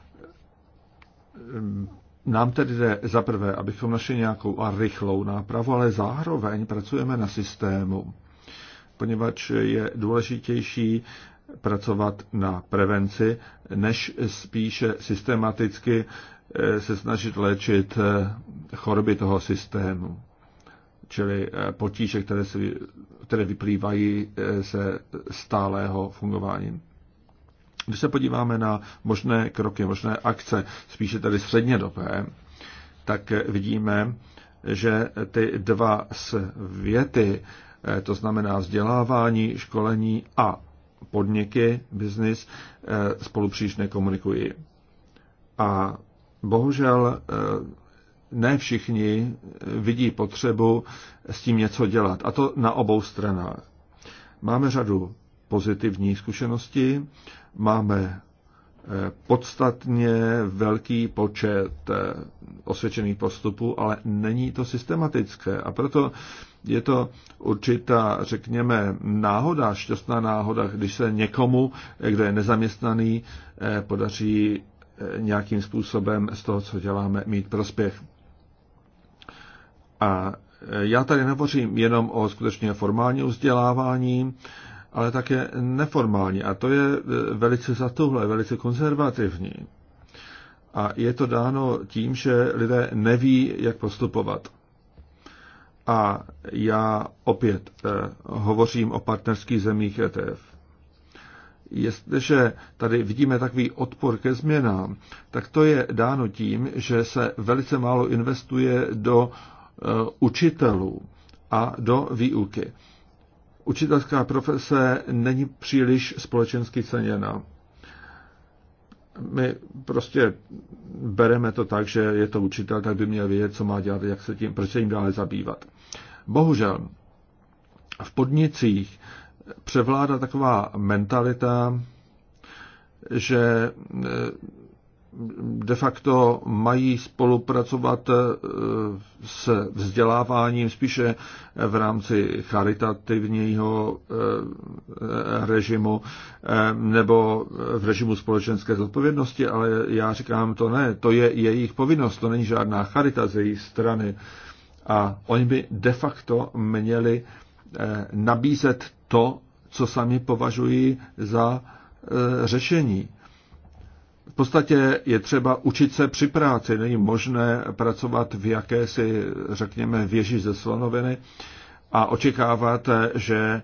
mm, nám tedy jde za prvé, abychom našli nějakou a rychlou nápravu, ale zároveň pracujeme na systému, poněvadž je důležitější pracovat na prevenci, než spíše systematicky eh, se snažit léčit eh, choroby toho systému, čili eh, potíže, které, se, které vyplývají se stálého fungování. Když se podíváme na možné kroky, možné akce, spíše tedy střednědobé, tak vidíme, že ty dva světy, eh, to znamená vzdělávání, školení a podniky, biznis, eh, spolu příliš nekomunikují. A bohužel eh, ne všichni vidí potřebu s tím něco dělat. A to na obou stranách. Máme řadu pozitivní zkušenosti. Máme eh, podstatně velký počet eh, osvědčených postupů, ale není to systematické. A proto je to určitá, řekněme, náhoda, šťastná náhoda, když se někomu, eh, kdo je nezaměstnaný, podaří nějakým způsobem z toho, co děláme, mít prospěch. A já tady nehovořím jenom o skutečně formálním vzdělávání, ale také neformální. A to je e, velice zatuhlé, velice konzervativní. A je to dáno tím, že lidé neví, jak postupovat. A já opět e, hovořím o partnerských zemích ETF. Jestliže tady vidíme takový odpor ke změnám, tak to je dáno tím, že se velice málo investuje do e, učitelů a do výuky učitelská profese není příliš společensky ceněna. My prostě bereme to tak, že je to učitel, tak by měl vědět, co má dělat, jak se tím, proč se jim dále zabývat. Bohužel v podnicích převládá taková mentalita, že de facto mají spolupracovat eh, s vzděláváním spíše v rámci charitativního eh, režimu eh, nebo v režimu společenské zodpovědnosti, ale já říkám to ne, to je jejich povinnost, to není žádná charita z jejich strany. A oni by de facto měli nabízet to, co sami považují za řešení v podstatě je třeba učit se při práci. Není možné pracovat v jakési, řekněme, věži ze slonoviny a očekávat, že e,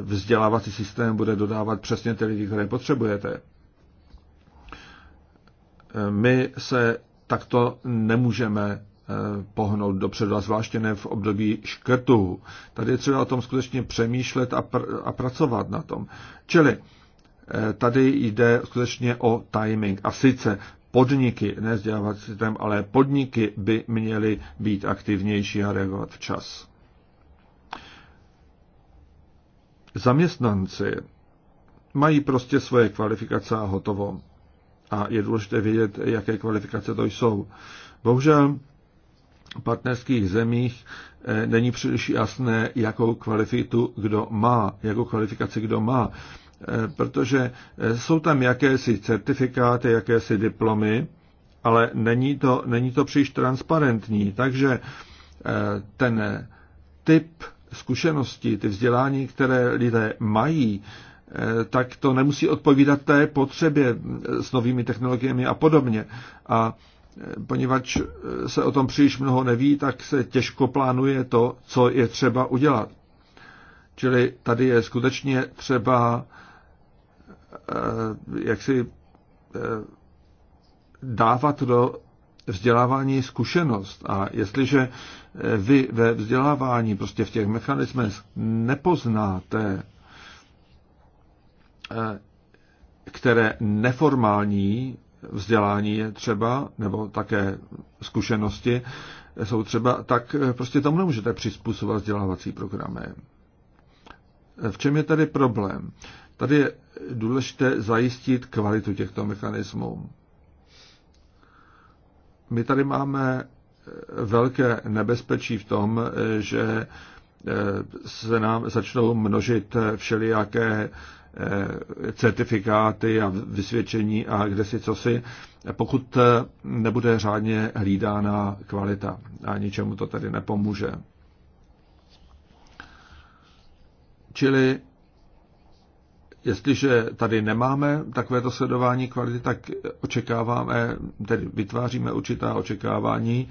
vzdělávací systém bude dodávat přesně ty lidi, které potřebujete. E, my se takto nemůžeme e, pohnout dopředu, a zvláště ne v období škrtů. Tady je třeba o tom skutečně přemýšlet a, pr- a pracovat na tom. Čili Eh, tady jde skutečně o timing. A sice podniky, ne vzdělávací systém, ale podniky by měly být aktivnější a reagovat včas. Zaměstnanci mají prostě svoje kvalifikace a hotovo. A je důležité vědět, jaké kvalifikace to jsou. Bohužel v partnerských zemích eh, není příliš jasné, jakou kvalifitu kdo má, jakou kvalifikaci kdo má. Eh, protože eh, jsou tam jakési certifikáty, jakési diplomy, ale není to, není to příliš transparentní. Takže eh, ten typ zkušeností, ty vzdělání, které lidé mají, tak to nemusí odpovídat té potřebě s novými technologiemi a podobně. A poněvadž se o tom příliš mnoho neví, tak se těžko plánuje to, co je třeba udělat. Čili tady je skutečně třeba Eh, jak si eh, dávat do vzdělávání zkušenost. A jestliže eh, vy ve vzdělávání, prostě v těch mechanismech nepoznáte, které neformální vzdělání je třeba, nebo také zkušenosti jsou třeba, tak prostě tomu nemůžete přizpůsobovat vzdělávací programy. V čem je tady problém? Tady je důležité zajistit kvalitu těchto mechanismů. My tady máme eh, velké nebezpečí v tom, eh, že eh, se nám začnou množit všelijaké certifikáty a vysvědčení a kde si cosi, pokud nebude řádně hlídána kvalita a ničemu to tedy nepomůže. Čili Jestliže tady nemáme takovéto sledování kvality, tak očekáváme, tedy vytváříme určitá očekávání,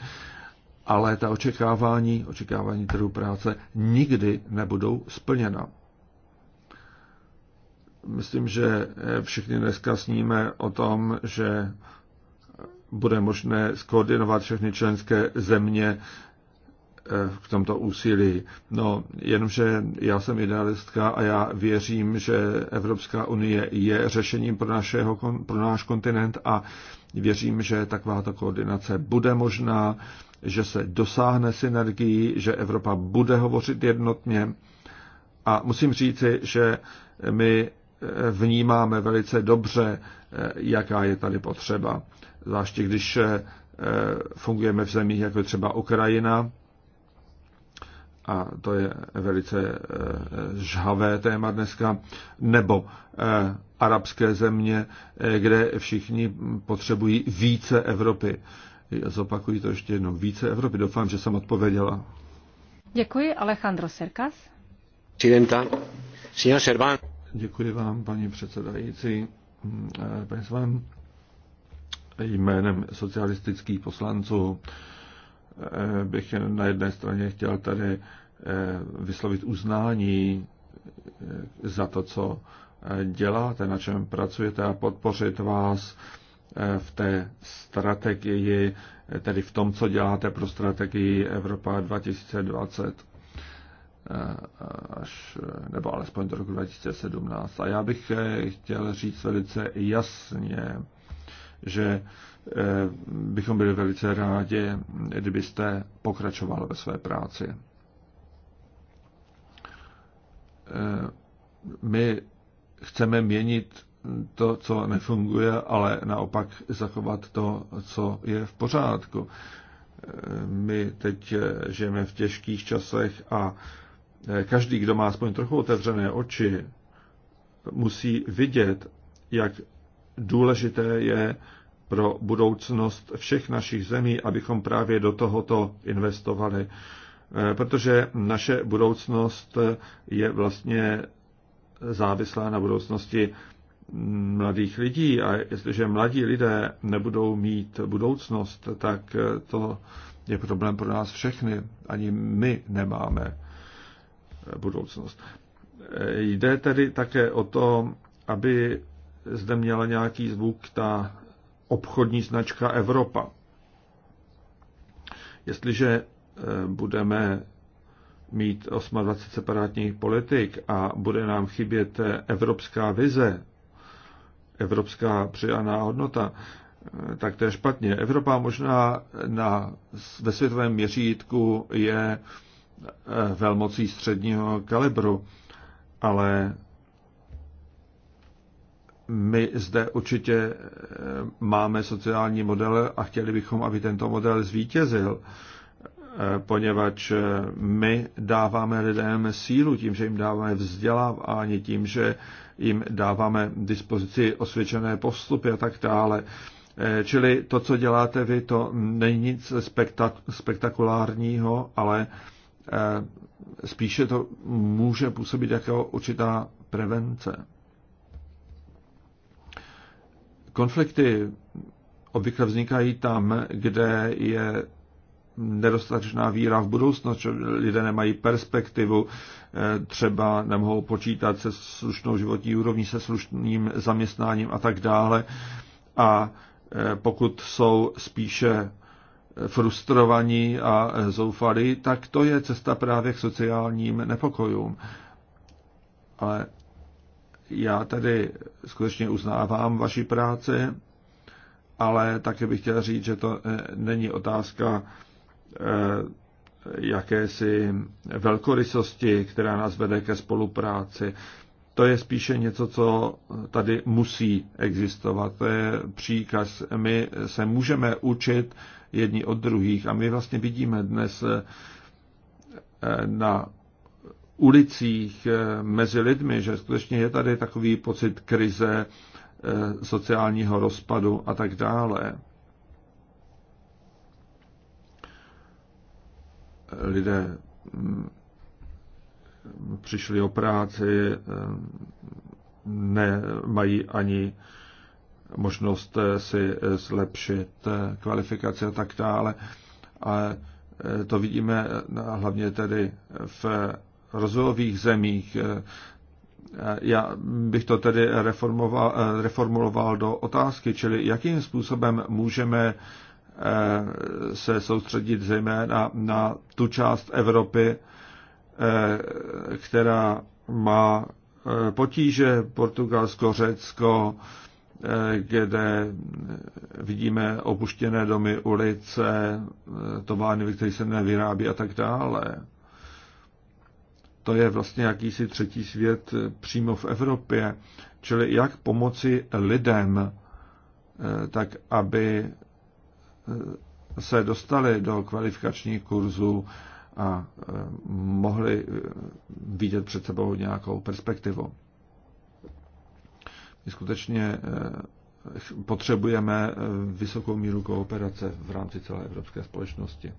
ale ta očekávání, očekávání trhu práce nikdy nebudou splněna. Myslím, že všichni dneska sníme o tom, že bude možné skoordinovat všechny členské země k eh, tomto úsilí. No, jenomže já jsem idealistka a já věřím, že Evropská unie je řešením pro, našeho, pro náš kontinent a věřím, že takováto koordinace bude možná, že se dosáhne synergií, že Evropa bude hovořit jednotně. A musím říci, že my eh, vnímáme velice dobře, eh, jaká je tady potřeba. Zvláště když fungujeme v zemích jako třeba Ukrajina, a to je velice eh, žhavé téma dneska, nebo eh, arabské země, eh, kde všichni potřebují více Evropy. Zopakuji to ještě jednou. Více Evropy. Doufám, že jsem odpověděla. Děkuji. Alejandro Serkas. Presidenta. Signor Servan. Děkuji vám, paní předsedající. Paní jménem socialistických poslanců Eh, bych na jedné straně chtěl tady eh, vyslovit uznání eh, za to, co děláte, na čem pracujete a podpořit vás v té strategii, tedy v tom, co děláte pro strategii Evropa 2020 až, nebo alespoň do roku 2017. A já bych chtěl říct velice jasně, že bychom byli velice rádi, kdybyste pokračoval ve své práci. My chceme měnit to, co nefunguje, ale naopak zachovat to, co je v pořádku. My teď žijeme v těžkých časech a každý, kdo má aspoň trochu otevřené oči, musí vidět, jak důležité je pro budoucnost všech našich zemí, abychom právě do tohoto investovali. E, protože naše budoucnost je vlastně závislá na budoucnosti mladých lidí a jestliže mladí lidé nebudou mít budoucnost, tak to je problém pro nás všechny. Ani my nemáme budoucnost. E, jde tedy také o to, aby zde měla nějaký zvuk ta obchodní značka Evropa. Jestliže eh, budeme mít 28 separátních politik a bude nám chybět eh, evropská vize, evropská přijaná hodnota, eh, tak to je špatně. Evropa možná na, ve světovém měřítku je velmocí středního kalibru, ale my zde určitě eh, máme sociální model a chtěli bychom, aby tento model zvítězil, eh, poněvadž eh, my dáváme lidem sílu tím, že jim dáváme vzdělávání, tím, že jim dáváme dispozici osvědčené postupy a tak dále. Čili to, co děláte vy, to není nic spektakulárního, ale spíše to může působit jako určitá prevence. Konflikty obvykle vznikají tam, kde je nedostatečná víra v budoucnost, že lidé nemají perspektivu, eh, třeba nemohou počítat se slušnou životní úrovní, se slušným zaměstnáním a tak dále. A eh, pokud jsou spíše frustrovaní a zoufalí, tak to je cesta právě k sociálním nepokojům. Ale já tedy skutečně uznávám vaši práci, ale také bych chtěl říct, že to eh, není otázka eh, jakési velkorysosti, která nás vede ke spolupráci. To je spíše něco, co tady musí existovat. To je příkaz. My se můžeme učit jedni od druhých a my vlastně vidíme dnes eh, na ulicích eh, mezi lidmi, že skutečně je tady takový pocit krize, eh, sociálního rozpadu a tak dále. Lidé mm, přišli o práci, eh, nemají ani možnost si zlepšit kvalifikaci a tak dále. A to vidíme hlavně tedy v rozvojových zemích. Eh, Já bych to tedy reformoval, eh, reformuloval do otázky, čili jakým způsobem můžeme eh, se soustředit zejména na tu část Evropy, která má potíže Portugalsko, Řecko, kde vidíme opuštěné domy, ulice, továrny, ve kterých se nevyrábí a tak dále to je vlastně jakýsi třetí svět eh, přímo v Evropě, čili jak pomoci lidem, eh, tak aby eh, se dostali do kvalifikačních kurzů a mohli vidět před sebou nějakou perspektivu. My skutečně potřebujeme vysokou míru kooperace v rámci celé evropské společnosti.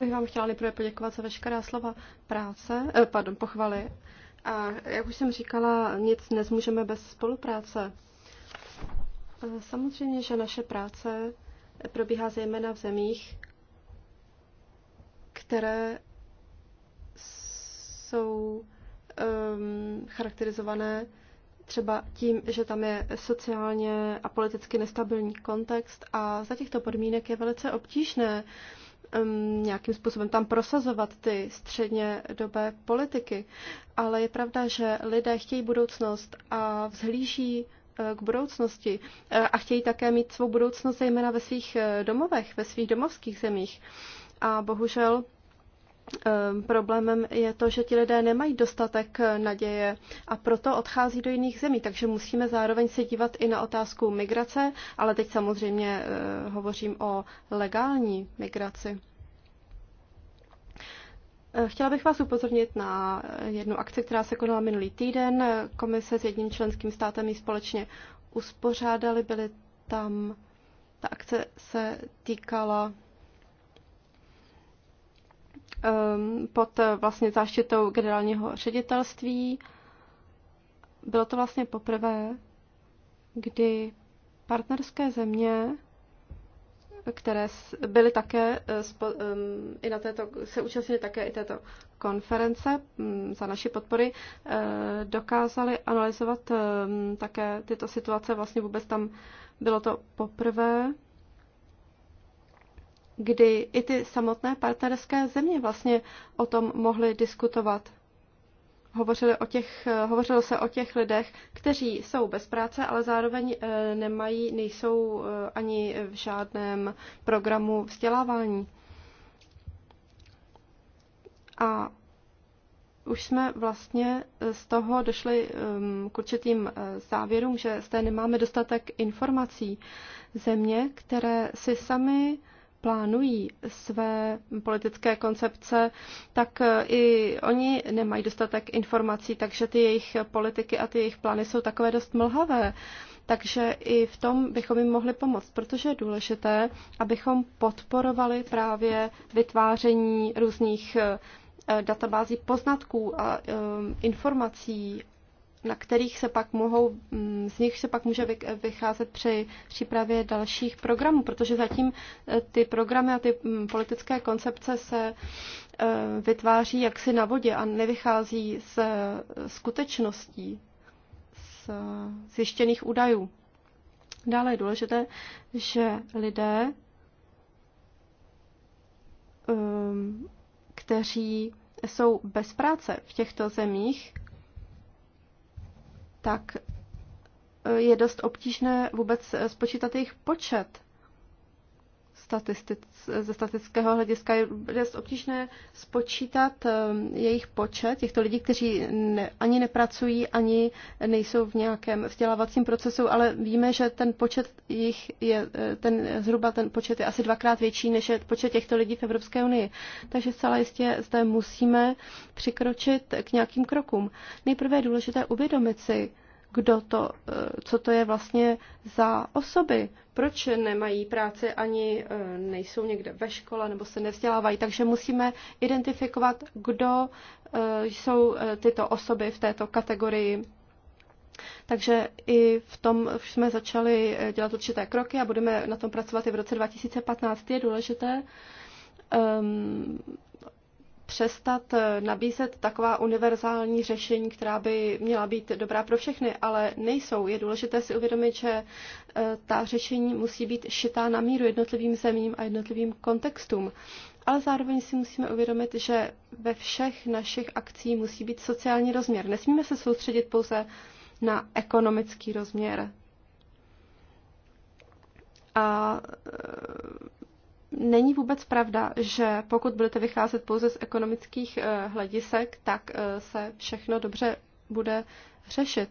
bych vám chtěla nejprve poděkovat za veškerá slova práce, eh, pardon, pochvaly. A jak už jsem říkala, nic nezmůžeme bez spolupráce. Samozřejmě, že naše práce probíhá zejména v zemích, které jsou um, charakterizované třeba tím, že tam je sociálně a politicky nestabilní kontext a za těchto podmínek je velice obtížné uh, um, nějakým způsobem tam prosazovat ty středně dobé politiky. Ale je pravda, že lidé chtějí budoucnost a vzhlíží eh, k budoucnosti eh, a chtějí také mít svou budoucnost zejména ve svých eh, domovech, ve svých domovských zemích. A bohužel Ehm, problémem je to, že ti lidé nemají dostatek eh, naděje a proto odchází do jiných zemí. Takže musíme zároveň se dívat i na otázku migrace, ale teď samozřejmě eh, hovořím o legální migraci. Eh, chtěla bych vás upozornit na jednu akci, která se konala minulý týden. Komise s jedním členským státem ji společně uspořádali. Byly tam, ta akce se týkala Ehm, pod eh, vlastně záštitou generálního ředitelství. Bylo to vlastně poprvé, kdy partnerské země, které byly také eh, ehm, i na této, se účastnily také i této konference mm, za naši podpory, eh, dokázaly analyzovat ehm, také tyto situace. Vlastně vůbec tam bylo to poprvé, kdy i ty samotné partnerské země vlastně o tom mohly diskutovat. Hovořili o těch, hovořilo se o těch lidech, kteří jsou bez práce, ale zároveň eh, nemají, nejsou eh, ani v žádném programu vzdělávání. A už jsme vlastně eh, z toho došli ehm, k určitým závěrům, že zde nemáme dostatek informací. Země, které si sami plánují své politické koncepce, tak e, i oni nemají dostatek informací, takže ty jejich politiky a ty jejich plány jsou takové dost mlhavé. Takže i v tom bychom jim mohli pomoct, protože je důležité, abychom podporovali právě vytváření různých e, databází poznatků a e, informací na kterých se pak mohou, mm, z nich se pak může vycházet při přípravě dalších programů, protože zatím e, ty programy a ty mm, politické koncepce se e, vytváří jaksi na vodě a nevychází z e, skutečností, z zjištěných údajů. Dále je důležité, že lidé, kteří jsou bez práce v těchto zemích, tak eh, je dost obtížné vůbec eh, spočítat jejich počet statistic, ze statického hlediska je dost obtížné spočítat um, jejich počet, těchto lidí, kteří ne, ani nepracují, ani nejsou v nějakém vzdělávacím procesu, ale víme, že ten počet jich je, eh, ten, zhruba ten počet je asi dvakrát větší, než je počet těchto lidí v Evropské unii. Takže zcela jistě zde musíme přikročit k nějakým krokům. Nejprve je důležité uvědomit si, kdo to, eh, co to je vlastně za osoby, proč nemají práci ani eh, nejsou někde ve škole nebo se nevzdělávají. Takže musíme identifikovat, kdo eh, jsou tyto osoby v této kategorii. Takže i v tom už jsme začali dělat určité kroky a budeme na tom pracovat i v roce 2015. Je důležité ehm, přestat eh, nabízet taková univerzální řešení, která by měla být dobrá pro všechny, ale nejsou. Je důležité si uvědomit, že eh, ta řešení musí být šitá na míru jednotlivým zemím a jednotlivým kontextům. Ale zároveň si musíme uvědomit, že ve všech našich akcí musí být sociální rozměr. Nesmíme se soustředit pouze na ekonomický rozměr. A eh, Není vůbec pravda, že pokud budete vycházet pouze z ekonomických eh, hledisek, tak eh, se všechno dobře bude řešit.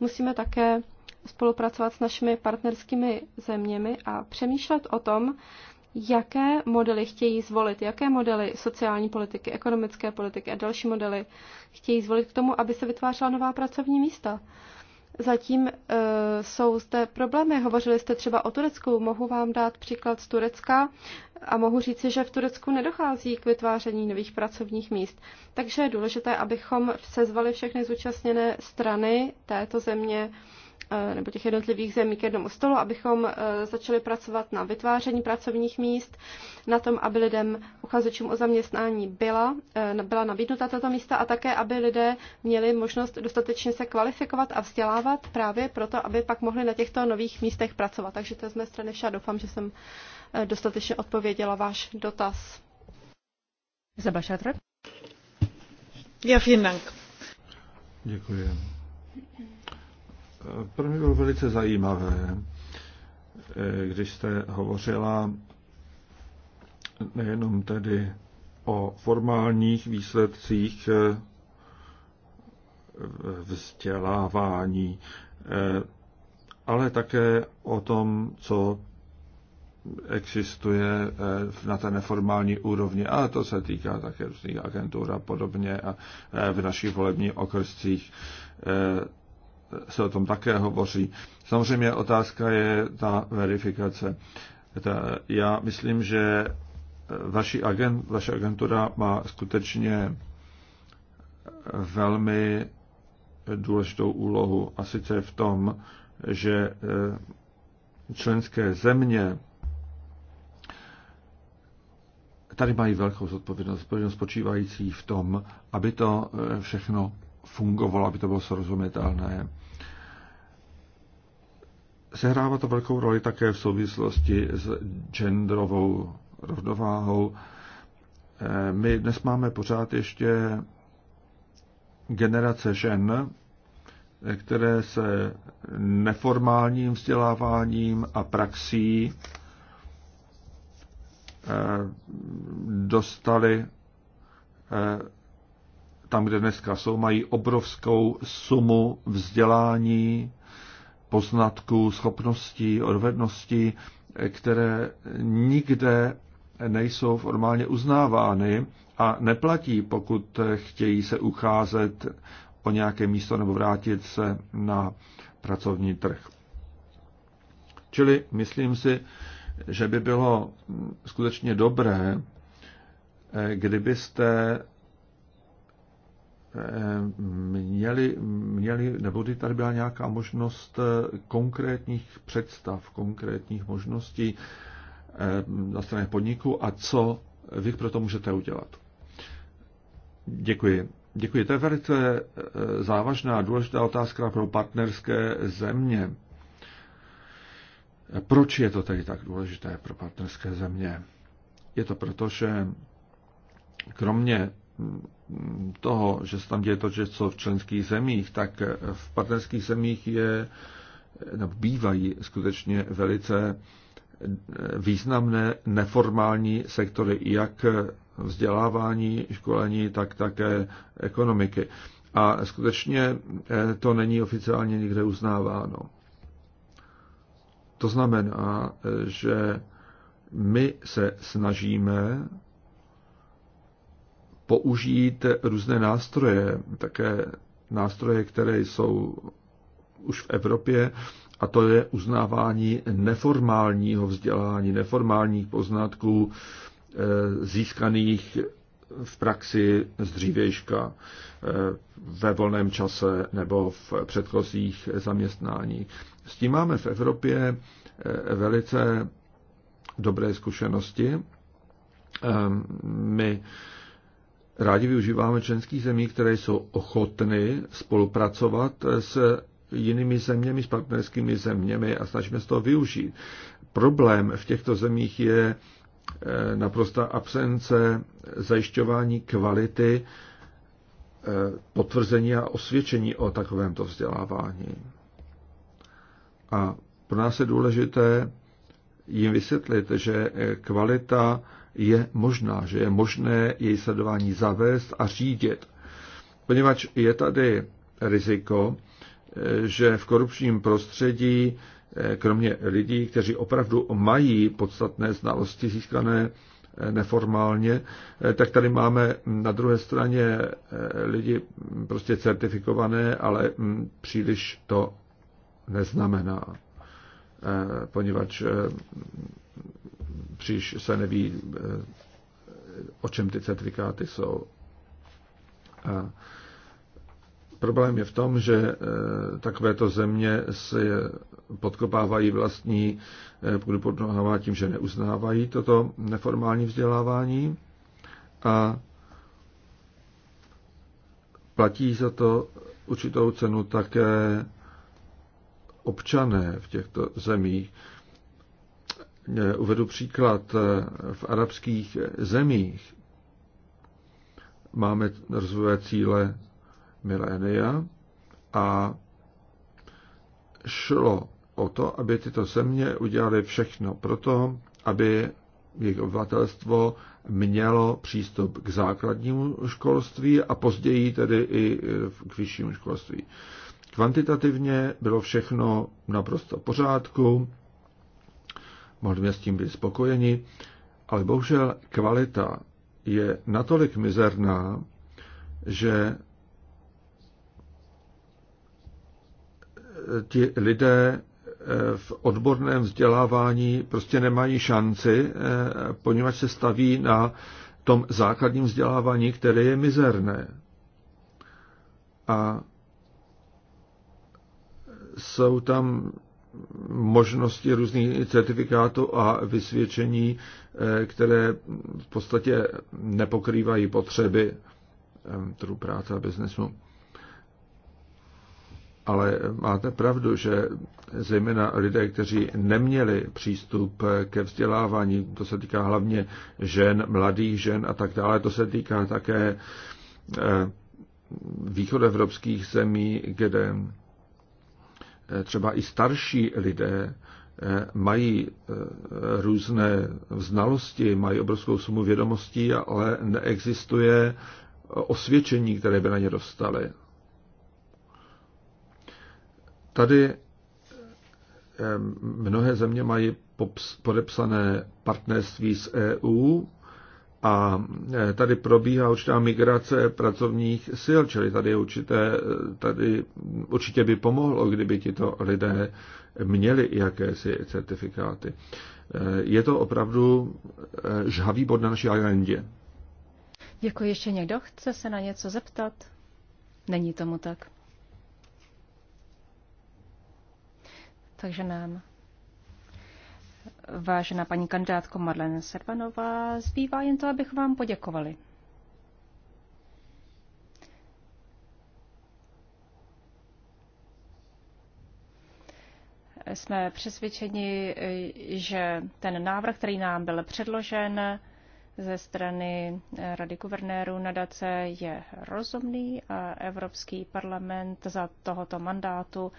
Musíme také spolupracovat s našimi partnerskými zeměmi a přemýšlet o tom, jaké modely chtějí zvolit, jaké modely sociální politiky, ekonomické politiky a další modely chtějí zvolit k tomu, aby se vytvářela nová pracovní místa zatím uh, jsou zde problémy. Hovořili jste třeba o Turecku. Mohu vám dát příklad z Turecka a mohu říci, že v Turecku nedochází k vytváření nových pracovních míst. Takže je důležité, abychom sezvali všechny zúčastněné strany této země Eh, nebo těch jednotlivých zemí k jednomu stolu, abychom eh, začali pracovat na vytváření pracovních míst, na tom, aby lidem, uchazečům o zaměstnání byla, eh, byla nabídnuta tato místa a také, aby lidé měli možnost dostatečně se kvalifikovat a vzdělávat právě proto, aby pak mohli na těchto nových místech pracovat. Takže to je z mé strany vše a doufám, že jsem dostatečně odpověděla váš dotaz. Isabel Ja, vielen Dank. Děkuji. Pro mě bylo velice zajímavé, eh, když jste hovořila nejenom tedy o formálních výsledcích eh, vzdělávání, eh, ale také o tom, co existuje na té neformální úrovni, ale to se týká také různých agentů a podobně a v našich volebních okrscích se o tom také hovoří. Samozřejmě otázka je ta verifikace. Já myslím, že vaši agent, vaše agentura má skutečně velmi důležitou úlohu a sice v tom, že eh, členské země tady mají velkou zodpovědnost, zodpovědnost spočívající v tom, aby to eh, všechno fungovalo, aby to bylo srozumitelné. Sehrává to velkou roli také v souvislosti s genderovou rovnováhou. Eh, my dnes máme pořád ještě generace žen, eh, které se neformálním vzděláváním a praxí eh, dostaly tam, kde dneska jsou, mají obrovskou sumu vzdělání, poznatků, schopností, odvedností, které nikde nejsou formálně uznávány a neplatí, pokud chtějí se ucházet o nějaké místo nebo vrátit se na pracovní trh. Čili myslím si, že by bylo skutečně dobré, kdybyste Eh, měli, měli, nebo by tady byla nějaká možnost eh, konkrétních představ, konkrétních možností eh, na straně podniku a co vy pro to můžete udělat. Děkuji. Děkuji. To je velice závažná, důležitá otázka pro partnerské země. Proč je to tedy tak důležité pro partnerské země? Je to proto, že kromě toho, že se tam děje to, že co v členských zemích, tak v partnerských zemích je, nebo bývají skutečně velice významné neformální sektory, jak vzdělávání, školení, tak také ekonomiky. A skutečně eh, to není oficiálně nikde uznáváno. To znamená, eh, že my se snažíme použít různé nástroje, také nástroje, které jsou už v Evropě, a to je uznávání neformálního vzdělání, neformálních poznatků eh, získaných v praxi z dřívějška eh, ve volném čase nebo v předchozích zaměstnání. S tím máme v Evropě eh, velice dobré zkušenosti. Ehm, my Rádi využíváme členských zemí, které jsou ochotny spolupracovat s jinými zeměmi, s partnerskými zeměmi a snažíme se to využít. Problém v těchto zemích je eh, naprosta absence zajišťování kvality eh, potvrzení a osvědčení o takovémto vzdělávání. A pro nás je důležité jim vysvětlit, že kvalita je možná, že je možné její sledování zavést a řídit. Poněvadž je tady riziko, že v korupčním prostředí, eh, kromě lidí, kteří opravdu mají podstatné znalosti získané eh, neformálně, eh, tak tady máme na druhé straně lidi prostě certifikované, ale mm, příliš to neznamená, poněvadž příliš se neví, eh, o čem ty certifikáty jsou. A problém je v tom, že eh, takovéto země si podkopávají vlastní eh, půdu tím, že neuznávají toto neformální vzdělávání a platí za to určitou cenu také občané v těchto zemích. Eh, uvedu příklad. Eh, v arabských zemích máme rozvojové cíle milénia a šlo o to, aby tyto země udělali všechno proto, aby jejich obyvatelstvo mělo přístup k základnímu školství a později tedy i eh, k vyššímu školství. Kvantitativně bylo všechno naprosto v pořádku, mohli jsme s tím být spokojeni, ale bohužel kvalita je natolik mizerná, že ti lidé eh, v odborném vzdělávání prostě nemají šanci, eh, poněvadž se staví na tom základním vzdělávání, které je mizerné. A jsou tam možnosti různých certifikátů a vysvědčení, eh, které v podstatě nepokrývají potřeby eh, trhu práce a biznesu. Ale máte pravdu, že zejména lidé, kteří neměli přístup ke vzdělávání, to se týká hlavně žen, mladých žen a tak dále, to se týká také eh, východevropských zemí, kde třeba i starší lidé eh, mají eh, různé znalosti, mají obrovskou sumu vědomostí, ale neexistuje osvědčení, které by na ně dostali. Tady eh, mnohé země mají podepsané partnerství s EU, a e, tady probíhá určitá migrace pracovních sil, čili tady, určité, e, tady určitě by pomohlo, kdyby tito lidé měli jakési certifikáty. E, je to opravdu žhavý bod na naší agendě. Děkuji. Ještě někdo chce se na něco zeptat? Není tomu tak. Takže nám Vážená paní kandidátko Marlene Serbanová, zbývá jen to, abych vám poděkovali. Jsme přesvědčeni, že ten návrh, který nám byl předložen ze strany Rady guvernérů nadace, je rozumný a Evropský parlament za tohoto mandátu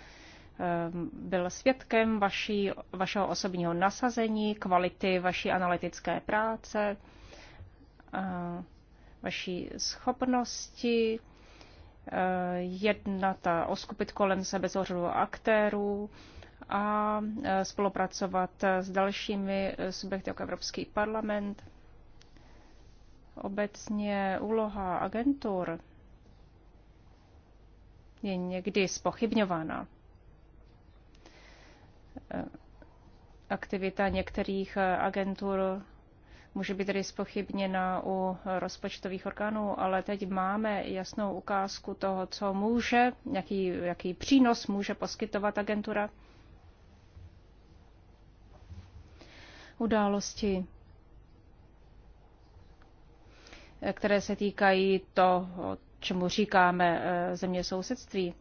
Ehm, byl svědkem vaší, vašeho osobního nasazení, kvality vaší analytické práce, vaší schopnosti eh, jednat a oskupit kolem sebe zhořelou aktérů a eh, spolupracovat s dalšími eh, subjekty jako Evropský parlament. Obecně úloha agentur je někdy spochybňována. Eh, aktivita některých eh, agentur může být tedy spochybněna u rozpočtových orgánů, ale teď máme jasnou ukázku toho, co může, jaký, jaký přínos může poskytovat agentura. Události, eh, které se týkají toho, čemu říkáme země sousedství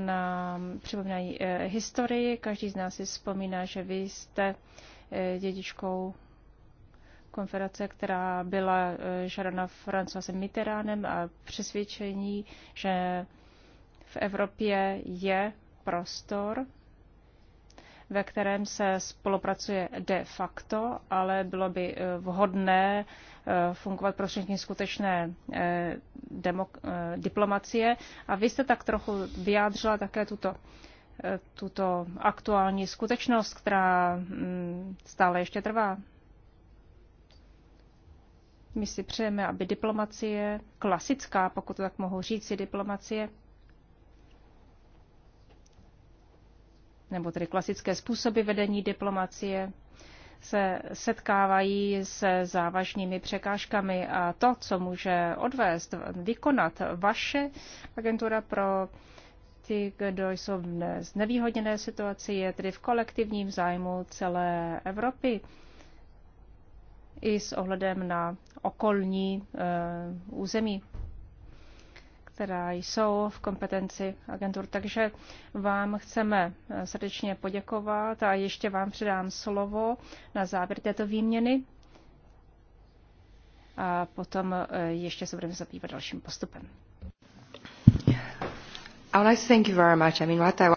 nám připomínají eh, historii. Každý z nás si vzpomíná, že vy jste eh, dědičkou konference, která byla eh, žádána Francoisem Mitteránem a přesvědčení, že v Evropě je prostor ve kterém se spolupracuje de facto, ale bylo by eh, vhodné eh, fungovat prostřednictvím skutečné eh, demok- diplomacie. A vy jste tak trochu vyjádřila také tuto tuto aktuální skutečnost, která mm, stále ještě trvá. My si přejeme, aby diplomacie, klasická, pokud to tak mohu říct, diplomacie, nebo tedy klasické způsoby vedení diplomacie, se setkávají se závažnými překážkami a to, co může odvést, vykonat vaše agentura pro ty, kdo jsou v nevýhodněné situaci, je tedy v kolektivním zájmu celé Evropy i s ohledem na okolní e, území která jsou v kompetenci agentur. Takže vám chceme eh, srdečně poděkovat a ještě vám předám slovo na závěr této výměny a potom eh, ještě se budeme zabývat dalším postupem.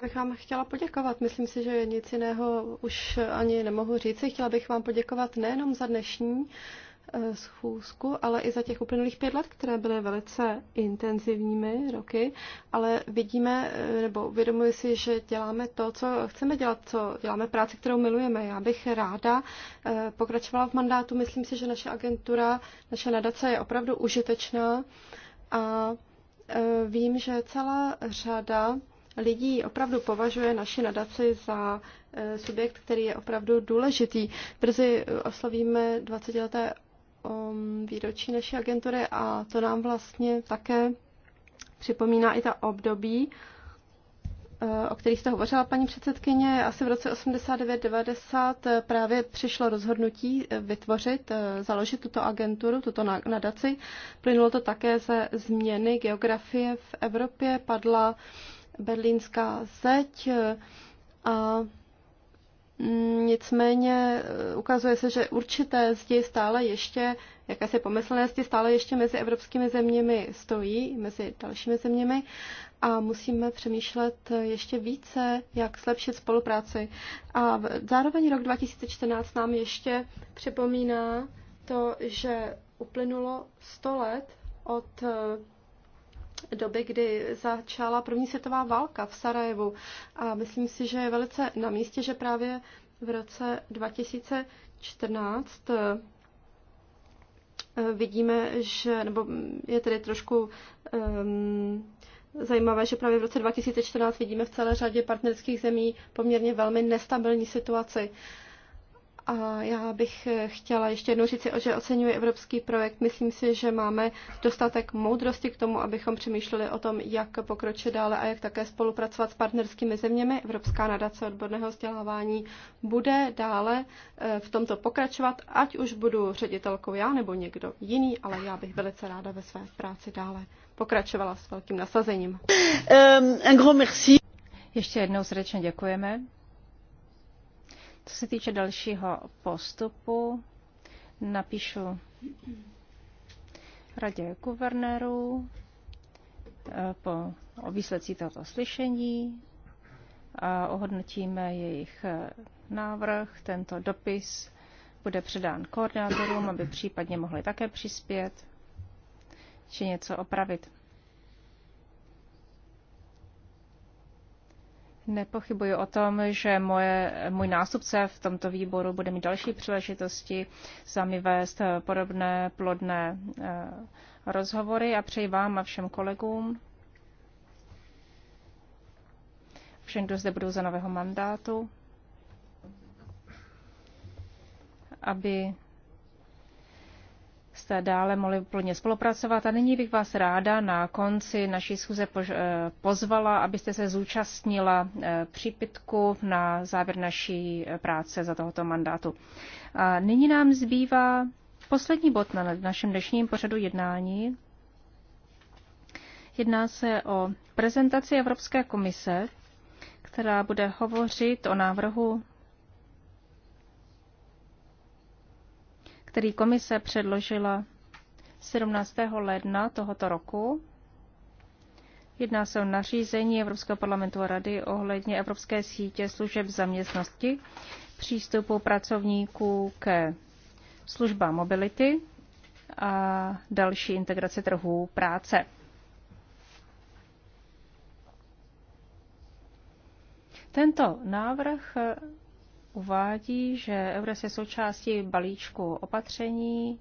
Bych vám chtěla poděkovat. Myslím si, že nic jiného už ani nemohu říci. Chtěla bych vám poděkovat nejenom za dnešní Eh, schůzku, ale i za těch uplynulých pět let, které byly velice intenzivními roky, ale vidíme, eh, nebo uvědomuji si, že děláme to, co chceme dělat, co děláme práci, kterou milujeme. Já bych ráda eh, pokračovala v mandátu. Myslím si, že naše agentura, naše nadace je opravdu užitečná a vím, že celá řada lidí opravdu považuje naši nadaci za subjekt, který je opravdu důležitý. Brzy oslavíme 20 leté um, výročí naší agentury a to nám vlastně také připomíná i ta období, eh, o kterých jste hovořila, paní předsedkyně. Asi v roce 89-90 eh, právě přišlo rozhodnutí eh, vytvořit, založit tuto agenturu, tuto nadaci. Plynulo to také ze změny geografie v Evropě, padla berlínská zeď a Nicméně eh, ukazuje se, že určité zdi stále ještě, jakési pomyslné zdi stále ještě mezi evropskými zeměmi stojí, mezi dalšími zeměmi a musíme přemýšlet eh, ještě více, jak zlepšit spolupráci. A zároveň rok 2014 nám ještě připomíná to, že uplynulo 100 let od eh, doby, kdy začala první světová válka v Sarajevu. A myslím si, že je velice na místě, že právě v roce 2014 eh, vidíme, že, nebo je tedy trošku um, zajímavé, že právě v roce 2014 vidíme v celé řadě partnerských zemí poměrně velmi nestabilní situaci. Uh, a já bych chtěla ještě jednou říci, že oceňuji evropský projekt. Myslím si, že máme dostatek moudrosti k tomu, abychom přemýšleli o tom, jak pokročit dále a jak také spolupracovat s partnerskými zeměmi. Evropská nadace odborného vzdělávání bude dále eh, v tomto pokračovat, ať už budu ředitelkou já nebo někdo jiný, ale já bych velice ráda ve své práci dále pokračovala s velkým nasazením. Um, un grand merci. Ještě jednou srdečně děkujeme. Co se týče dalšího postupu, napíšu radě guvernéru eh, po, o výsledcích tohoto slyšení a ohodnotíme jejich eh, návrh. Tento dopis bude předán koordinátorům, aby případně mohli také přispět či něco opravit. Nepochybuji o tom, že moje, můj nástupce v tomto výboru bude mít další příležitosti sami vést podobné plodné eh, rozhovory a přeji vám a všem kolegům, všem, kdo zde budou za nového mandátu, aby jste dále mohli plně spolupracovat. A nyní bych vás ráda na konci naší schůze eh, pozvala, abyste se zúčastnila eh, přípitku na závěr naší eh, práce za tohoto mandátu. A nyní nám zbývá poslední bod na našem dnešním pořadu jednání. Jedná se o prezentaci Evropské komise, která bude hovořit o návrhu který komise předložila 17. ledna tohoto roku. Jedná se o nařízení Evropského parlamentu a rady ohledně Evropské sítě služeb zaměstnosti, přístupu pracovníků ke službám mobility a další integrace trhů práce. Tento návrh uvádí, že EURES je součástí balíčku opatření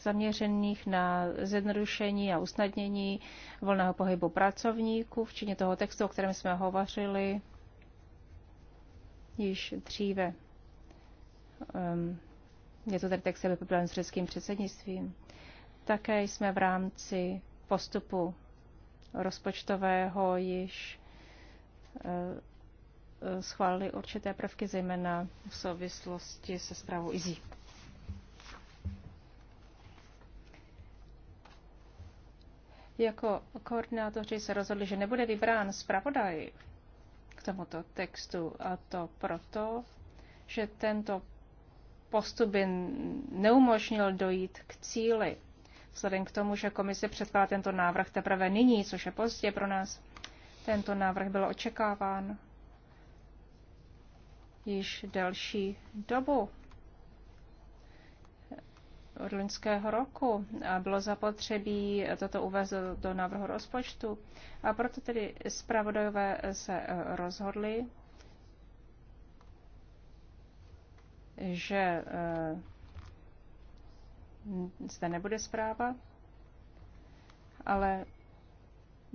zaměřených na zjednodušení a usnadnění volného pohybu pracovníků, včetně toho textu, o kterém jsme hovořili již dříve. Um, je to tedy text, který byl s řeckým předsednictvím. Také jsme v rámci postupu rozpočtového již eh, Eh, schválili určité prvky, zejména v souvislosti se zprávou IZI. Jako koordinátoři se rozhodli, že nebude vybrán zpravodaj k tomuto textu a to proto, že tento postup by neumožnil dojít k cíli. Vzhledem k tomu, že komise předkládá tento návrh teprve nyní, což je pozdě pro nás, tento návrh byl očekáván již delší dobu od loňského roku a bylo zapotřebí toto uvést do, do návrhu rozpočtu. A proto tedy zpravodajové se rozhodli, že eh, zde nebude zpráva, ale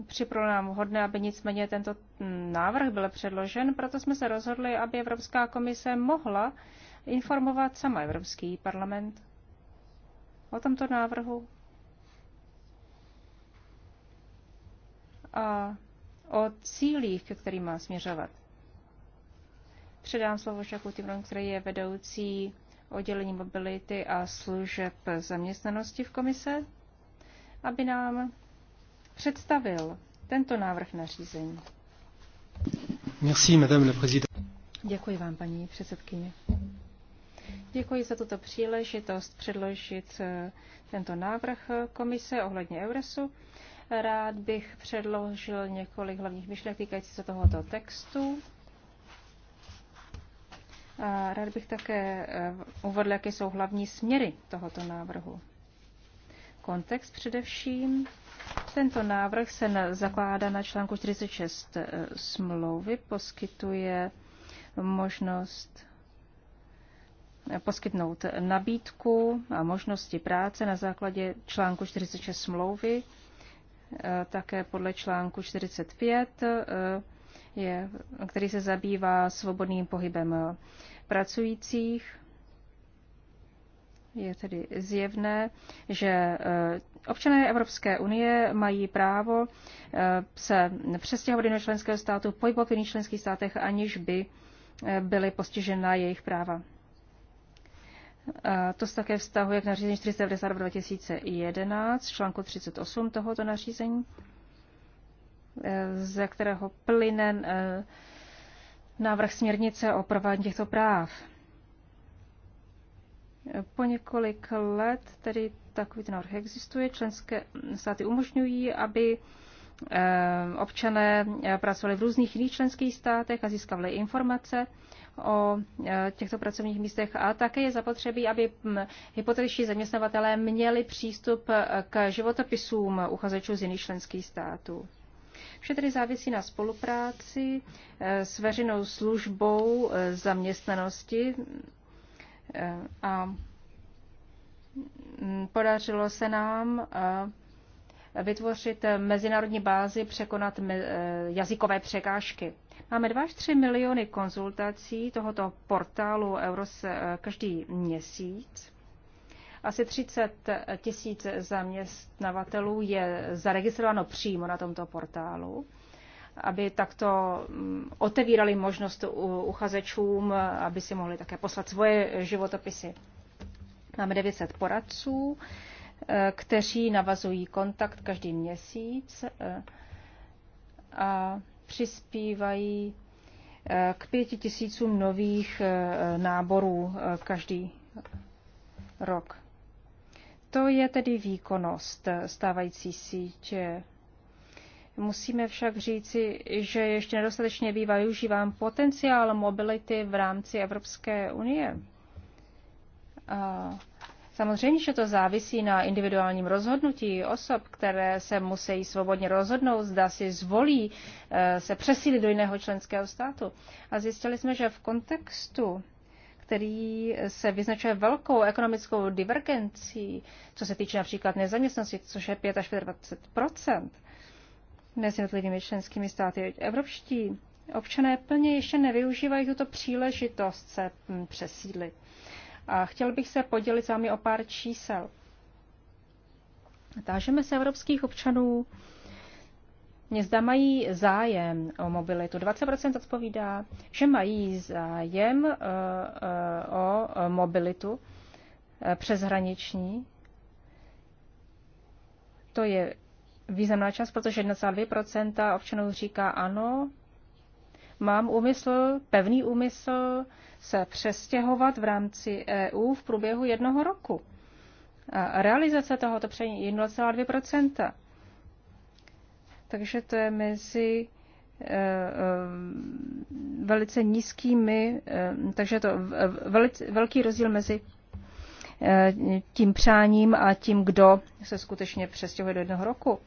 Připadlo nám vhodné, aby nicméně tento návrh byl předložen, proto jsme se rozhodli, aby Evropská komise mohla informovat sama Evropský parlament o tomto návrhu a o cílích, ke kterým má směřovat. Předám slovo Žaku Timron, který je vedoucí oddělení mobility a služeb zaměstnanosti v komise, aby nám představil tento návrh nařízení. Merci, madame la présidente. Děkuji vám, paní předsedkyně. Děkuji za tuto příležitost předložit eh, tento návrh komise ohledně Euresu. Rád bych předložil několik hlavních myšlenek, týkající se tohoto textu. A rád bych také eh, uvedl, jaké jsou hlavní směry tohoto návrhu kontext především. Tento návrh se na, zakládá na článku 46 eh, smlouvy, poskytuje možnost eh, poskytnout nabídku a možnosti práce na základě článku 46 smlouvy. Eh, také podle článku 45, je, který se zabývá svobodným pohybem pracujících je tedy zjevné, že eh, občané Evropské unie mají právo eh, se přestěhovat do členského státu, pohybovat v jiných členských státech, aniž by eh, byly postižena jejich práva. To se také vztahuje k nařízení 490 2011, článku 38 tohoto nařízení, ze kterého plyne návrh směrnice o provádění těchto práv. Po několik let tedy takový ten návrh existuje. Členské státy umožňují, aby eh, občané eh, pracovali v různých jiných členských státech a získávali informace o eh, těchto pracovních místech a také je zapotřebí, aby mm, hypotetiční zaměstnavatelé měli přístup k životopisům uchazečů z jiných členských států. Vše tedy závisí na spolupráci s veřejnou službou zaměstnanosti a mm, podařilo se nám vytvořit mezinárodní bázi, překonat e, jazykové překážky. Máme 2 až 3 miliony konzultací tohoto portálu Euros e, každý měsíc. Asi 30 tisíc zaměstnavatelů je zaregistrováno přímo na tomto portálu aby takto mm, otevírali možnost uchazečům, aby si mohli také poslat svoje životopisy. Máme 900 poradců, eh, kteří navazují kontakt každý měsíc eh, a přispívají eh, k pěti tisícům nových náborů každý rok. To je tedy výkonnost stávající sítě Musíme však říci, že ještě nedostatečně bývá využíván potenciál mobility v rámci Evropské unie. A samozřejmě, že to závisí na individuálním rozhodnutí osob, které se musí svobodně rozhodnout, zda si zvolí eh, se přesílit do jiného členského státu. A zjistili jsme, že v kontextu který se vyznačuje velkou ekonomickou divergencí, co se týče například nezaměstnanosti, což je 5 až 25 mezi jednotlivými členskými státy. Evropští občané plně ještě nevyužívají tuto příležitost se mm, přesídlit. A chtěl bych se podělit s vámi o pár čísel. Tážeme se evropských občanů, mě zda mají zájem o mobilitu. 20% odpovídá, že mají zájem eh, eh, o mobilitu eh, přeshraniční. To je významná část, protože 1,2 občanů říká ano, mám úmysl, pevný úmysl se přestěhovat v rámci EU v průběhu jednoho roku. A realizace tohoto přejí 1,2 Takže to je mezi eh, eh, velice nízkými, eh, takže to velice, velký rozdíl mezi tím přáním a tím, kdo se skutečně přestěhuje do jednoho roku.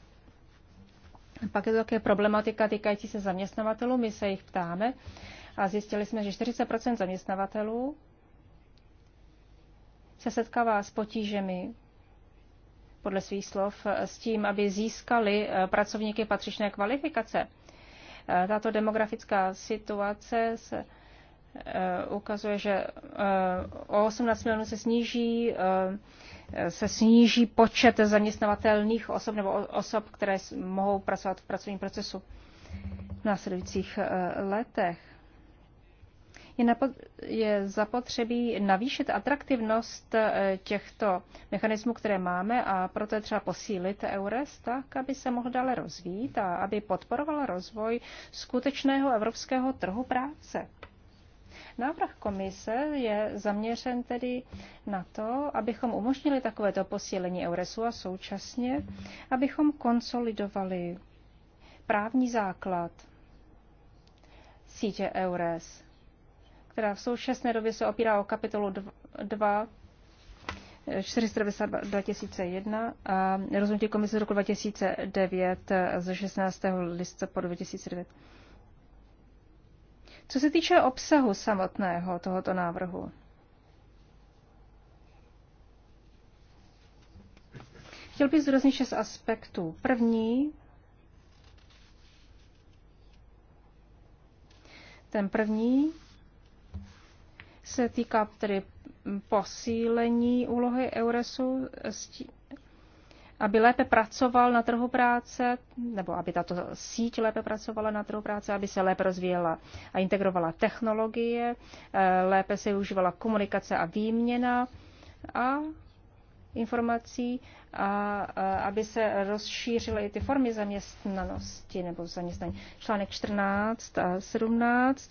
Pak je to také problematika týkající se zaměstnavatelů. My se jich ptáme a zjistili jsme, že 40 zaměstnavatelů se setkává s potížemi podle svých slov s tím, aby získali eh, pracovníky patřičné kvalifikace. Eh, tato demografická situace se eh, ukazuje, že o 18 milionů se sníží se sníží počet zaměstnavatelných osob nebo osob, které mohou pracovat v pracovním procesu v následujících eh, letech. Je, zapotřebí navýšit atraktivnost eh, těchto mechanismů, které máme a proto je třeba posílit EURES tak, aby se mohl dále rozvíjet a aby podporoval rozvoj skutečného evropského trhu práce. Návrh komise je zaměřen tedy na to, abychom umožnili takovéto posílení Euresu a současně, abychom konsolidovali právní základ sítě EURES, která v současné době se opírá o kapitolu 2 492 2001 a rozhodnutí komise z roku 2009 ze 16. listopadu 2009. Co se týče obsahu samotného tohoto návrhu, chtěl bych zdůraznit šest aspektů. První, ten první se týká tedy posílení úlohy Euresu s tím, aby lépe pracoval na trhu práce, nebo aby tato síť lépe pracovala na trhu práce, aby se lépe rozvíjela a integrovala technologie, eh, lépe se využívala komunikace a výměna a informací a, eh, aby se rozšířily i ty formy zaměstnanosti nebo zaměstnání. Článek 14 a 17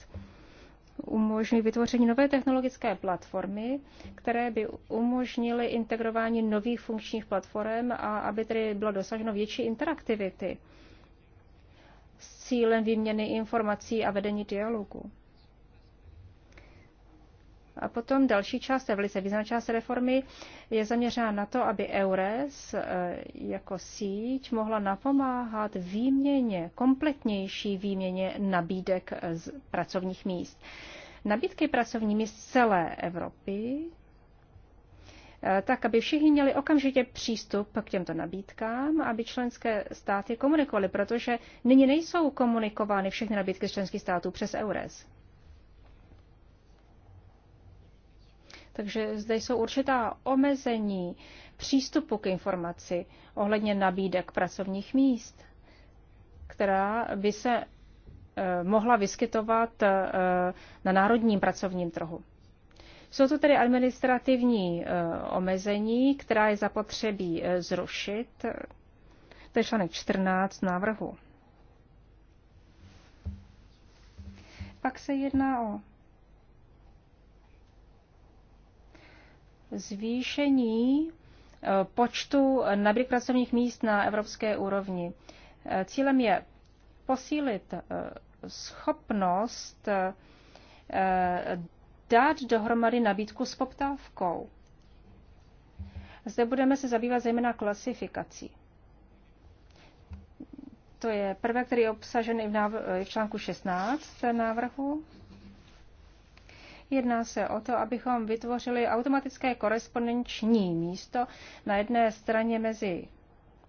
umožňují vytvoření nové technologické platformy, které by umožnily integrování nových funkčních platform a aby tedy bylo dosaženo větší interaktivity s cílem výměny informací a vedení dialogu. A potom další část, velice významná část reformy, je zaměřena na to, aby EURES eh, jako síť mohla napomáhat výměně, kompletnější výměně nabídek eh, z pracovních míst. Nabídky pracovní míst celé Evropy, eh, tak aby všichni měli okamžitě přístup k těmto nabídkám, aby členské státy komunikovaly, protože nyní nejsou komunikovány všechny nabídky členských států přes EURES. Takže zde jsou určitá omezení přístupu k informaci ohledně nabídek pracovních míst, která by se eh, mohla vyskytovat eh, na národním pracovním trhu. Jsou to tedy administrativní eh, omezení, která je zapotřebí zrušit. To je článek 14 návrhu. Pak se jedná o zvýšení eh, počtu nabídek pracovních míst na evropské úrovni. Eh, cílem je posílit eh, schopnost dát dohromady nabídku s poptávkou. Zde budeme se zabývat zejména klasifikací. To je prvé, který je obsažen i v článku 16 návrhu. Jedná se o to, abychom vytvořili automatické korespondenční místo na jedné straně mezi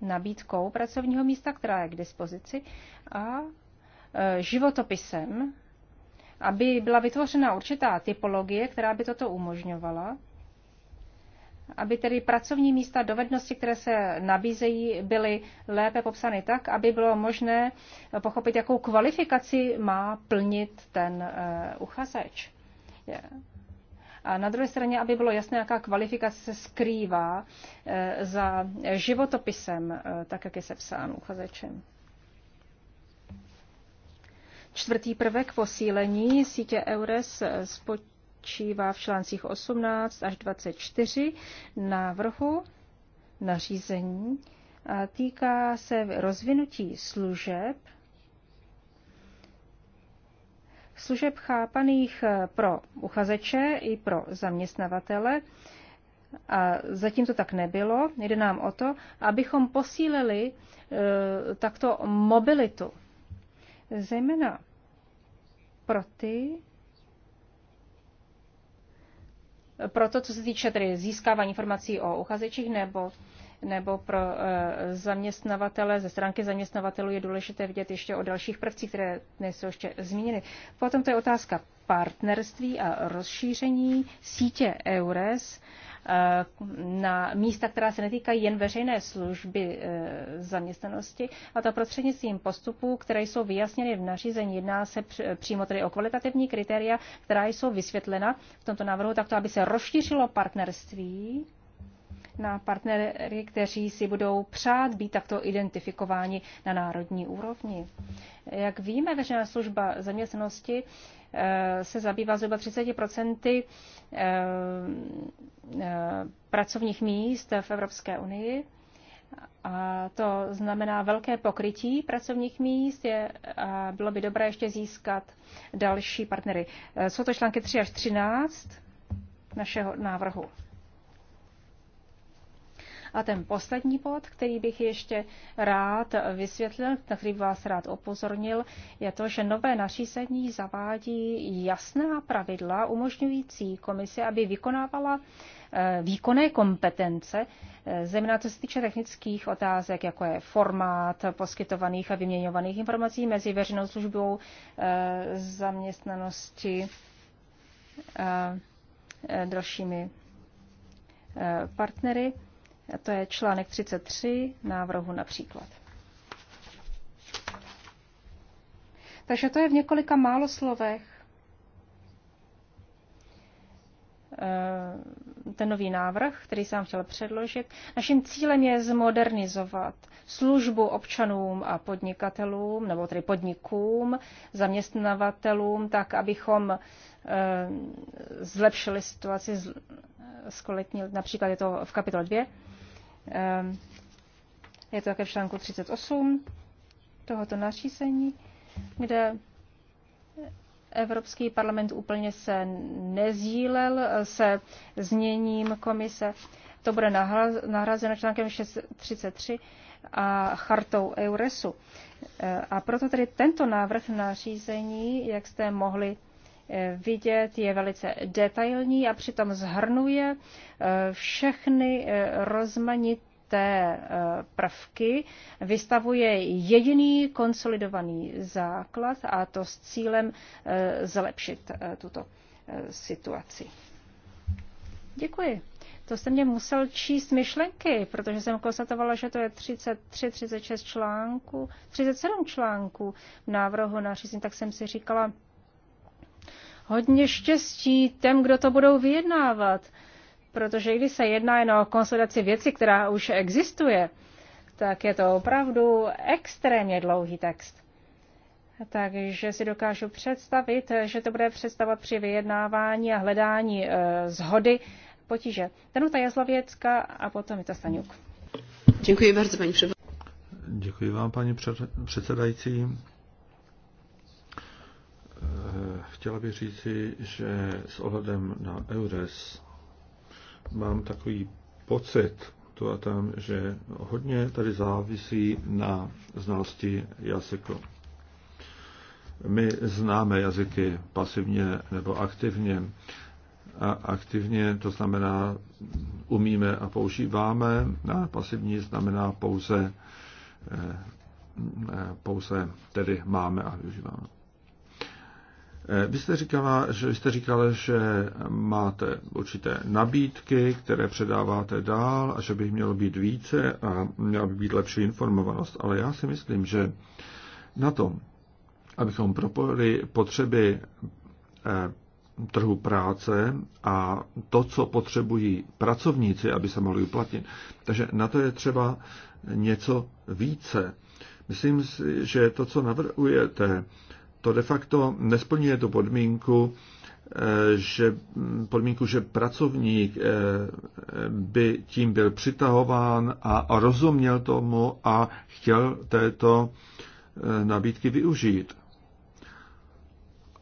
nabídkou pracovního místa, která je k dispozici, a e, životopisem, aby byla vytvořena určitá typologie, která by toto umožňovala, aby tedy pracovní místa, dovednosti, které se nabízejí, byly lépe popsány tak, aby bylo možné pochopit, jakou kvalifikaci má plnit ten e, uchazeč prostě. A na druhé straně, aby bylo jasné, jaká kvalifikace se skrývá eh, za životopisem, eh, tak jak je sepsán uchazečem. Čtvrtý prvek posílení sítě EURES eh, spočívá v článcích 18 až 24 návrhu nařízení a týká se rozvinutí služeb služeb chápaných eh, pro uchazeče i pro zaměstnavatele. A zatím to tak nebylo. Jde nám o to, abychom posílili eh, takto mobilitu. Zejména pro ty, pro to, co se týče tedy získávání informací o uchazečích nebo nebo pro eh, zaměstnavatele, ze stránky zaměstnavatelů je důležité vidět ještě o dalších prvcích, které nejsou ještě zmíněny. Potom to je otázka partnerství a rozšíření sítě EURES eh, na místa, která se netýkají jen veřejné služby eh, zaměstnanosti, a to prostřednictvím postupů, které jsou vyjasněny v nařízení. Jedná se přímo tedy o kvalitativní kritéria, která jsou vysvětlena v tomto návrhu, takto, aby se rozšířilo partnerství na partnery, kteří si budou přát být takto identifikováni na národní úrovni. Jak víme, veřejná služba zaměstnanosti eh, se zabývá zhruba 30 eh, eh, pracovních míst v Evropské unii. A to znamená velké pokrytí pracovních míst. Je, a bylo by dobré ještě získat další partnery. Jsou to články 3 až 13 našeho návrhu. A ten poslední bod, který bych ještě rád vysvětlil, na který vás rád opozornil, je to, že nové nařízení zavádí jasná pravidla umožňující komisi, aby vykonávala eh, výkonné kompetence, eh, zejména co se týče technických otázek, jako je formát poskytovaných a vyměňovaných informací mezi veřejnou službou eh, zaměstnanosti dalšími partnery. A to je článek 33 návrhu například. Takže to je v několika málo slovech eh, ten nový návrh, který jsem chtěl předložit. Naším cílem je zmodernizovat službu občanům a podnikatelům, nebo tedy podnikům, zaměstnavatelům, tak, abychom eh, zlepšili situaci z kvalitní, například je to v kapitole 2, Ehm, je to také v článku 38 tohoto nařízení, kde Evropský parlament úplně se nezílel se zněním komise. To bude nahrazeno článkem 633 a chartou EURESu. Ehm, a proto tedy tento návrh nařízení, jak jste mohli vidět, je velice detailní a přitom zhrnuje eh, všechny eh, rozmanité eh, prvky, vystavuje jediný konsolidovaný základ a to s cílem zlepšit tuto situaci. Děkuji. To jste mě musel číst myšlenky, protože jsem konstatovala, že to je 33, 36 článků, 37 článků v návrhu řízení, tak jsem si říkala, hodně štěstí těm, kdo to budou vyjednávat. Protože když se jedná jen o konsolidaci věci, která už existuje, tak je to opravdu extrémně dlouhý text. Takže si dokážu představit, že to bude představovat při vyjednávání a hledání e, zhody potíže. Danuta Jazlověcka a potom Vita Staňuk. Děkuji bardzo, paní předsedající. Děkuji vám, paní předsedající. Eh, chtěla bych říci, že s ohledem na EURES mám takový pocit to a tam, že hodně tady závisí na znalosti jazyku. My známe jazyky pasivně nebo aktivně. A aktivně to znamená umíme a používáme, a pasivní znamená pouze eh, pouze tedy máme a využíváme. Eh, vy jste říkala, že jste říkala, že máte určité nabídky, které předáváte dál a že by mělo být více a měla by být lepší informovanost. Ale já si myslím, že na tom, abychom propojili potřeby eh, trhu práce a to, co potřebují pracovníci, aby se mohli uplatnit. Takže na to je třeba něco více. Myslím si, že to, co navrhujete, to de facto nesplňuje tu podmínku, eh, že podmínku, že pracovník eh, by tím byl přitahován a rozuměl tomu a chtěl této eh, nabídky využít.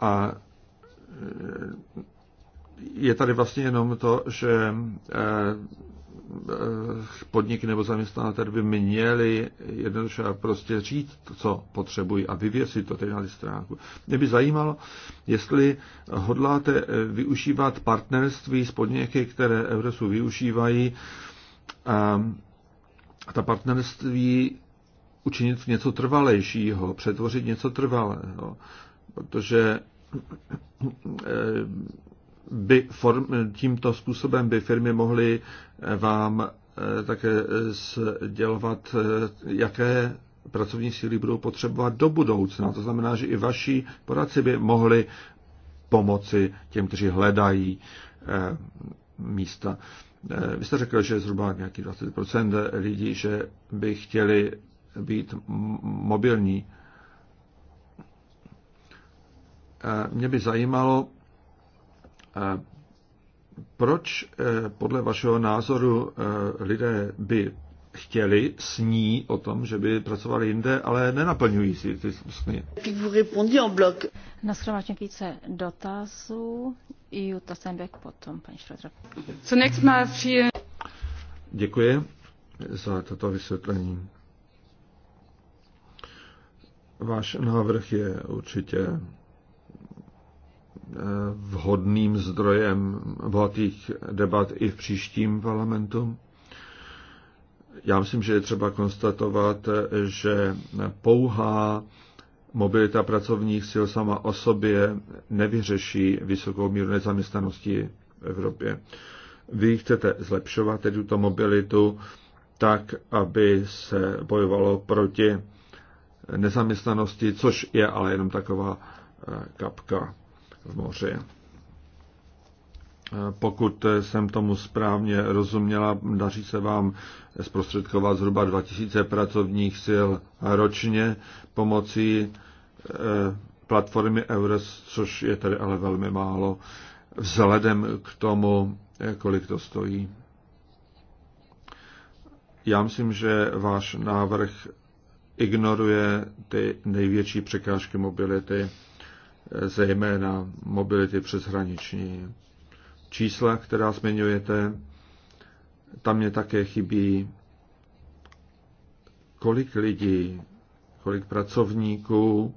A je tady vlastně jenom to, že Eh, podniky nebo zaměstnavatel by měli jednoduše prostě říct, co potřebují a vyvěsit to tedy na stránku. Mě by zajímalo, jestli hodláte eh, využívat partnerství s podniky, které Eurosu využívají, a ta partnerství učinit něco trvalejšího, přetvořit něco trvalého, protože eh, by form, tímto způsobem by firmy mohly eh, vám eh, také eh, sdělovat, jaké pracovní síly budou potřebovat do budoucna. To znamená, že i vaši poradci by mohli pomoci těm, kteří hledají místa. Vy jste řekl, že zhruba nějaký 20% lidí, že by chtěli být mobilní. Mě by zajímalo, proč eh, podle vašeho názoru eh, lidé by chtěli, sní o tom, že by pracovali jinde, ale nenaplňují si ty sny. Na schromáždění více dotazů. Jutta Stenbeck potom, paní Šrodra. Děkuji za toto vysvětlení. Váš návrh je určitě vhodným zdrojem bohatých debat i v příštím parlamentu. Já myslím, že je třeba konstatovat, že pouhá mobilita pracovních sil sama o sobě nevyřeší vysokou míru nezaměstnanosti v Evropě. Vy chcete zlepšovat tedy tuto mobilitu tak, aby se bojovalo proti nezaměstnanosti, což je ale jenom taková eh, kapka v moři. Pokud jsem tomu správně rozuměla, daří se vám zprostředkovat zhruba 2000 pracovních sil ročně pomocí e, platformy Eures, což je tedy ale velmi málo, vzhledem k tomu, e, kolik to stojí. Já myslím, že váš návrh ignoruje ty největší překážky mobility zejména mobility přeshraniční. Čísla, která zmiňujete, tam mě také chybí, kolik lidí, kolik pracovníků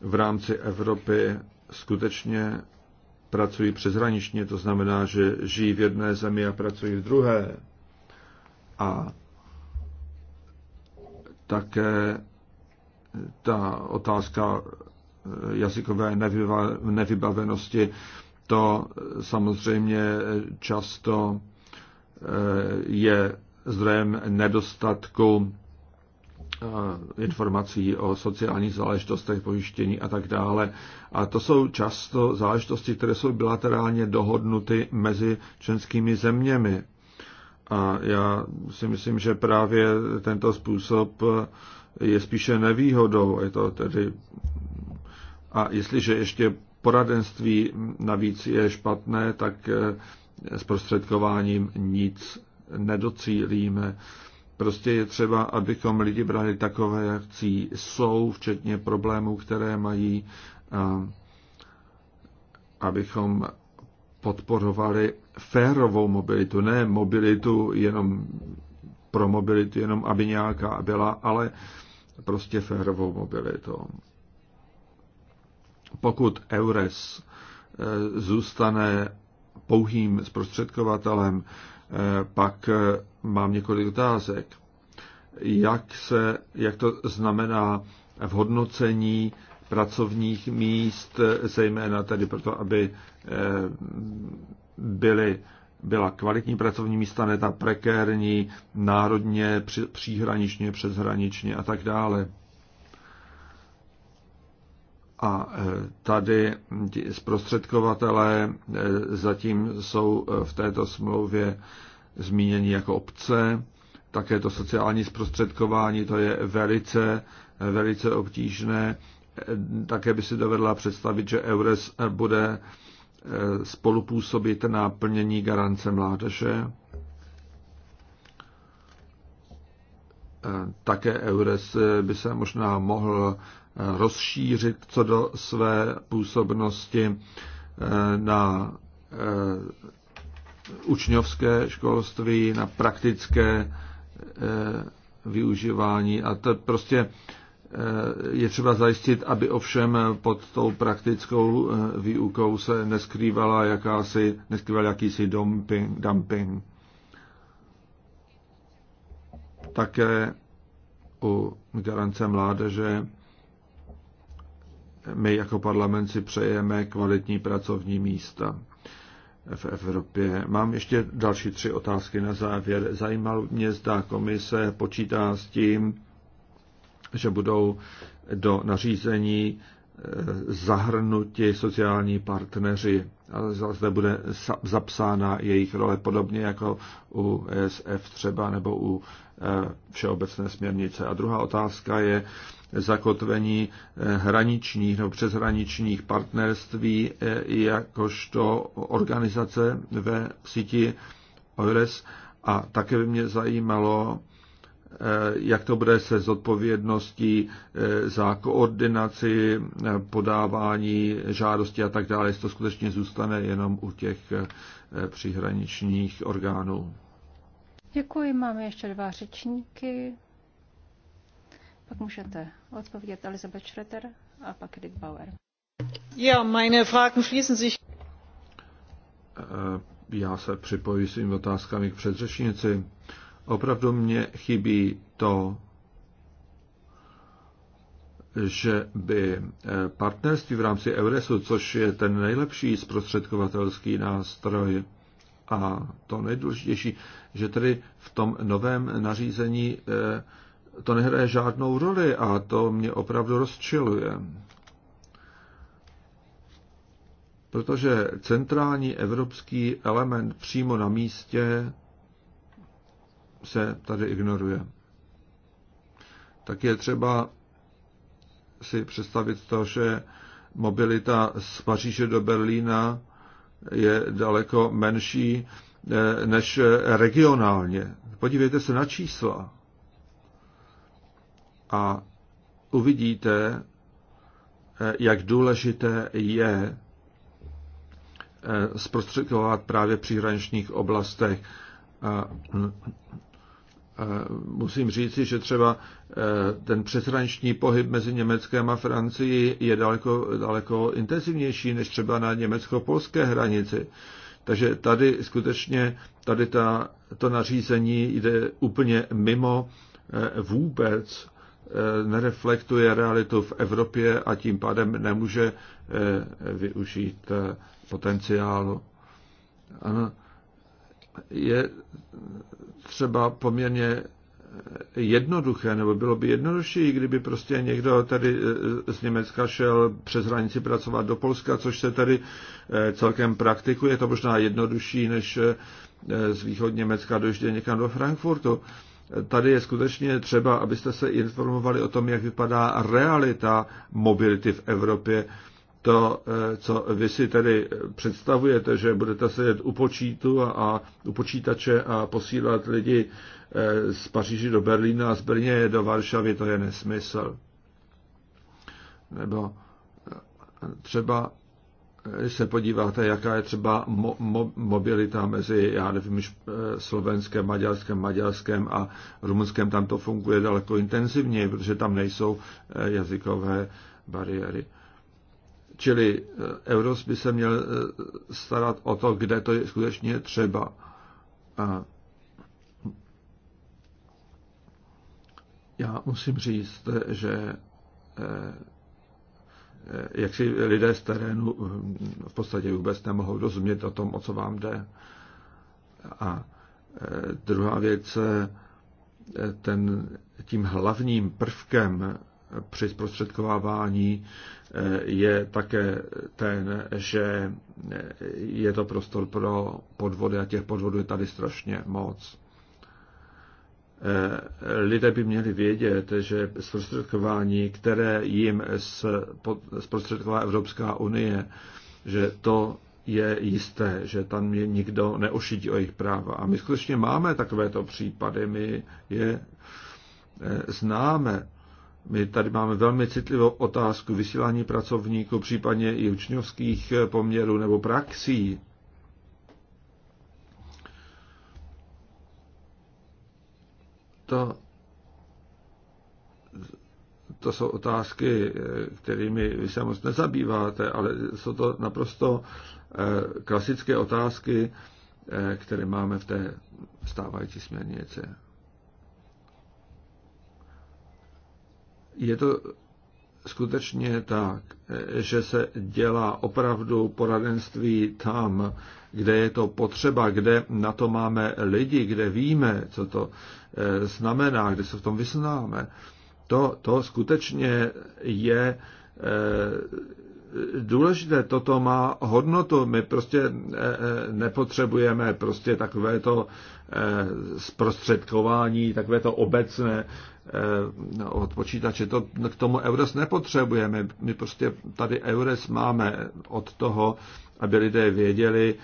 v rámci Evropy skutečně pracují přeshraničně, to znamená, že žijí v jedné zemi a pracují v druhé. A také ta otázka jazykové nevybavenosti, to samozřejmě často eh, je zdrojem nedostatku eh, informací o sociálních záležitostech, pojištění a tak dále. A to jsou často záležitosti, které jsou bilaterálně dohodnuty mezi členskými zeměmi. A já si myslím, že právě tento způsob je spíše nevýhodou. Je to tedy a jestliže ještě poradenství navíc je špatné, tak eh, s prostředkováním nic nedocílíme. Prostě je třeba, abychom lidi brali takové, jak jsou, včetně problémů, které mají, a abychom podporovali férovou mobilitu, ne mobilitu jenom pro mobilitu, jenom aby nějaká byla, ale prostě férovou mobilitu. Pokud EURES eh, zůstane pouhým zprostředkovatelem, eh, pak eh, mám několik otázek. Jak, se, jak to znamená v hodnocení pracovních míst, zejména tedy proto, aby byly, byla kvalitní pracovní místa, ne ta prekérní, národně, při, příhraničně, přeshraničně a tak dále. A e, tady zprostředkovatelé e, zatím jsou e, v této smlouvě zmíněni jako obce, také to sociální zprostředkování, to je velice, velice obtížné. Také by si dovedla představit, že EURES bude spolupůsobit na plnění garance mládeže. Také EURES by se možná mohl rozšířit co do své působnosti eh, na eh, učňovské školství, na praktické eh, využívání. A to prostě je třeba zajistit, aby ovšem pod tou praktickou výukou se neskrývala jakási, neskrýval jakýsi dumping. dumping. Také u garance mládeže my jako parlament si přejeme kvalitní pracovní místa v Evropě. Mám ještě další tři otázky na závěr. Zajímalo mě, zda komise počítá s tím, že budou do nařízení eh, zahrnuti sociální partneři. A zde bude zapsána jejich role podobně jako u ESF třeba nebo u eh, Všeobecné směrnice. A druhá otázka je, zakotvení eh, hraničních nebo přeshraničních partnerství eh, jakožto organizace ve síti OIRES a také by mě zajímalo, eh, jak to bude se zodpovědností za koordinaci, podávání žádosti a tak dále, jestli to skutečně zůstane jenom u těch přihraničních orgánů. Děkuji, máme ještě dva řečníky. Pak můžete odpovědět Elizabeth Schroeder a pak Edith Bauer. Ja, meine Fragen schließen sich. Eh, já se připojuji svými otázkami k předřečnici. Opravdu mě chybí to, že by eh, partnerství v rámci Euresu, což je ten nejlepší zprostředkovatelský nástroj a to nejdůležitější, že tedy v tom novém nařízení eh, to nehraje žádnou roli a to mě opravdu rozčiluje. Protože centrální evropský element přímo na místě se tady ignoruje. Tak je třeba si představit to, že mobilita z Paříže do Berlína je daleko menší eh, než regionálně. Podívejte se na čísla a uvidíte, eh, jak důležité je eh, zprostředkovat právě v příhraničních oblastech. Hm, eh, musím říci, že třeba ten přeshraniční pohyb mezi Německem a Francií je daleko, daleko intenzivnější než třeba na německo-polské hranici. Takže tady skutečně tady ta, to nařízení jde úplně mimo vůbec Eh, nereflektuje realitu v Evropě a tím pádem nemůže eh, využít eh, potenciálu. Ano, je třeba poměrně jednoduché, nebo bylo by jednodušší, kdyby prostě někdo tady z Německa šel přes hranici pracovat do Polska, což se tady celkem praktikuje, je to možná jednodušší, než z východ Německa dojíždět někam do Frankfurtu tady je skutečně třeba, abyste se informovali o tom, jak vypadá realita mobility v Evropě. To, eh, co vy si tedy představujete, že budete sedět u počítu a, a u počítače a posílat lidi eh, z Paříži do Berlína a z Brně do Varšavy, to je nesmysl. Nebo eh, třeba když se podíváte, jaká je třeba mo- mo- mobilita mezi, já nevím, eh, slovenském, maďarském, maďarském a rumunském, tam to funguje daleko intenzivněji, protože tam nejsou eh, jazykové bariéry. Čili eh, Euros by se měl starat o to, kde to je skutečně třeba. A já musím říct, že jak si lidé z terénu hm, v podstatě vůbec nemohou rozumět o tom, o co vám jde. A e, druhá věc, e, ten, tím hlavním prvkem při zprostředkovávání e, je také ten, že je to prostor pro podvody a těch podvodů je tady strašně moc. Eh, lidé by měli vědět, že zprostředkování, které jim zprostředková Evropská unie, že to je jisté, že tam je nikdo neošidí o jejich práva. A my skutečně máme takovéto případy, my je eh, známe. My tady máme velmi citlivou otázku vysílání pracovníků, případně i učňovských eh, poměrů nebo praxí. to, to jsou otázky, eh, kterými vy se moc nezabýváte, ale jsou to naprosto eh, klasické otázky, eh, které máme v té stávající směrnici. Je to skutečně tak, že se dělá opravdu poradenství tam, kde je to potřeba, kde na to máme lidi, kde víme, co to Eh, znamená, kde se v tom vysnáme, to, to skutečně je eh, důležité, toto má hodnotu. My prostě eh, nepotřebujeme prostě takové to zprostředkování, takové to obecné no, od počítače. To, no, k tomu EURES nepotřebujeme. My prostě tady EURES máme od toho, aby lidé věděli,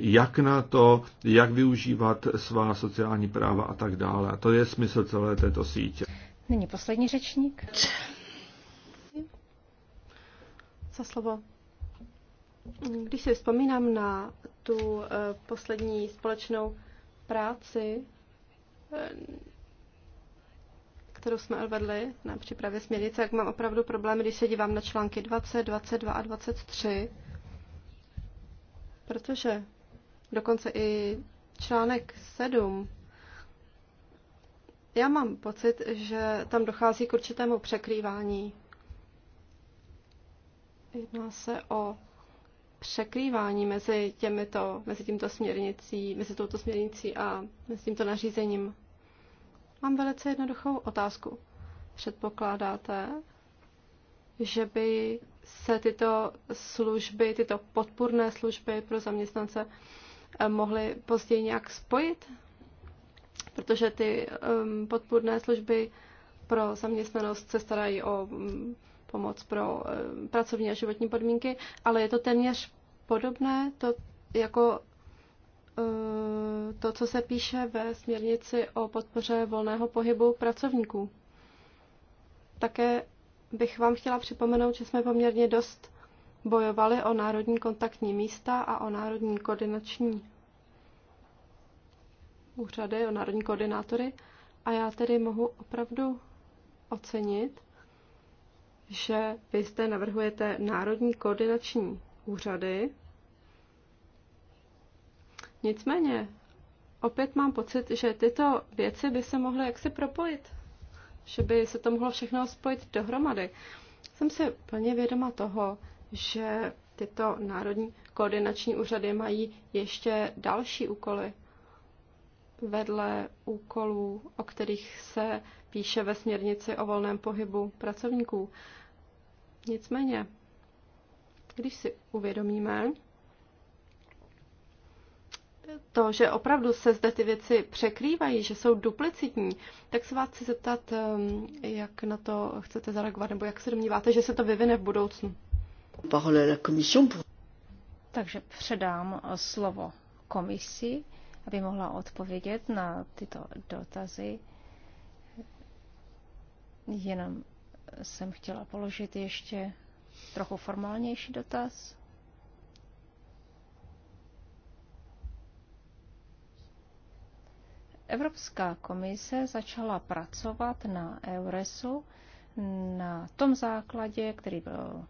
jak na to, jak využívat svá sociální práva a tak dále. A to je smysl celé této sítě. Není poslední řečník. Za slovo. Když si vzpomínám na tu eh, poslední společnou práci, eh, kterou jsme odvedli na přípravě směrnice, jak mám opravdu problém, když se dívám na články 20, 22 a 23, protože dokonce i článek 7 já mám pocit, že tam dochází k určitému překrývání. Jedná se o překrývání mezi, těmito, mezi tímto směrnicí, mezi touto směrnicí a mezi tímto nařízením. Mám velice jednoduchou otázku. Předpokládáte, že by se tyto služby, tyto podpůrné služby pro zaměstnance eh, mohly později nějak spojit, protože ty ehm, podpůrné služby pro zaměstnanost se starají o mm, pomoc pro ehm, pracovní a životní podmínky, ale je to téměř podobné to jako eh, to, co se píše ve směrnici o podpoře volného pohybu pracovníků. Také bych vám chtěla připomenout, že jsme poměrně dost bojovali o národní kontaktní místa a o národní koordinační úřady, o národní koordinátory. A já tedy mohu opravdu ocenit, že vy zde navrhujete národní koordinační úřady. Nicméně, opět mám pocit, že tyto věci by se mohly jaksi propojit že by se to mohlo všechno spojit dohromady. Jsem si plně vědoma toho, že tyto národní koordinační úřady mají ještě další úkoly vedle úkolů, o kterých se píše ve směrnici o volném pohybu pracovníků. Nicméně, když si uvědomíme, to, že opravdu se zde ty věci překrývají, že jsou duplicitní, tak se vás chci zeptat, um, jak na to chcete zareagovat, nebo jak se domníváte, že se to vyvine v budoucnu. Takže předám slovo komisi, aby mohla odpovědět na tyto dotazy. Jenom jsem chtěla položit ještě trochu formálnější dotaz. Evropská komise začala pracovat na Euresu na tom základě, který byl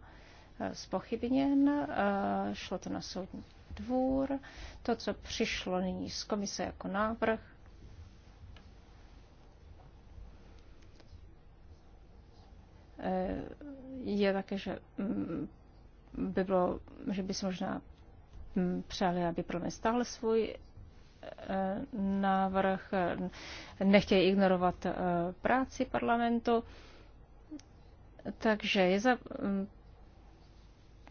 spochybněn, eh, eh, šlo to na soudní dvůr. To, co přišlo nyní z komise jako návrh, eh, je také, že mm, by bylo, že by se možná mm, přáli, aby pro mě stáhl svůj návrh, nechtějí ignorovat eh, práci parlamentu. Takže je, za,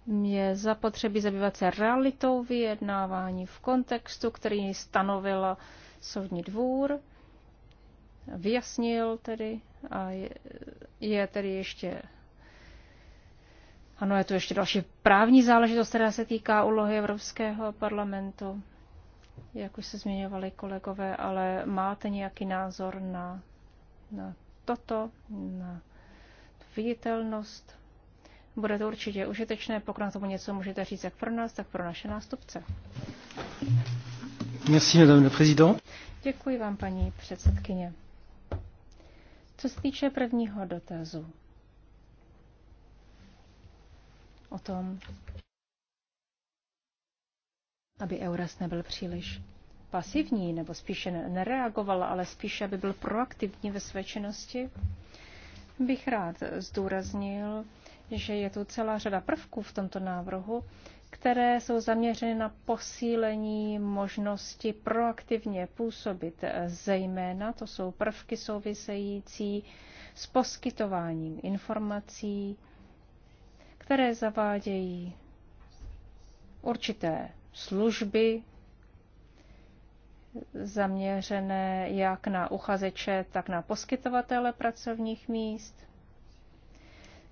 mm, je zapotřebí zabývat se realitou vyjednávání v kontextu, který stanovil soudní dvůr, vyjasnil tedy a je, je tedy ještě ano, je tu ještě další právní záležitost, která se týká úlohy Evropského parlamentu jak už se zmiňovali kolegové, ale máte nějaký názor na, na toto, na viditelnost? Bude to určitě užitečné, pokud na tomu něco můžete říct jak pro nás, tak pro naše nástupce. Merci, madame la Děkuji vám, paní předsedkyně. Co se týče prvního dotazu o tom, aby Eures nebyl příliš pasivní, nebo spíše nereagoval, ale spíše, aby byl proaktivní ve své činnosti, bych rád zdůraznil, že je tu celá řada prvků v tomto návrhu, které jsou zaměřeny na posílení možnosti proaktivně působit. Zejména to jsou prvky související s poskytováním informací, které zavádějí určité služby zaměřené jak na uchazeče, tak na poskytovatele pracovních míst,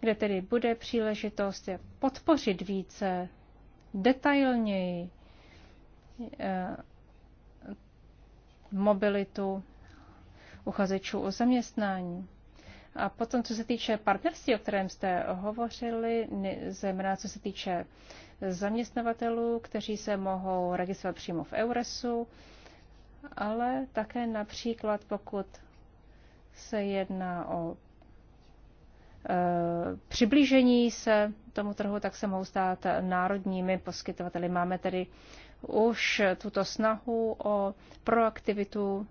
kde tedy bude příležitost je podpořit více, detailněji eh, mobilitu uchazečů o zaměstnání. A potom, co se týče partnerství, o kterém jste hovořili, zejména co se týče zaměstnavatelů, kteří se mohou registrovat přímo v Euresu, ale také například pokud se jedná o e, přiblížení se tomu trhu, tak se mohou stát národními poskytovateli. Máme tedy už tuto snahu o proaktivitu,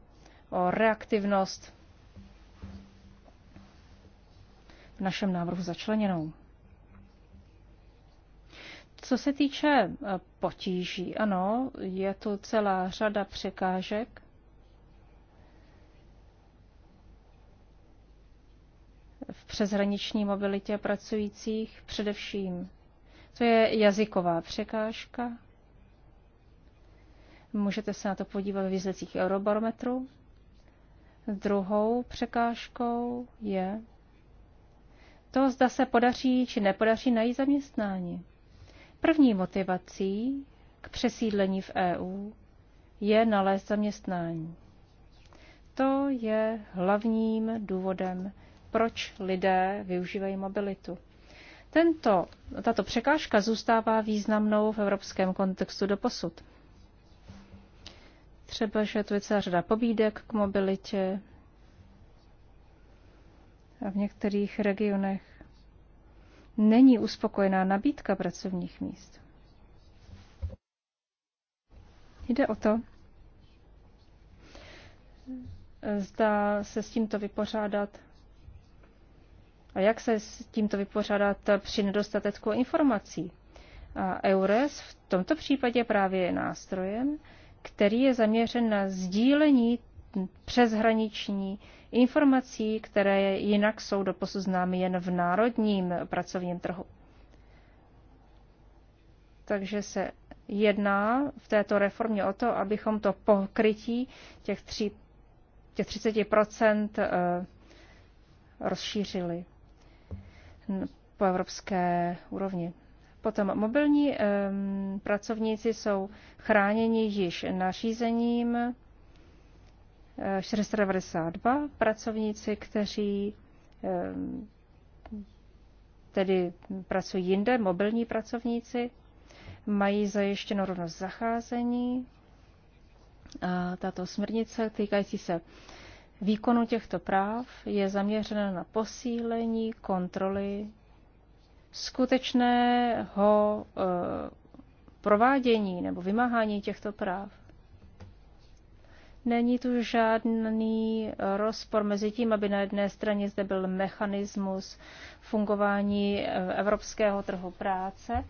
o reaktivnost v našem návrhu začleněnou. Co se týče eh, potíží, ano, je tu celá řada překážek. v přeshraniční mobilitě pracujících především. To je jazyková překážka. Můžete se na to podívat v výsledcích Eurobarometru. Druhou překážkou je to, zda se podaří či nepodaří najít zaměstnání. První motivací k přesídlení v EU je nalézt zaměstnání. To je hlavním důvodem, proč lidé využívají mobilitu. Tento, tato překážka zůstává významnou v evropském kontextu do posud. Třeba, že tu je celá řada pobídek k mobilitě a v některých regionech není uspokojená nabídka pracovních míst. Jde o to, zda se s tímto vypořádat a jak se s tímto vypořádat při nedostatku informací. A EURES v tomto případě právě je nástrojem, který je zaměřen na sdílení přeshraniční informací, které jinak jsou doposud známy jen v národním pracovním trhu. Takže se jedná v této reformě o to, abychom to pokrytí těch, tři, těch 30 eh, rozšířili po evropské úrovni. Potom mobilní ehm, pracovníci jsou chráněni již nařízením 492 pracovníci, kteří eh, tedy pracují jinde, mobilní pracovníci, mají zajištěno rovnost zacházení. A tato směrnice týkající se výkonu těchto práv je zaměřena na posílení kontroly skutečného eh, provádění nebo vymáhání těchto práv. Není tu žádný rozpor mezi tím, aby na jedné straně zde byl mechanismus fungování evropského trhu práce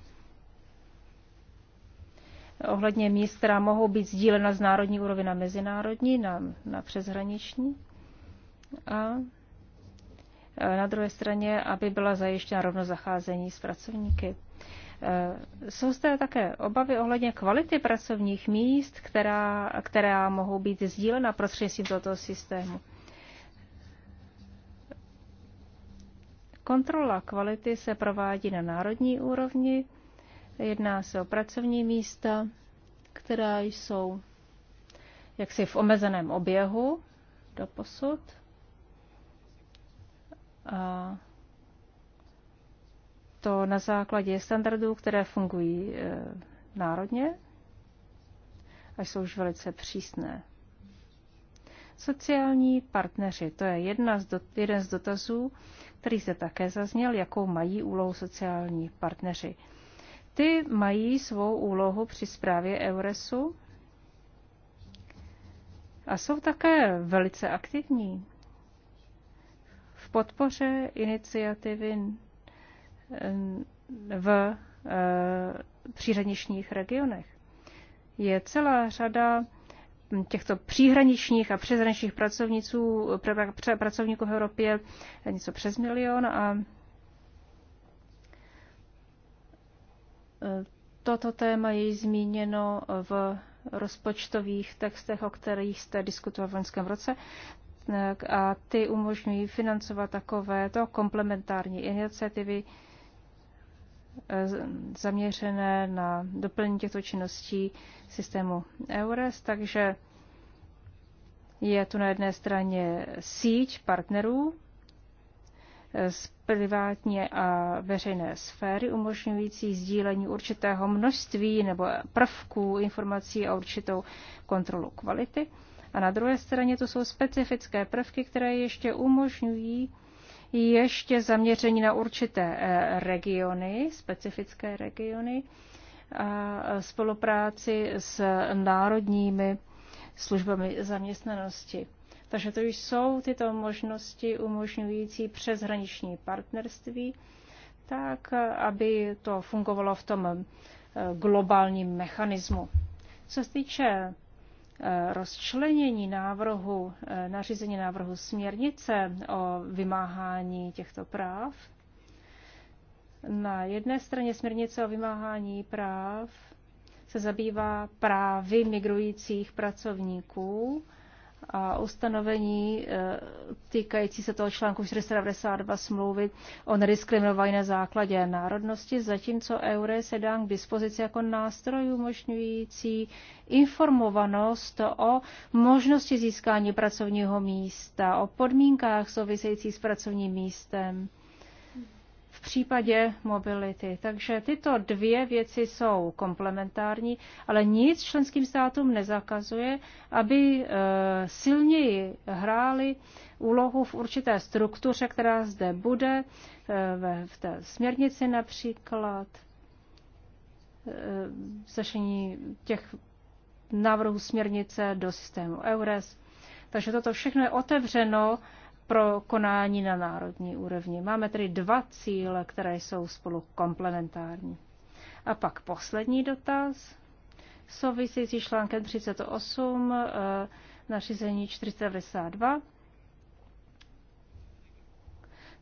ohledně míst, která mohou být sdílena z národní úrovně na mezinárodní, na, na přeshraniční. A na druhé straně, aby byla zajištěna rovno zacházení s pracovníky. Eh, jsou zde také obavy ohledně kvality pracovních míst, která, která mohou být sdílena prostřednictvím tohoto systému. Kontrola kvality se provádí na národní úrovni. Jedná se o pracovní místa, která jsou jaksi v omezeném oběhu do posud. A to na základě standardů, které fungují eh, národně a jsou už velice přísné. Sociální partneři, to je jedna z do, jeden z dotazů, který se také zazněl, jakou mají úlohu sociální partneři. Ty mají svou úlohu při zprávě Euresu a jsou také velice aktivní v podpoře iniciativy v eh, příhraničních regionech. Je celá řada hm, těchto příhraničních a přeshraničních pracovníků, pracovníků v Evropě eh, něco přes milion a eh, toto téma je zmíněno v rozpočtových textech, o kterých jste diskutoval v loňském roce a ty umožňují financovat takovéto komplementární iniciativy, zaměřené na doplnění těchto činností systému EURES, takže je tu na jedné straně síť partnerů eh, z privátní a veřejné sféry, umožňující sdílení určitého množství nebo prvků informací a určitou kontrolu kvality. A na druhé straně to jsou specifické prvky, které ještě umožňují ještě zaměření na určité eh, regiony, specifické regiony, a eh, spolupráci s národními službami zaměstnanosti. Takže to jsou tyto možnosti umožňující přeshraniční partnerství, tak eh, aby to fungovalo v tom globálním mechanismu. Co se týče rozčlenění návrhu, eh, nařízení návrhu směrnice o vymáhání těchto práv. Na jedné straně směrnice o vymáhání práv se zabývá právy migrujících pracovníků a ustanovení eh, týkající se toho článku 492 smlouvy o nediskriminování na základě národnosti, zatímco eure se dá k dispozici jako nástroj umožňující informovanost o možnosti získání pracovního místa, o podmínkách souvisejících s pracovním místem v případě mobility. Takže tyto dvě věci jsou komplementární, ale nic členským státům nezakazuje, aby e, silněji hráli úlohu v určité struktuře, která zde bude, e, v té směrnici například, zašení e, těch návrhů směrnice do systému EURES. Takže toto všechno je otevřeno pro konání na národní úrovni. Máme tedy dva cíle, které jsou spolu komplementární. A pak poslední dotaz, související s článkem 38 eh, nařízení 492.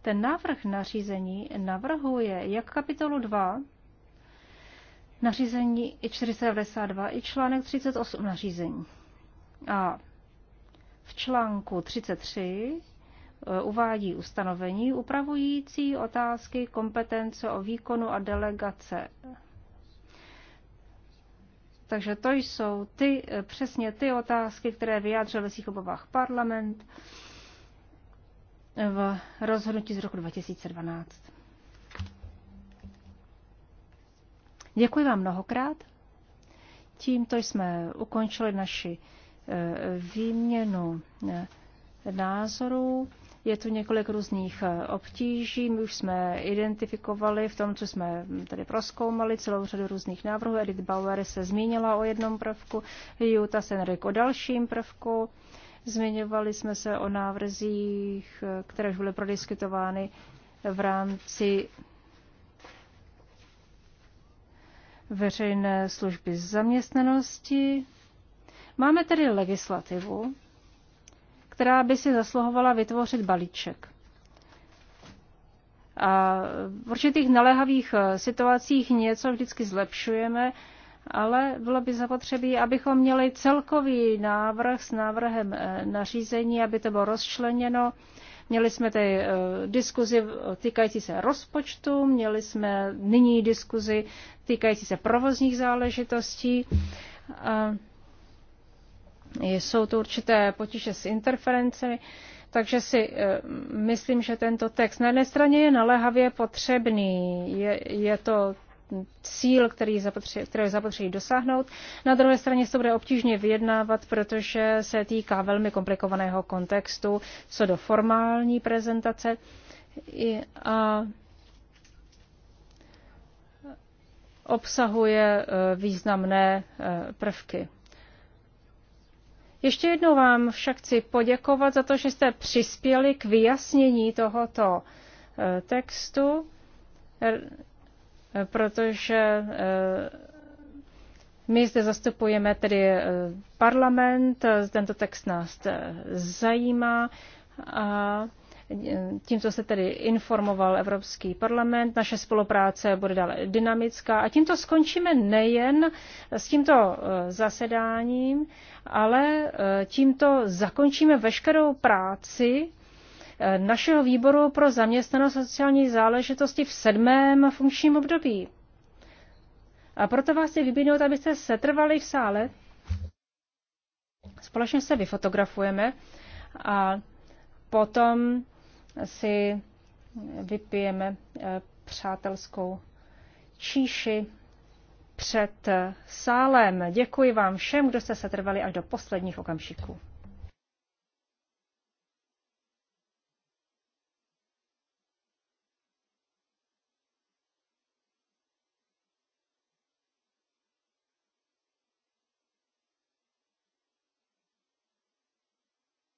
Ten návrh nařízení navrhuje jak kapitolu 2 nařízení 492 i článek 38 nařízení. A v článku 33 Eh, uvádí ustanovení upravující otázky kompetence o výkonu a delegace. Takže to jsou ty, eh, přesně ty otázky, které vyjádřil ve svých obavách parlament eh, v rozhodnutí z roku 2012. Děkuji vám mnohokrát. Tímto jsme ukončili naši výměnu názorů. Je tu několik různých eh, obtíží, my už jsme identifikovali v tom, co jsme hm, tady proskoumali, celou řadu různých návrhů. Edith Bauer se zmínila o jednom prvku, Juta Senrik o dalším prvku. Zmiňovali jsme se o návrzích, eh, které už byly prodiskutovány v rámci veřejné služby zaměstnanosti. Máme tedy legislativu, která by si zasluhovala vytvořit balíček. A v určitých naléhavých eh, situacích něco vždycky zlepšujeme, ale bylo by zapotřebí, abychom měli celkový návrh s návrhem eh, nařízení, aby to bylo rozčleněno. Měli jsme tady eh, diskuzi týkající se rozpočtu, měli jsme nyní diskuzi týkající se provozních záležitostí. A jsou tu určité potíže s interferencemi, takže si eh, myslím, že tento text na jedné straně je naléhavě potřebný. Je, je to cíl, který zapotře- které zapotřebí dosáhnout. Na druhé straně se bude obtížně vyjednávat, protože se týká velmi komplikovaného kontextu co do formální prezentace. A obsahuje eh, významné eh, prvky. Ještě jednou vám však chci poděkovat za to, že jste přispěli k vyjasnění tohoto eh, textu, eh, protože eh, my zde zastupujeme tedy parlament, tento text nás zajímá a Tímto se tedy informoval Evropský parlament, naše spolupráce bude dále dynamická a tímto skončíme nejen s tímto e, zasedáním, ale e, tímto zakončíme veškerou práci e, našeho výboru pro zaměstnanost sociální záležitosti v sedmém funkčním období. A proto vás chci vybídnout, abyste setrvali v sále. Společně se vyfotografujeme a potom si vypijeme eh, přátelskou číši před sálem. Děkuji vám všem, kdo jste se trvali až do posledních okamžiků.